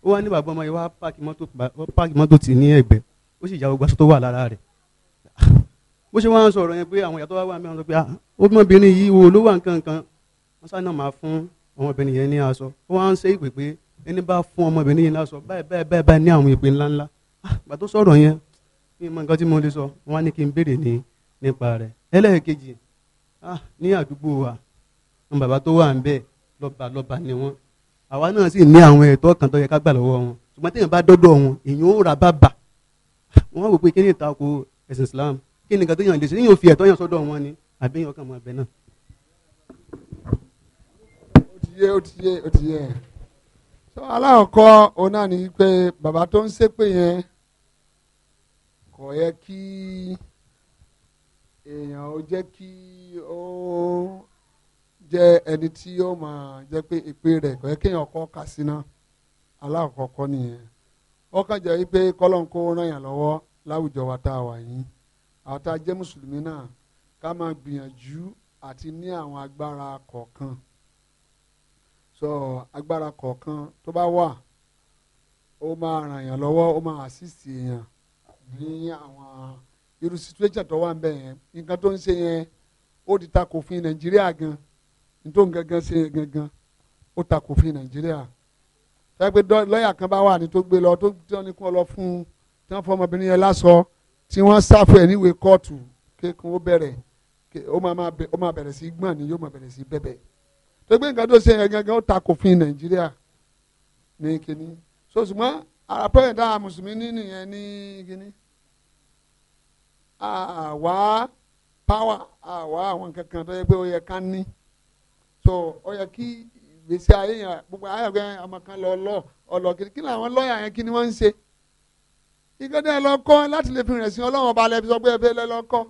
Speaker 3: ó wá ní bàbá ọmọ ó sì ya gbogbo aṣọ tó wà lára rẹ̀ bó ṣe wọ́n á sọ̀rọ̀ yẹn pé àwọn ìyá tó wá wà mí wọ́n sọ pé ọmọbìnrin ah, yìí wo ló wà nǹkan kan wọ́n sá náà máa fún ọmọbìnrin yẹn ní aṣọ wọ́n á ń ṣe ìpè pé ẹni bá fún ọmọbìnrin yẹn láṣọ báyìí báyìí báyìí báyìí ní àwọn ìpè ńláńlá ah, gbà tó sọ̀rọ̀ yẹn mi mọ nǹkan tí mo lè sọ wọ́n á ní kí n béèrè ní nípa rẹ̀ ẹlẹ́ẹ̀kejì ah, ní àdúgbò wa àwọn bàbá tó wà ń bẹ̀ lọ́ba lọ́ba ni wọ́n àwa náà sì ní àwọn ẹ̀tọ́ kan tó yẹ ká gbà lọ́wọ́ wọn ṣùgbọ́n téèyàn bá dọ́dọ̀ wọn èèyàn ó ra bàbà wọ́n wò pé kí ni ìtako ẹ̀sìn Islam kí ni nǹkan tó yàn lè ṣe yíyan fi ẹ̀tọ́ yàn sọ́dọ̀ wọn ni àbí yàn kàn mọ́ ẹbẹ náà.
Speaker 2: ó ti yé ó ti yé ó ti yé so aláwọ̀kọ́ òun náà ni pé bàbá tó ń ṣépè yẹn kò yẹ kí èèyàn ó jẹ́ kí ó jẹ́ ẹni tí ó máa jẹ́ pé èpè rẹ̀ kò yẹ kéèyàn kọ́ kà sí náà aláwọ̀kọ́ kọ́ nìyẹn ó kàn jẹ́ pé kọ́lọ́n kó ràn yàn lọ́wọ́ láwùjọ wa tá a wà yín àwọn jẹ́ mùsùlùmí náà ká àti ní àwọn agbára kọ̀ọ̀kan so agbára kọ̀ọ̀kan tó bá wà ó máa ràn yàn lọ́wọ́ ó máa assist èèyàn ní àwọn irú situation tó wà ń bẹ̀ yẹn nǹkan tó ń ṣe yẹn ó gan nítorí ta sẹ́gbẹ́ lọ́ọ̀yà kan bá wà ní tó gbé lọ tó tí wọ́n ní kó lọ fún un tí wọ́n fọmọbìnrin yẹn lásọ tí wọ́n sáfù ẹ̀ níwèé kóòtù kékun ó bẹ̀rẹ̀ ó máa bẹ̀rẹ̀ sí gbọ̀n ni yóò máa bẹ̀rẹ̀ sí bẹ̀bẹ̀ tó gbé nǹkan tó ṣe yẹn gangan ó ta kò fin Nàìjíríà ní kíní so ṣùgbọ́n àpẹẹrẹ dáhà mùsùlùmí nínú yẹn ní kíní àwa power àwa àwọn kankan tó yẹ pé ó yẹ ká ní so ó yẹ kí gbèsè ayé yẹn gbogbo ayọ̀gbẹ́ ọmọ kan lọ lọ ọ̀lọ́ kìnnìkì làwọn lọ́ọ̀yà yẹn kí ni wọ́n ń ṣe ìgbẹ́dẹ́ lọ kọ́ láti lè fi rìn sí ọlọ́run ọba lẹ́bi sọ pé ẹbẹ́ lẹ́ lọ kọ́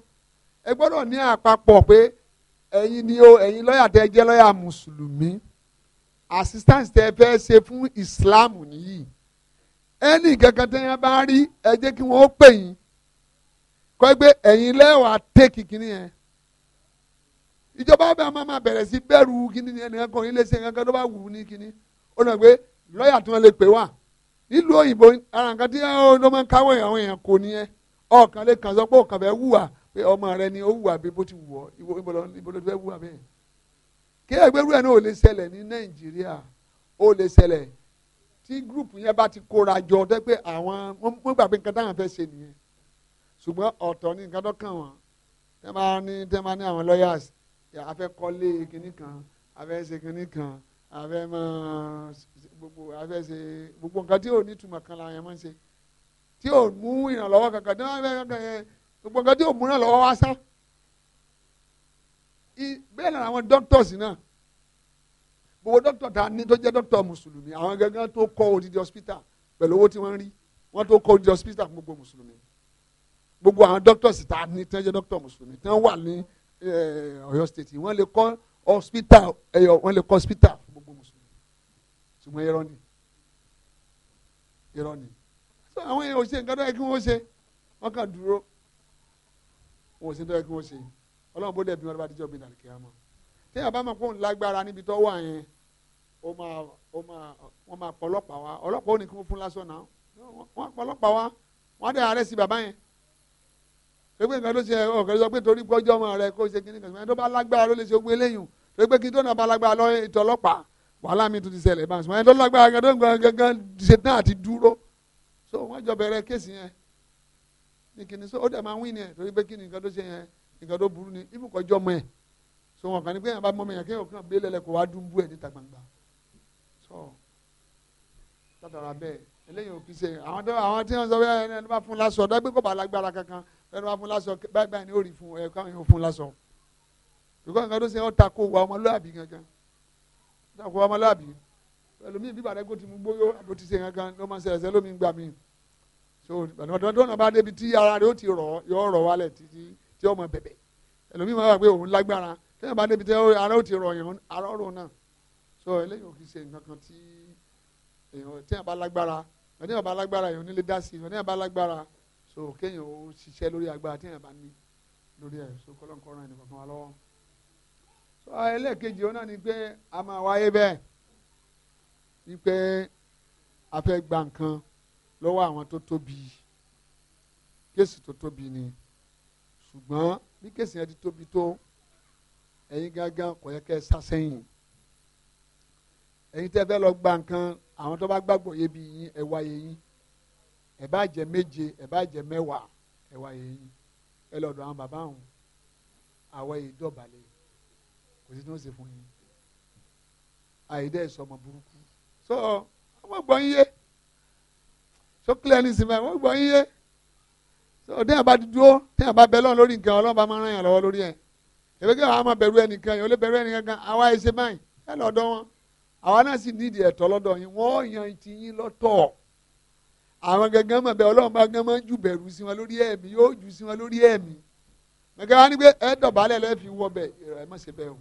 Speaker 2: ẹ gbọ́dọ̀ ní àpapọ̀ pé ẹ̀yin ni o ẹ̀yin lọ́ọ̀yà tẹ́ jẹ́ lọ́ọ̀yà mùsùlùmí assistance tẹ́ fẹ́ ṣe fún Islam nìyí ẹnì kankan tẹ́ yẹn bá rí ẹ jẹ́ kí wọ́n pè yín kọ́ pé ẹ̀yin lẹ́wàá tẹ́kì kìnìyẹn ìjọba bẹ́ẹ̀ máa ma bẹ̀rẹ̀ sí bẹ̀rù ni ẹnìkan kan iléeṣẹ́ kankan tó bá wù ú ní kíní ó nà pé lọ́ọ̀yà tí wọ́n lè pè wá nílùú òyìnbó ara nǹkan tí ó máa ń káwọ́ àwọn èèyàn kò nìyẹn ọ̀kan lè kàn sọ pé ọ̀kan fẹ́ wùwà pé ọmọ rẹ ni ó wùwà bí bó ti wù ọ́ ibo ló fẹ́ wùwà bẹ́ẹ̀ kí ẹgbẹ́rú ẹ̀ náà ò lè ṣẹlẹ̀ ní Nàìjíríà ó lè ṣẹlẹ̀ tí gúrùpù yẹn bá ti kóra jọ tẹ́ pé àwọn wọ́n gbà pé nǹkan táwọn fẹ́ ṣe nìyẹn ṣùgbọ́n ọ̀tọ̀ ní nǹkan tó kàn wọ́n tẹ́ máa ní tẹ́ máa ní àwọn lawyers afẹ́ kọ́lé kinní kan afẹ́ ṣe kinní kan afẹ́ máa gbogbo afẹ́ ṣe gbogbo nǹkan tí ò ní túmọ̀ kan la yẹn máa ń ṣe tí ò mú ìrànlọ́wọ́ kankan tí wọ́n fẹ́ kankan yẹn gbogbo nǹkan tí ò mú ìrànlọ́wọ́ wá sá bẹ́ẹ̀ náà àwọn doctors náà gbogbo dókítà tá a tó jẹ́ dókítà mùsùlùmí àwọn gángan tó kọ́ odidi hospital pẹ̀lú owó tí wọ́n rí wọ́n tó kọ́ odidi hospital fún gbogbo mùsùlùmí gbogbo àwọn dókítà sì tá a ní tó mùsùlùmí tí wà ní Eh, Ọ̀yọ́ state wọ́n lè kọ́ hospital ẹyọ eh, wọ́n lè kọ́ hospital gbogbo mùsùlùmí ṣùgbọ́n irọ́ ni irọ́ ni àwọn èèyàn ò ṣe nǹkan tó yẹ kí wọ́n ṣe wọ́n kàn dúró wọ́n ò ṣe tó yẹ kí wọ́n ṣe ọlọ́run bó dẹ̀bi wọn bá díjọ́ bí nàìjíríà kí á mọ̀ téèyàn bá mọ̀ pé òun lágbára níbi tó wà yẹn ó máa ó máa wọ́n máa pọ̀ ọlọ́pàá wa ọlọ́pàá ò ní kí wọ́n fún lásán náà wọ́n pọ̀ ọlọ́pàá wa wọ́n á dẹ̀ arrest bàbá yẹn pé nǹkan ló ṣe ọ̀kan sọ pé torí gbọ́jọ́ ọmọ rẹ kó ṣe kíní kan ṣùgbọ́n tó bá lágbára ló lè ṣe ogun eléyìí torí pé kí tó náà bá lágbára lọ ètò ọlọ́pàá wàhálà mi tún ti ṣẹlẹ̀ bá ṣùgbọ́n tó lágbára gan tó ń gan gangan ṣe tán àti dúró so wọ́n jọ bẹ̀rẹ̀ kéèsì yẹn ní kíní so ó dẹ̀ máa wín yẹn torí pé kíní nǹkan tó ṣe yẹn nǹkan tó burú ni ibùkọ́jọ́ mọ́ ẹ̀ so wọn kàn ní pé yẹn bá mọ́ mi yẹn kéèyàn kàn so látara bẹ́ẹ̀ eléyìí ò kí ṣe àwọn tí wọ́n sọ pé ẹni bá fún lásọ̀ dágbé kò bá lágbára kankan ẹni wàá fún lásọ báyìí báyìí ni ó rí fún ẹ káwọn yóò fún lásọ ìkọ́ nǹkan tó ṣe ọ́ ta kó wa ọmọlúàbí gangan ta kó wa ọmọlúàbí ẹlòmíì bí bàdàgò ti mú gbóyó àbò ti ṣe gangan ló máa ń ṣe ẹsẹ lómi gbà mí so ọ̀dọ́dọ́ náà bá débi tí ara rẹ̀ ó ti rọ̀ yọ rọ̀ wálẹ̀ títí tí ọmọ bẹ̀bẹ̀ ẹlòmíì máa wà pé òun lágbára tẹ́yìn bá débi tí ara ó ti rọ̀ yàn ara ọ̀rọ̀ náà so eléyìí ò kì í ṣe nǹkan kan tí èèyàn tẹ́yìn bá lágbára tẹ́yìn bá lágbára èèyàn nílé dá sí èèyàn tẹ́yìn bá lágbára so kéèyàn ó ṣiṣẹ́ lórí agbára tí èèyàn bá ní lórí ẹ̀ so kọ́lọ́nkọ́rọ́ ẹni kankan wá lọ́wọ́ so ẹlẹ́ẹ̀kejì ọ̀nà ni pé a máa wáyé bẹ́ẹ̀ ni pé a fẹ́ gba nǹkan lọ́wọ́ àwọn tó tóbi kéèsì tó tóbi ni ṣùgbọ́n bí kéèsì yẹn ti tóbi tó ẹ̀yin gángan kò yẹ kẹ́ ẹ sá sẹ́yìn ẹ̀yin tẹ́ fẹ́ lọ gba nǹkan àwọn tó bá gbàgbọ́ yé bi yín wáyé yín ẹ bá jẹ méje ẹ bá jẹ mẹ́wàá ẹwà yẹn ẹ lọ́dọ̀ àwọn bàbá àwọn àwọ̀ yìí dọ̀bálẹ̀ kò sí tí wọ́n ṣe fún yín àyídẹ́ ìsọmọ burúkú sọ ọmọ gbọ́ yín yé sọ kílẹ̀ ní sinmi àwọn gbọ́ yín yé sọ téèyàn bá dúró téèyàn bá bẹ lọ́n lórí nǹkan ọlọ́run máa ń ràn yàn lọ́wọ́ lórí ẹ̀ èmi kí àwọn máa bẹ̀rù ẹnìkan yẹn ó lè bẹ̀rù ẹnìkan kan àwa ẹ̀ ṣe báyìí ẹ lọ́dọ̀ wọn àwa náà sì nídìí ẹ̀tọ́ lọ́dọ̀ yín wọ́n yan ti yín lọ́tọ̀ọ̀ àwọn gangan mọ̀ bẹ́ẹ̀ ọlọ́run bá gan máa ń ju bẹ̀rù sí wọn lórí ẹ̀mí yóò jù sí wọn lórí ẹ̀mí gẹ́gẹ́ wá ní pé ẹ dọ̀bálẹ̀ lẹ́ẹ̀ fi wọ bẹ̀ ẹ má ṣe bẹ́ẹ̀ o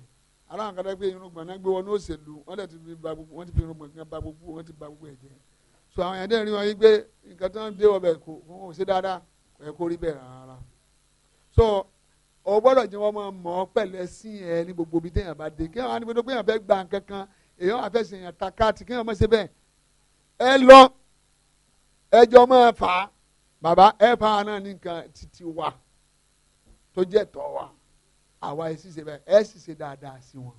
Speaker 2: aláwọn kan dẹ́gbẹ́ irun gbọ̀n gbé wọn ní òṣèlú wọ́n dẹ̀ ti fi ba gbogbo wọ́n ti fi irun gbọ̀n ba gbogbo wọ́n ti ba gbogbo ẹ̀ jẹ́ so àwọn yẹn dẹ́rìn wọn yí pé nǹkan tó ń dé wọn bẹ̀ kò wọn ò ṣe dáadáa kò yẹ kó rí bẹ́ẹ̀ rárá so o gbọ́dọ̀ jẹ́ wọn máa mọ̀ ọ́ pẹ̀lẹ́ sí ẹ ní gbogbo ibi téèyàn bá dé kéèyàn á ní pé tó kéèyàn fẹ́ gba nǹkan kan èèyàn á fẹ́ sèèyàn ta káàtì kéèyàn má ṣe bẹ́ẹ̀ ẹ lọ ẹjọ́ máa fà á bàbá ẹ fà á náà ní nǹkan títí wa tó jẹ́ tọ́ wa àwa ẹ sì ṣe bẹ́ẹ̀ ẹ sì ṣe dáadáa sí wọn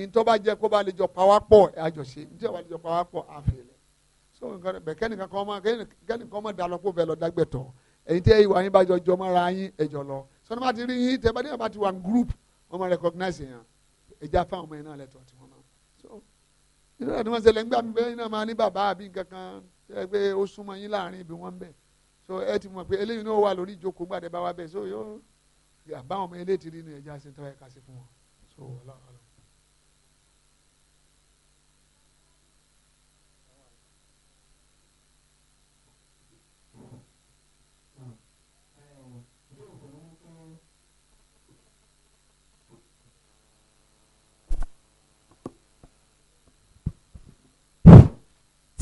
Speaker 2: ìtọ́ bá jẹ́ kó bá lè jọ pawápọ̀ àjọṣe ní tí wàá lè jọ pawápọ̀ àfẹ́lẹ̀ so nǹkan bẹ̀ kẹ́nìkan kan máa kẹ́nìkan máa dàlọ́ kó fẹ́ lọ dágbẹ̀tọ̀ èyí tẹ́ ìwà yín bá jọ jọ mọ́ra yín ẹ̀jọ̀ lọ sọ́ni bá ti rí yín tẹ́ bá dé bá ti wà group wọ́n máa recognize yẹn ẹja fáwọn ọmọ yẹn náà lẹ́tọ̀ọ́ tí wọ́n máa so ìdúrà tí wọ́n ṣẹlẹ̀ ńgbà mi bẹ́ẹ̀ náà máa ní bàbá àbí nǹkan kan ẹ pé ó súnmọ́ yín láàrin ibi wọ́n ń so ẹ ti mọ̀ pé eléyìí náà wà lórí ìjókòó gbàdé bá wa bẹ̀ so yóò àbáwọn ọmọ eléyìí ti rí inú ẹja ṣe tọ́ ẹ̀ka sí fún wọn so
Speaker 3: ọlọ́run.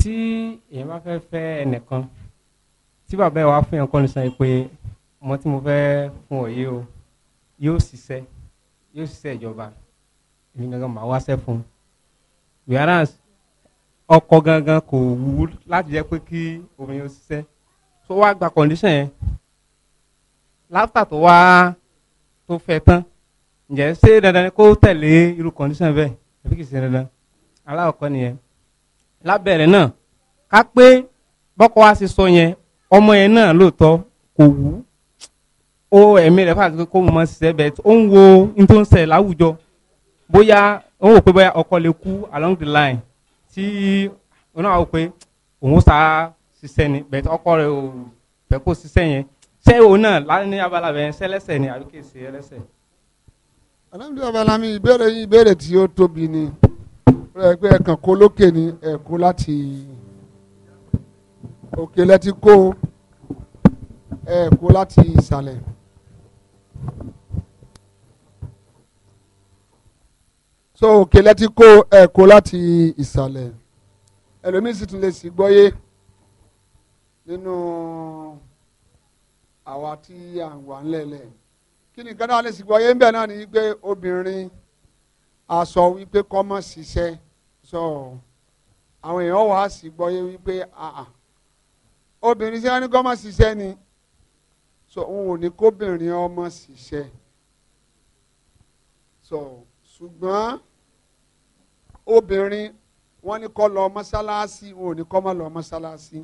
Speaker 4: tí èèyàn bá fẹ́ fẹ́ ẹnìkan tí bàbá ẹ̀ wá fún yẹn kọ́ ní sàn pé ọmọ tí mo fẹ́ fún ọ yìí o yóò ṣiṣẹ́ yóò ṣiṣẹ́ ìjọba èmi gangan màá wáṣẹ́ fún un whereas ọkọ gangan kò wù láti jẹ́ pé kí obìnrin ó ṣiṣẹ́ tó wá gba condition yẹn láfà tó wá tó fẹ́ tán ǹjẹ́ ṣé dandan ni kó tẹ̀lé irú condition bẹ́ẹ̀ àbí kìí ṣe dandan aláwọ̀kọ́ nìyẹn lábẹ́rẹ̀ náà ká pé bọ́kọ wa ṣe sọ yẹn ọmọ yẹn náà lóòótọ́ kò wú ó ẹ̀mí rẹ̀ fàtí kó mọ̀ ṣiṣẹ́ bẹ̀ ó ń wo n tó ń ṣẹlẹ̀ láwùjọ bóyá ó wò pé bóyá ọkọ lè kú along the line tí ó náà wò pé òun sá ṣiṣẹ́ ni bẹ̀ ọkọ rẹ̀ ò fẹ́ kó ṣiṣẹ́ yẹn ṣé òun náà ní abala bẹ̀ ṣẹ́ lẹ́sẹ̀ ni àbí kì í ṣe ẹlẹ́sẹ̀.
Speaker 2: alhamdulilayi abalami ìbéèrè yín ìbéèrè tí ó tóbi ni ó yẹ pé ẹ̀kan kó lókè ni ẹ̀kú láti òkè lẹ́tí kó ẹ kó láti ìsàlẹ̀. so òkè lẹ́tí kó ẹ kó láti ìsàlẹ̀ ẹlòmíì sì tún lè sì gbọ́yé nínú àwa tí à ń wà ńlẹ̀lẹ̀ kí ni gánà lè sì gbọ́yé ńbẹ̀ náà ni wípé obìnrin aṣọ wípé kọ́mọ̀ ṣiṣẹ́ sọ àwọn èèyàn wàá sì gbọ́yé wípé àà obìnrin tí wọ́n ní kọ́ ṣiṣẹ́ ni so òun ò ní kóbìnrin ọmọ ṣiṣẹ́ so ṣùgbọ́n obìnrin wọ́n ní kọ́ lọ mọ́ṣáláṣí òun ò ní kọ́ máa lọ mọ́ṣáláṣí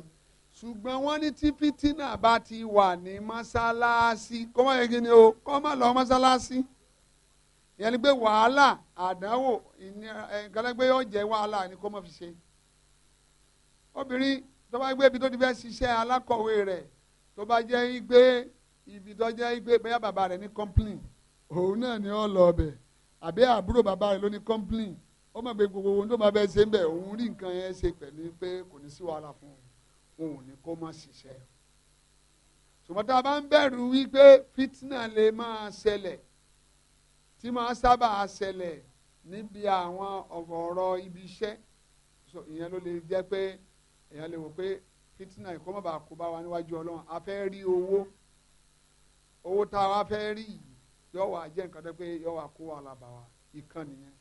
Speaker 2: ṣùgbọ́n wọ́n ní tí fìtínà bá ti wà ní mọ́ṣáláṣí kọ́ máa yẹ kí ni o kọ́ máa lọ mọ́ṣáláṣí ìyẹn ni pé wàhálà àdánwò ìnira ẹ̀ gẹ́gẹ́ pé yóò jẹ́ wàhálà ni kó máa fi ṣe obìnrin tó bá gbé ibi tó ti fẹ́ ṣiṣẹ́ alákọ̀wé rẹ̀ tó bá jẹ́ gbé ibi tó jẹ́ gbé bẹ́yà bàbá rẹ̀ ní complain òun náà ni ó lọ ọbẹ̀ àbí àbúrò bàbá rẹ̀ ló ní complain ó mọ̀ pé gbogbo ohun tó máa fẹ́ ṣe ń bẹ̀ òun rí nǹkan yẹn ṣe pẹ̀lú pé kò ní sí wàhálà fún òun òun ní kó má ṣiṣẹ́ ṣùgbọ́n tá a bá ń bẹ̀rù wípé fitna lè máa ṣẹlẹ̀ tí máa sábà ṣẹlẹ̀ níbi àwọn ọ̀gọ̀ọ̀rọ̀ ibi iṣẹ́ ìyẹn èèyàn lè wò pé fitina yìí kó má bàa kó bá wa níwájú ọlọ́run a fẹ́ rí owó owó tá a wá fẹ́ rí yọ wà jẹ́ nǹkan tó pé yọ wà kó wà lábà wa ìkan nìyẹn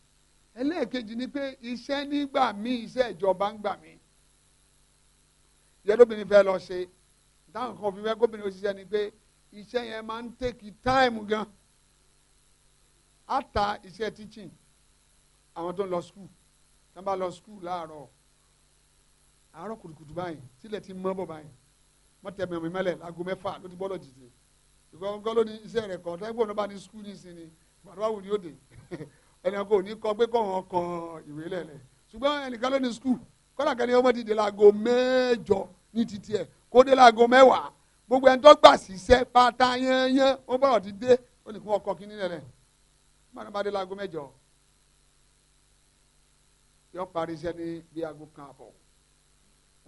Speaker 2: ẹlẹ́ẹ̀kejì ni pé iṣẹ́ nígbà míì iṣẹ́ ìjọba ń gbà mí yẹ́dọ́bìnrin fẹ́ lọ ṣe táwọn kan fi fẹ́ gómìnà òṣìṣẹ́ ni pé iṣẹ́ yẹn máa ń tèkì táìmù gan á iṣẹ́ teaching àwọn tó ń lọ skul tó ń bá lọ skul láàárọ̀ àárọ̀ kùtùkùtù báyìí sílẹ̀ ti mọ́ bọ̀ báyìí mọ́tẹ́mẹ́ mi mẹ́lẹ̀ láago mẹ́fà ló ti bọ́lọ̀ jìjì ìgbọ́ngọ́ ló ní iṣẹ́ rẹ̀ kan tẹ́gbọ́n náà bá ní skul ní sinmi gbàdúrà wù ní òde ẹnìkan kò ní kọ pé kọ́ wọn kan ìwé lẹ̀lẹ̀ ṣùgbọ́n ẹnìkan ló ní skul kọ́lá kẹ́ni ọmọ dìde láago mẹ́jọ ní títí ẹ̀ kó dé láago mẹ́wàá gbogbo ẹni tó gbà síṣẹ́ pátá yẹ́nyẹ́ ó bọ̀rọ̀ ti dé ó ní kí wọ́n kíní lẹ̀lẹ̀ mọ́tò bá dé láago mẹ́jọ yọ parí iṣẹ́ ní bí aago kan àbọ̀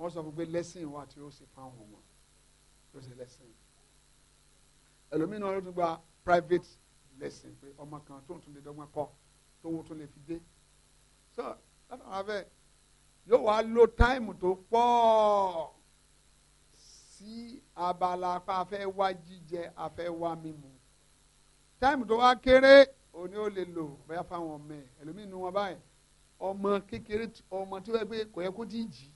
Speaker 2: wọ́n sọ fún pé lẹ́sìn wà tí ó sì fáwọn ọmọ tó ṣe lẹ́sìn ẹlòmíràn ló tún gba private lesson pé ọmọ kan tó ń tún lè dọ́gbọ́n kọ́ tó ń tún lè fi dé so látàwọn abẹ yóò wá lo táìmù tó pọ̀ sí abala apá afẹ́ wá jíjẹ afẹ́ wá mímu táìmù tó wá kéré òní ó lè lò bóyá fáwọn ọmọ ẹ ẹlòmíràn wọn báyìí ọmọ kékeré ọmọ tó yẹ pé kò yẹ kó tí ì jì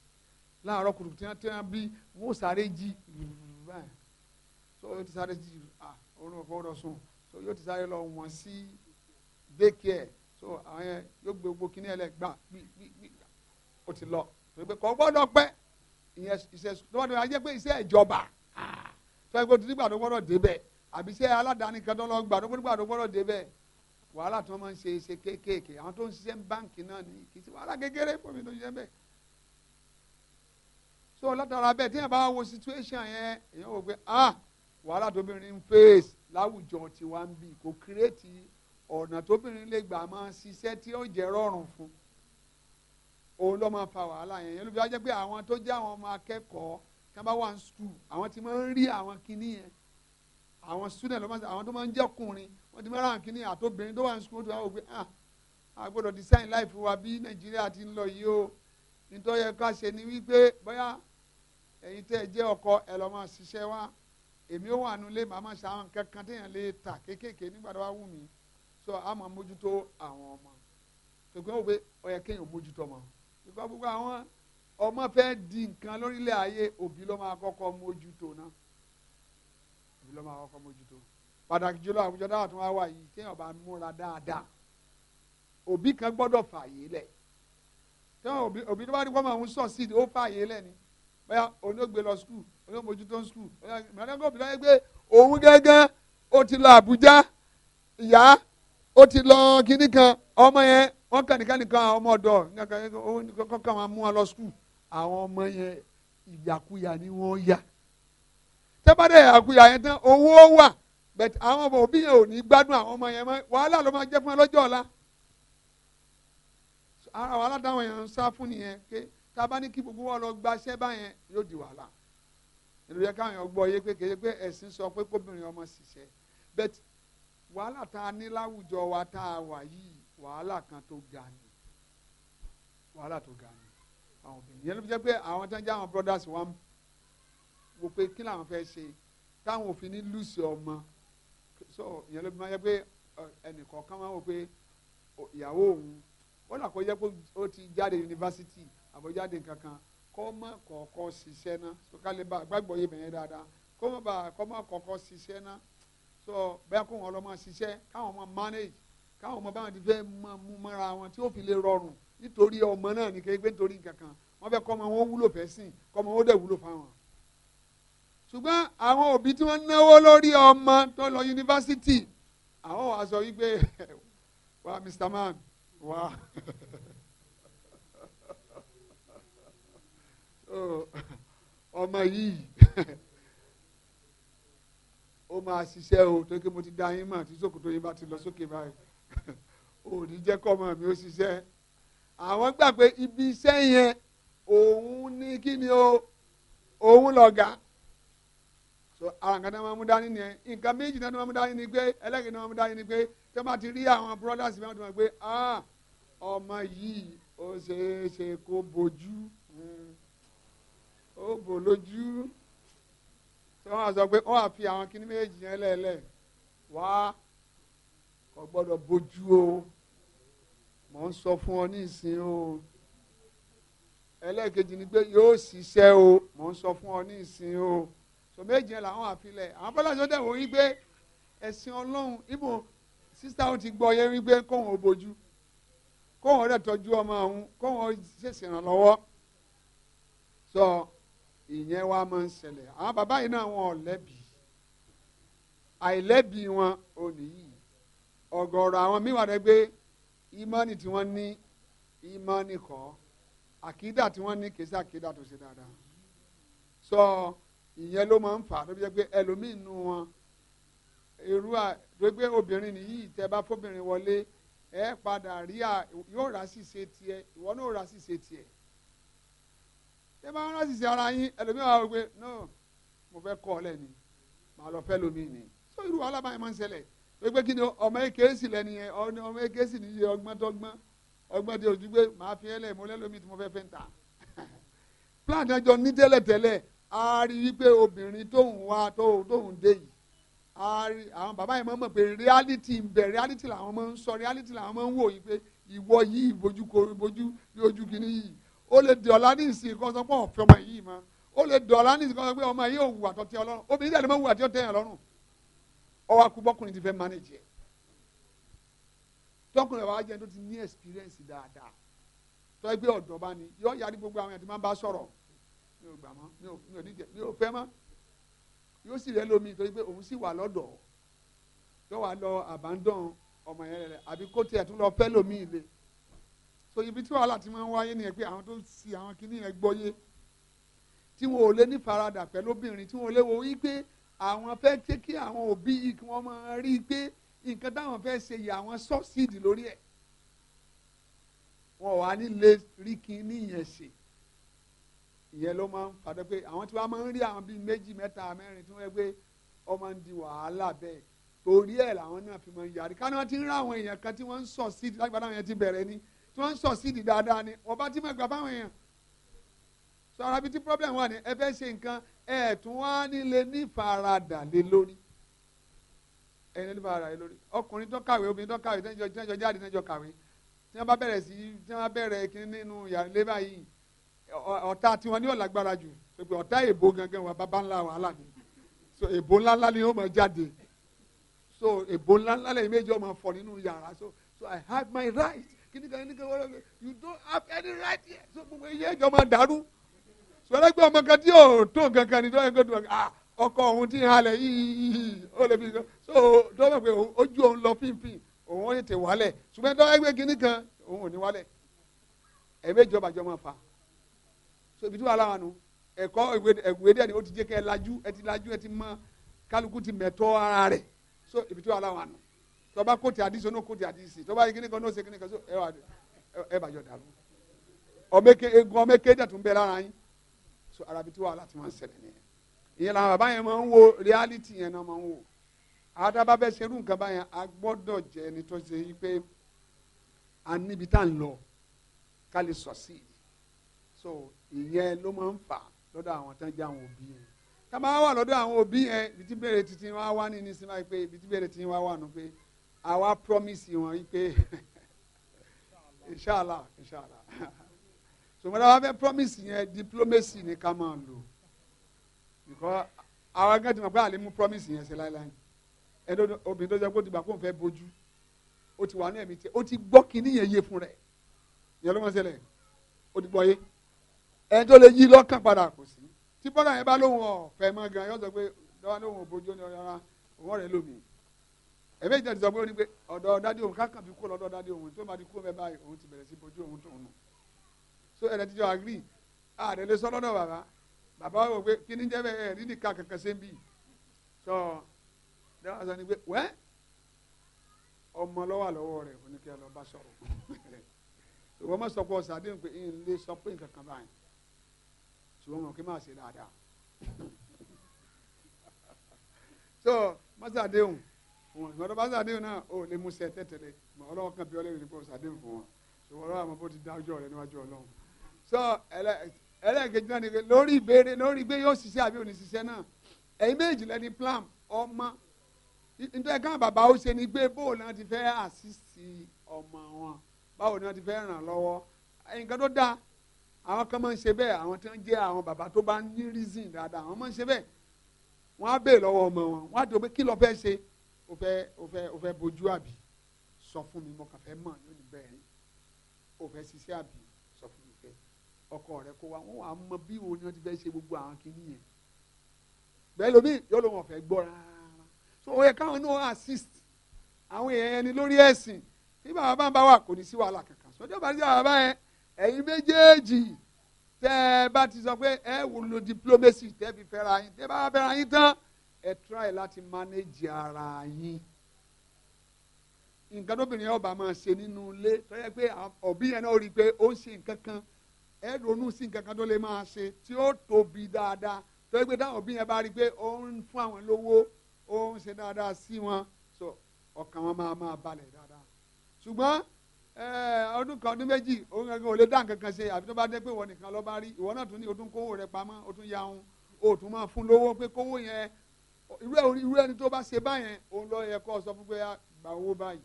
Speaker 2: láàárọ̀ kùtù tí wọ́n tí wọ́n bí wọ́n sáré jí báyìí so yóò ti sáré jí ah òun ò gbọ́dọ̀ sùn so yóò ti sáré lọ wọ́n sí daycare so àwọn yẹn yóò gbé gbogbo kíní ẹlẹ gbà gbì gbì gbì ó ti lọ tó gbé kọ́ gbọ́dọ̀ pẹ́ ìyẹn iṣẹ́ lọ́wọ́dọ̀ ajé pé iṣẹ́ ìjọba tó yẹ kó ti nígbà tó gbọ́dọ̀ débẹ̀ àbí iṣẹ́ aládàáni kan tó lọ gbà tó gbọ́dọ̀ débẹ̀ wàhálà tó máa ń ṣe ṣe kéékèèké àwọn tó ń ṣiṣẹ́ báǹkì náà ní kì í ṣe wàhálà kékeré fún mi tó ṣiṣẹ́ bẹ́ẹ̀ so látara bẹ́ẹ̀ tíyẹn bá wo situation yẹn èèyàn wò pé ah wàhálà tóbìnrin ń face láwùjọ tiwa ń bì kò kírètì ọ̀nà tóbìnrin lè gbà máa ṣiṣẹ́ tí ó jẹ́ rọrùn fún òun ló máa fa wàhálà yẹn yẹn ló fi wá jẹ́ pé àwọn tó jẹ́ àwọn ọmọ akẹ́kọ̀ọ́ tí wọ́n bá wà ní school àwọn tí máa ń rí àwọn kinní yẹn àwọn student ló máa ń àwọn tó máa ń jẹ́kùnrin wọ́n ti máa ń ra àwọn kinní àtòbìnrin tó wà ní school tó wà wò pé ah àgbọ̀dọ̀ design life wa bí Nàìjíríà ti ń lọ yìí o nítorí ẹ̀ka ṣe ni wípé bóyá ẹ̀yin tẹ́ ẹ jẹ́ ọkọ ẹ lọ́ máa ṣiṣẹ́ wá èmi ó wà nulẹ̀ màá máa ṣe àwọn nǹkan kan téèyàn lè tà kéékèèké nígbà tó bá wù mí so a máa mójútó àwọn ọmọ tòkè wọ́n pé ó yẹ kéèyàn mójútó ọmọ ìgbà gbogbo àwọn ọmọ fẹ́ di nǹkan lórílẹ̀ ayé òbí ló máa kọ́kọ́ mójútó náà òbí ló máa kọ́kọ́ mójútó pàtàkì jùlọ àwùjọ dáhà tó wá wà yìí téèyàn bá múra dáadáa òbí kan gbọ́dọ̀ fààyè lẹ̀ tẹ́wọ̀n òbí tó bá dé kọ́ máa ń sọ̀ sí ó fààyè lẹ̀ ni bóyá onígbé lọ skul onímọ̀jútó skul mọ̀lẹ́gbẹ́ obìnrin yẹn gbé òun gángan ó ti lọ Àbújá ìyá ó ti lọ kínní kan ọmọ yẹn wọ́n kàn nìkan nìkan àwọn ọmọ ọ̀dọ́ kọ́kàn wọn mú wọn lọ skul àwọn ọmọ yẹn ìyàkuyà ni wọ́n yà tẹ́bàdà ìyàkuyà yẹn tán owó wà bẹ̀t àwọn ọmọ òbí yẹn ò ní gbádùn àwọn ọmọ yẹn wàhálà ló máa jẹ́ fún ẹ lọ́jọ́ ọ̀la ara wàhálà táwọn yẹn ń sá fún nìyẹn pé tá a bá ní kí gbogbo wọn lọ gbaṣẹ́ báyẹn yóò di wàhálà ìlú yẹ káwọn gbọ́ yé pé kéde pé ẹ̀sìn sọ pé kóbìnrin ọmọ ṣiṣẹ́ bẹ́ẹ̀ wàhálà tá a ní láwùjọ wa tá a wà yìí wàhálà kan tó ga ni wàhálà tó ga ni àwọn obìnrin yẹn ló fi jẹ́ pé àwọn tó ń jẹ́ àwọn brothers wa ń wò pé kí làwọn fẹ́ ṣe táwọn òfin ní lùsì ọmọ so ìyẹn ló fi máa yẹ pé ẹnìkọ̀ọ̀kan máa wò pé ìyàwó òun ó là yẹ pé ó ti jáde yunifásitì àbójáde kankan kọ́ mọ̀ kọ̀ọ̀kọ́ ṣiṣẹ́ ná so ká lè ba àgbàgbọ́ yé bẹ̀yẹn dáadáa kọ́ mọ̀ bá kọ́ mọ̀ kọ̀ọ̀kọ́ ṣiṣẹ́ ná so bẹ́ẹ̀ kó wọn lọ máa ṣiṣẹ́ káwọn máa manage káwọn ọmọ báwọn ti fẹ́ máa mú mọ́ra wọn tí ó fi lè rọrùn nítorí ọmọ náà ní kékeré nítorí kankan wọ́n fẹ́ kọ́ ọmọ wọn wúlò fẹ́ sìn kọ́ ọmọ wọn dẹ̀ wúlò fáwọn. ṣùgbọ́n àwọn òbí tí wọ́n náwó lórí ọmọ tó lọ yunifásitì àwọn wàá sọ wípé wa Mr Man wa. ọmọ yìí ó máa ṣiṣẹ́ o tó kí mo ti da yín mọ̀ tí ṣòkòtò yín bá ti lọ sókè báyìí ò ní jẹ́ kọ́ ọmọ mi ó ṣiṣẹ́ àwọn gbà pé ibi iṣẹ́ yẹn òun ní kí ni o òun lọ̀gá so àwọn nǹkan tó máa mú dání nìyẹn nǹkan méjì náà tó máa mú dání ni pé ẹlẹ́gìn náà máa mú dání ni pé tó máa ti rí àwọn brothers mi wọ́n ti máa pé ah, ọmọ yìí ó ṣeé ṣe kó bojú. Mm ó bò lójú tí wọ́n á sọ pé ó wà fi àwọn kíní méjì yẹn lẹ́ẹ̀lẹ́ wá kò gbọ́dọ̀ bójú o mò ń sọ fún ọ ní ìsìn o ẹlẹ́ẹ̀kejì ni pé yóò ṣiṣẹ́ o mò ń sọ fún ọ ní ìsìn o sọ méjì yẹn làwọn àfilẹ̀ àwọn bọ́lá ṣọ́ dẹ̀ wò yí pé ẹ̀sìn ọlọ́run ibò sísá ó ti gbọ́ yẹn wípé kóun ò bójú kóun ọ̀rẹ́ tọ́jú ọmọ òun kóun ṣèṣìrànlọ́wọ́ sọ. So, ìyẹn wa máa ń ṣẹlẹ̀ àwọn bàbá yìí náà wọn ò lẹ́bi àìlẹ́bi wọn ò nìyí ọ̀gọ̀ọ̀rọ̀ àwọn míì wà rẹ gbé ìmọ̀nì tí wọ́n ní ìmọ̀nì kọ́ àkídà tí wọ́n ní kì í sí àkídà tó ṣe dáadáa sọ ìyẹn ló máa ń fà tó fi jẹ́ pé ẹlòmíì nù wọn irú à tó gbé obìnrin nìyí tẹ bá fóbìnrin wọlé ẹ padà rí à yóò rà sí ṣe tiẹ̀ ìwọ náà rà sí ṣe tiẹ̀ ṣé máa ń rán ṣìṣe ara yín ẹlòmíì wà wípé no mo fẹ́ kọ́ ọ lẹ́ni màá lọ fẹ́ lómi ni so irú wàhálà báyìí máa ń ṣẹlẹ̀ wípé kí ni ọmọ èké sì lẹ́ni yẹn ọmọ èké sì ní iye ọgbọ́n tọ́gbọ́n ọgbọ́n tí ojú gbé màá fi ẹlẹ́ mo lẹ́lómi tí mo fẹ́ fẹ́ ń ta plan ẹjọ ní tẹ́lẹ̀tẹ́lẹ̀ a rí i pé obìnrin tóun wá tóun tóun dé yìí a rí àwọn bàbá yìí máa mọ̀ pé reality ń bẹ reality làwọn máa ń sọ reality làwọn máa ń wò yìí pé ìwọ yìí ìbojú koro ìbojú ní ojú kìíní yìí ó lè di ọ̀la ní ìsìn kan sọ pé ọ̀fẹ́ ọmọ yìí mọ́ ó lè di ọ̀la ní ìsìn kan sọ pé ọmọ yìí ò wùwà tó tẹ́ ọ obìnrin tẹ̀lé mọ́ wùwà tó tẹ́ yàn ọwọ́ akúbọ́kùnrin ti fẹ́ manage ẹ̀ tọkùnrin wa jẹ́ tó ti ní experience dáadáa tọ́ ẹgbẹ́ ọ̀dọ́ bá ní yọ yàrá gbogbo àwọn ẹ̀ tí máa bá sọ̀rọ̀ mi ò gbà mọ́ mi ò mi ò díjẹ mi ò fẹ́ mọ́ yóò sì rẹ́ lómi torí pé òun sì wà lọ́dọ̀ yọ wà lọ abandon ọmọ yẹn rẹ̀ àbí kó tiẹ̀ tún lọ fẹ́ lómi ilé so ibi tí wàhálà ti máa ń wáyé nìyẹn pé àwọn tó si àwọn kìíní yẹn gbọ́yé tí wọn ò lè ní faradà pẹ̀lú obìnrin tí wọn ò lè wo wípé àwọn fẹ́ ṣe kí àwọn òbí yìí kí wọ́n máa rí i pé nǹkan táwọn fẹ́ ṣe yìí àwọn sọ́ọ̀sìdì lórí ẹ̀ wọn ò wá ní lè rí kìíní yẹn ṣe ìyẹn ló máa ń fàdé pé àwọn tí wọ́n máa ń rí àwọn bíi méjì mẹ́ta mẹ́rin tí wọ́n yẹ pé ọmọ ń di wàhálà bẹ́ẹ̀ torí ẹ̀ làwọn náà fi máa ń yarí káná ti ń rá àwọn èèyàn kan tí wọ́n ń sọ tí wọ́n ń sọ síìdì dáadáa ni ọba tí mo gbà fáwọn èèyàn sọ ara bíi tí problem wà ní ẹ fẹ́ ṣe nǹkan ẹ tún wá nílé nífaradà lé lórí ẹ nílé nífaradà lé lórí ọkùnrin tó kàwé obìnrin tó kàwé tẹ́jọ tẹ́jọ jáde tẹ́jọ kàwé tí wọ́n bá bẹ̀rẹ̀ sí tí wọ́n bẹ̀rẹ̀ kí nínú ìyàlẹ́ báyìí ọ̀tá tiwọn ní ọ̀làgbára jù pé ọ̀tá èbó gangan wà bàbá ńlá wàhálà ni so èbó ńláńlá ni ó mọ̀ jáde so èbó ńláńlá lẹ́yìn méjì ọmọ fọ̀ nínú yàrá so so I have my right kíní kan kíní kan wọ́n rẹ̀ you don't have any right here so gbogbo iye ìjọ máa dàrú sọlá gbé ọmọ kan tí yóò tó nǹkan kan ní dọ́yìn kó tó ah ọkọ òun ti hàn lẹ̀ yíyíyí ó lè fi sọ so dọ́yìn pé ojú òun lọ fínfín òun ó tètè wálẹ̀ ṣùgbọ́n dọ́yìn gbé kíní kan òun ò ní wálẹ̀ ẹ̀mí ìjọba jọ máa fa so ibi tí wàá láwọn nu ẹ̀kọ́ ẹ̀gbẹ́ díẹ̀ ni ó ti jẹ́ kẹ́ ẹ lajú ẹ ti lajú ẹ ti mọ kálukú ti mẹ̀tọ́ ara rẹ̀ so ibi tí wàá láwọn nu tọba kóòtù àdìsí oní kóòtù àdìsí tọba yìí kíníkan ní ó ṣe kíníkan ṣe ẹ bàjọ́ dàrú ọmọkè egun ọmọkè dẹ̀ tún bẹ lára yín so arabi tí wàhálà ti máa ń ṣẹlẹ̀ nìyẹn ìyẹn làwọn bàbá yẹn máa ń wo reality yẹn náà máa ń wo àdàbà bẹ́ẹ̀ ṣerú nǹkan báyẹn a gbọ́dọ̀ jẹ́ ẹni pé a níbi tá à ń lọ ká so ìyẹn ló máa ń fà lọ́dọ̀ àwọn tán jẹ́ àwọn òbí yẹn tá a bá wà lọ́dọ̀ àwọn òbí yẹn àwa promise wọn wípé inshallah inshallah sọmọdé wa fẹ́ promise yẹn diplomacy ni ká máa lò because àwa gẹ́gẹ́ ti mọ̀ pé àlè mú promise yẹn ṣe láéláé ẹni obìnrin tó jẹ́ kó dìgbà kó n fẹ́ bójú ó ti wà ní ẹ̀mí tiẹ̀ ó ti gbọ́ kínní yẹn yé fún rẹ̀ yẹn ló mọ̀ ṣẹlẹ̀ ó ti gbọ́ yé ẹni tó lè yí lọ́kàn padà kò sí tí bọ́lá yẹn bá lóhùn ọ̀fẹ́ mọ́ gan yóò sọ pé lọ́wọ́ lóhùn òbójú ni ọ̀rẹ́ ara òun lómi ẹ̀fẹ́ ìjà ti sọ pé ó ní pé ọ̀dọ̀ dádì òun kákan fi kó lọ́dọ̀ dádì òun tó máa di kó mẹ́ báyìí òun ti bẹ̀rẹ̀ sí bojú òun tó ń nù so ẹ̀rẹ́ ti jọ agri ààrẹ lè sọ lọ́dọ̀ bàbá bàbá wò pé kí ni jẹ́ bẹ́ẹ̀ ẹ̀rí nìkan kankan ṣe ń bì sọ dáhà sọ ni pé wẹ́ ọmọ lọ́wọ́ àlọ́wọ́ rẹ̀ oníkẹ́ lọ bá sọ̀rọ̀ ìwọ ma sọ pé ọ̀sán àdéhùn pé fún wọn ìgbọ́dọ̀ bá sàdéhùn náà ó lè mú sẹ tẹ́tẹ̀lé ọlọ́wọ́ kan bí ọlẹ́rìí nípa sàdéhùn fún wọn ṣòwòrán àmọ́ bó ti dájọ́ rẹ níwájú ọlọ́run sọ ẹlẹ́ẹ̀kejì náà ni lórí ìbéèrè lórí ìgbé yóò ṣiṣẹ́ àbí òní ṣiṣẹ́ náà ẹ̀yin méjì lẹ́ni plan ọmọ nítorí káwọn bàbá ó ṣe ni gbé bóò náà ti fẹ́ àṣìṣì ọmọ wọn báwo ni wọ́n ti fẹ́ ràn lọ́wọ́ nǹkan tó dáa àwọn kan máa ń ṣe bẹ́ẹ̀ àwọn tí wọ́n jẹ́ àwọn bàbá tó bá ní reason dáadáa àwọn máa ń ṣe bẹ́ẹ̀ wọ́n á béè lọ́wọ́ ọmọ wọn wọ́n á dòwe kí lọ fẹ́ ṣe o fẹ́ o fẹ́ o fẹ́ bójú àbí sọ fún mi mo kàn fẹ́ mọ̀ lónìí bẹ́ẹ̀ ni o fẹ́ ṣiṣẹ́ àbí sọ fún mi fẹ́ ọkọ rẹ kó wa wọn wà á mọ bí wo ni wọn ti fẹ́ ṣe gbogbo àwọn kìíní yẹn bẹ́ẹ̀ lómi yóò ló wọn fẹ́ gbọ́ rárá so ó yẹ káwọn náà assist àwọn èèyàn ẹni lórí ẹ̀sìn tí bàbá bá ń bá wà kò ní sí wàhálà kankan sọjọ́ bá ti bàbá yẹn ẹ̀yin méjèèjì tẹ́ ẹ bá ti sọ pé ẹ wò lo diplomacy tẹ́ fi fẹ́ra yín tẹ́ bá fẹ́ra yín tán ẹ try láti manage ara yín nǹkan tóbìnrin ọba máa ṣe nínú ilé tó yẹ pé òbí yẹn náà rí i pé ó ń ṣe nǹkan kan ẹ ronú sí nǹkan kan tó lè máa ṣe tí ó tóbi dáadáa tó yẹ pé táwọn òbí yẹn bá rí i pé ó ń fún àwọn lówó ó ń ṣe dáadáa sí wọn so ọkàn wọn máa máa balẹ̀ dáadáa ṣùgbọ́n ọdún kan ọdún méjì òun kankan ò lè dá nǹkan kan ṣe àfi tó bá dé pé ìwọ nìkan ló bá rí ìwọ náà tún ní o tún kówó rẹ pamọ́ o tún ya òun o tún máa fún lówó pé kówó yẹn irú ẹni tó bá ṣe báyẹn òun lọ yẹ kó sọ fún pé ah, gba owó báyìí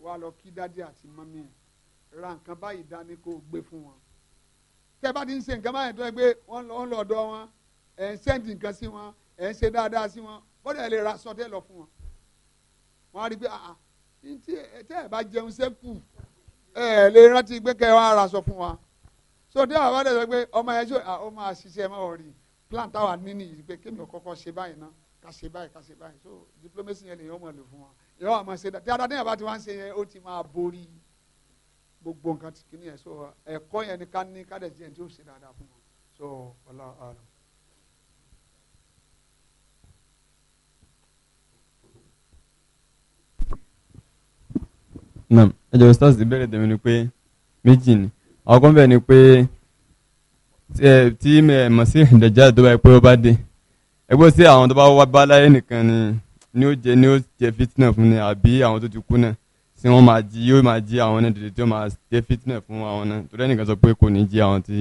Speaker 2: wàá lọ kí dádì àti mọ́mí ẹ̀ ra nǹkan báyìí dání kó gbé fún wọn tẹ́ bá ti ń ṣe nǹkan báyìí tó yẹ pé wọ́n lọ ọ̀dọ̀ wọn ẹ̀ ń sẹ́ǹdì nǹkan sí wọn ẹ̀ ń ṣe dáadáa sí wọn bọ́dà ẹ̀ lè ra sọtẹ́ lọ fún wọn wọn á rí i pé àà ah, ah, tẹ́ ẹ̀ bá jẹun sẹ́kù ẹ̀ lè rántí pé kẹ́ ẹ wá ra sọ fún wa
Speaker 4: so tẹ́ àwọn bá dẹ̀ sọ pé
Speaker 2: ọmọ ẹ̀ ṣe ọmọ àṣìṣe ẹ̀ máa wọ̀ rí plan táwa ní nìyí pé kémi ká ṣe báyìí ká ṣe báyìí so diplomacy yẹn lèyàn mọ̀ lò fún wa ìyàwó àmọ́ ṣe dáadáa dáadáa yẹn bá ti wá ń ṣe yẹn ti máa borí gbogbo nǹkan ti kìíní yẹn so ẹ̀kọ́ yẹn ni ká ní ká dẹ̀ jẹ́ ẹni tí ó ṣe dáadáa fún wa so ọlá ọlá.
Speaker 3: nam ẹjọ stars ìbéèrè tèmi ni pé méjì ni ọkọ bẹ́ẹ̀ ni pé tí màsí ìdájà tó bá yẹ pé ó bá dé ẹgbẹ́ sí àwọn tó bá wá bá láyé nìkan ni ni ó jẹ ni ó jẹ fitna fún ni àbí àwọn tó ti kú náà tí wọ́n máa jí yóò máa jí àwọn náà dèdè tí wọ́n máa jẹ fitna fún àwọn náà torí ẹnìkan sọ pé kò ní jí àwọn tí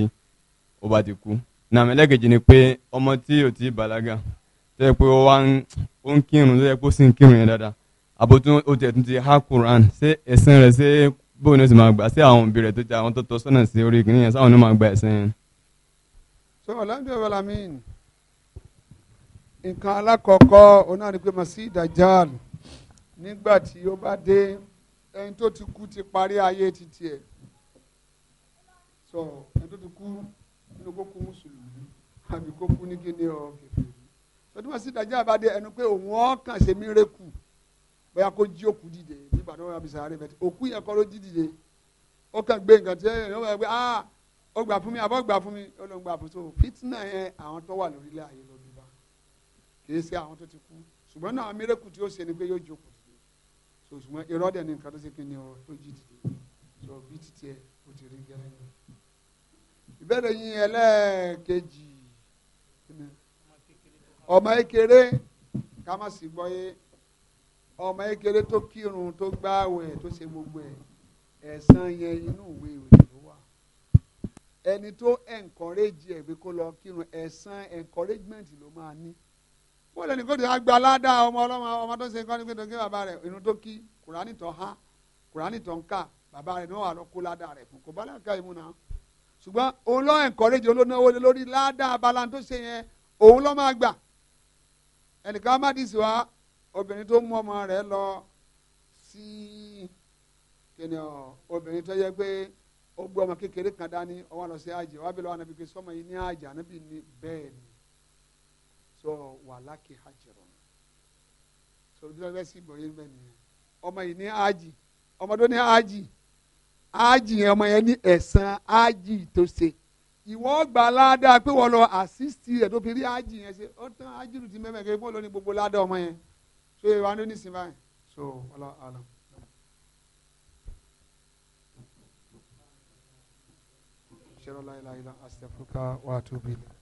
Speaker 3: ó bá ti kú. nàmì lẹ́kẹ̀jì ni pé ọmọ tí ò ti bàlágà tó yẹ pé ó wá ń kírun tó yẹ pé ó sì ń kírun yẹn dáadáa àbótún ó tiẹ̀ tún ti há Quran ṣé ẹ̀sìn rẹ̀ ṣé bóun ni ó sì máa gbà sí àwọn òbí rẹ̀ tó ti àwọn tó tọ́ sọ́nà sí orí kìnìyàn sáwọn ni ó máa gba ẹ̀sìn yẹn.
Speaker 2: sọ ọ̀làǹdí ọ̀bẹ̀lámìn nǹkan alákọ̀ọ́kọ́ onáà ni pé màsí ìdájà nígbà tí ó bá dé ẹni tó ti kú ti parí ayé títí ẹ̀ sọ ẹni tó ti kú nínú kó kú mùsùlùmí àbí kó kú ní kíni ọ kẹfìrí sọdí màsí ìdájà bá dé ẹnu pé òun ọ̀kan ṣe mí rékù bóyá kó jí òkú dìde nígbà tó wà bí sàárè bẹ́ẹ̀ òkú yẹn kọ́ ló jí dìde ó kàn gbé nǹkan tí ẹ̀ ẹ̀ ah, ó gbà fún mi àbọ̀ gbà fún mi ó lọ gbà fún so fitna yẹn àwọn tó wà lórílẹ̀ ayé lọ kì í ṣe àwọn tó ti kú ṣùgbọ́n náà mírèkù tí ó ṣe ni pé yóò jókòó sí so ṣùgbọ́n irọ́ ni nǹkan tó ṣe kí ni ọ tó jí dìde so bí títí ẹ o ti rí gẹ́rẹ́ ni. ìbéèrè yín ẹlẹ́ẹ̀kejì ọmọ ekele ká má sì gbọ́ yé ọmọ ekele tó kírun tó gbáwẹ̀ tó ṣe gbogbo ẹ̀ ẹ̀san yẹn inú ìwé ìwé wà ẹni tó encourage ẹ̀ pé kó lọ kírun ẹ̀san encouragement ló máa ní wọ́n lẹ́ni kó ti gba aládàá ọmọ ọlọ́mọ ọmọ tó ṣe nǹkan ní pẹ̀tọ́ kí bàbá rẹ̀ inú tó kí kùránì tó há kùránì tó ń kà bàbá rẹ̀ ni wọ́n wà lọ kó ládàá rẹ̀ fún kò bá láǹkà yìí mú náà ṣùgbọ́n òun lọ́ ẹ̀ńkọ́rẹ́jì olónáwó lórí ládàá abala tó ṣe yẹn òun lọ́ máa gbà ẹnìkan má dì sí wa obìnrin tó mú ọmọ rẹ̀ lọ sí kíni ọ obìnrin tó yẹ pé ó gbé ọmọ kékeré kan dání so wàhálàkì hajjọrọ so bí wọn bẹ sí ìbọn yẹn bẹ́ẹ̀ nìyẹn ọmọ yìí ní ájì ọmọ tó ní ájì ájì yẹn ọmọ yẹn ní ẹ̀san ájì tó ṣe ìwọ gbà ládàá pé wọn lọ àsísì ẹ tó fi rí ájì yẹn ṣe ó tán ájì lù ti mẹ́mẹ́ kí wọ́n lọ ní gbogbo ládàá ọmọ yẹn so ìwà ló ní sinmi báyìí so ọlọ àlọ. شر لا إله إلا أستغفرك وأتوب إليك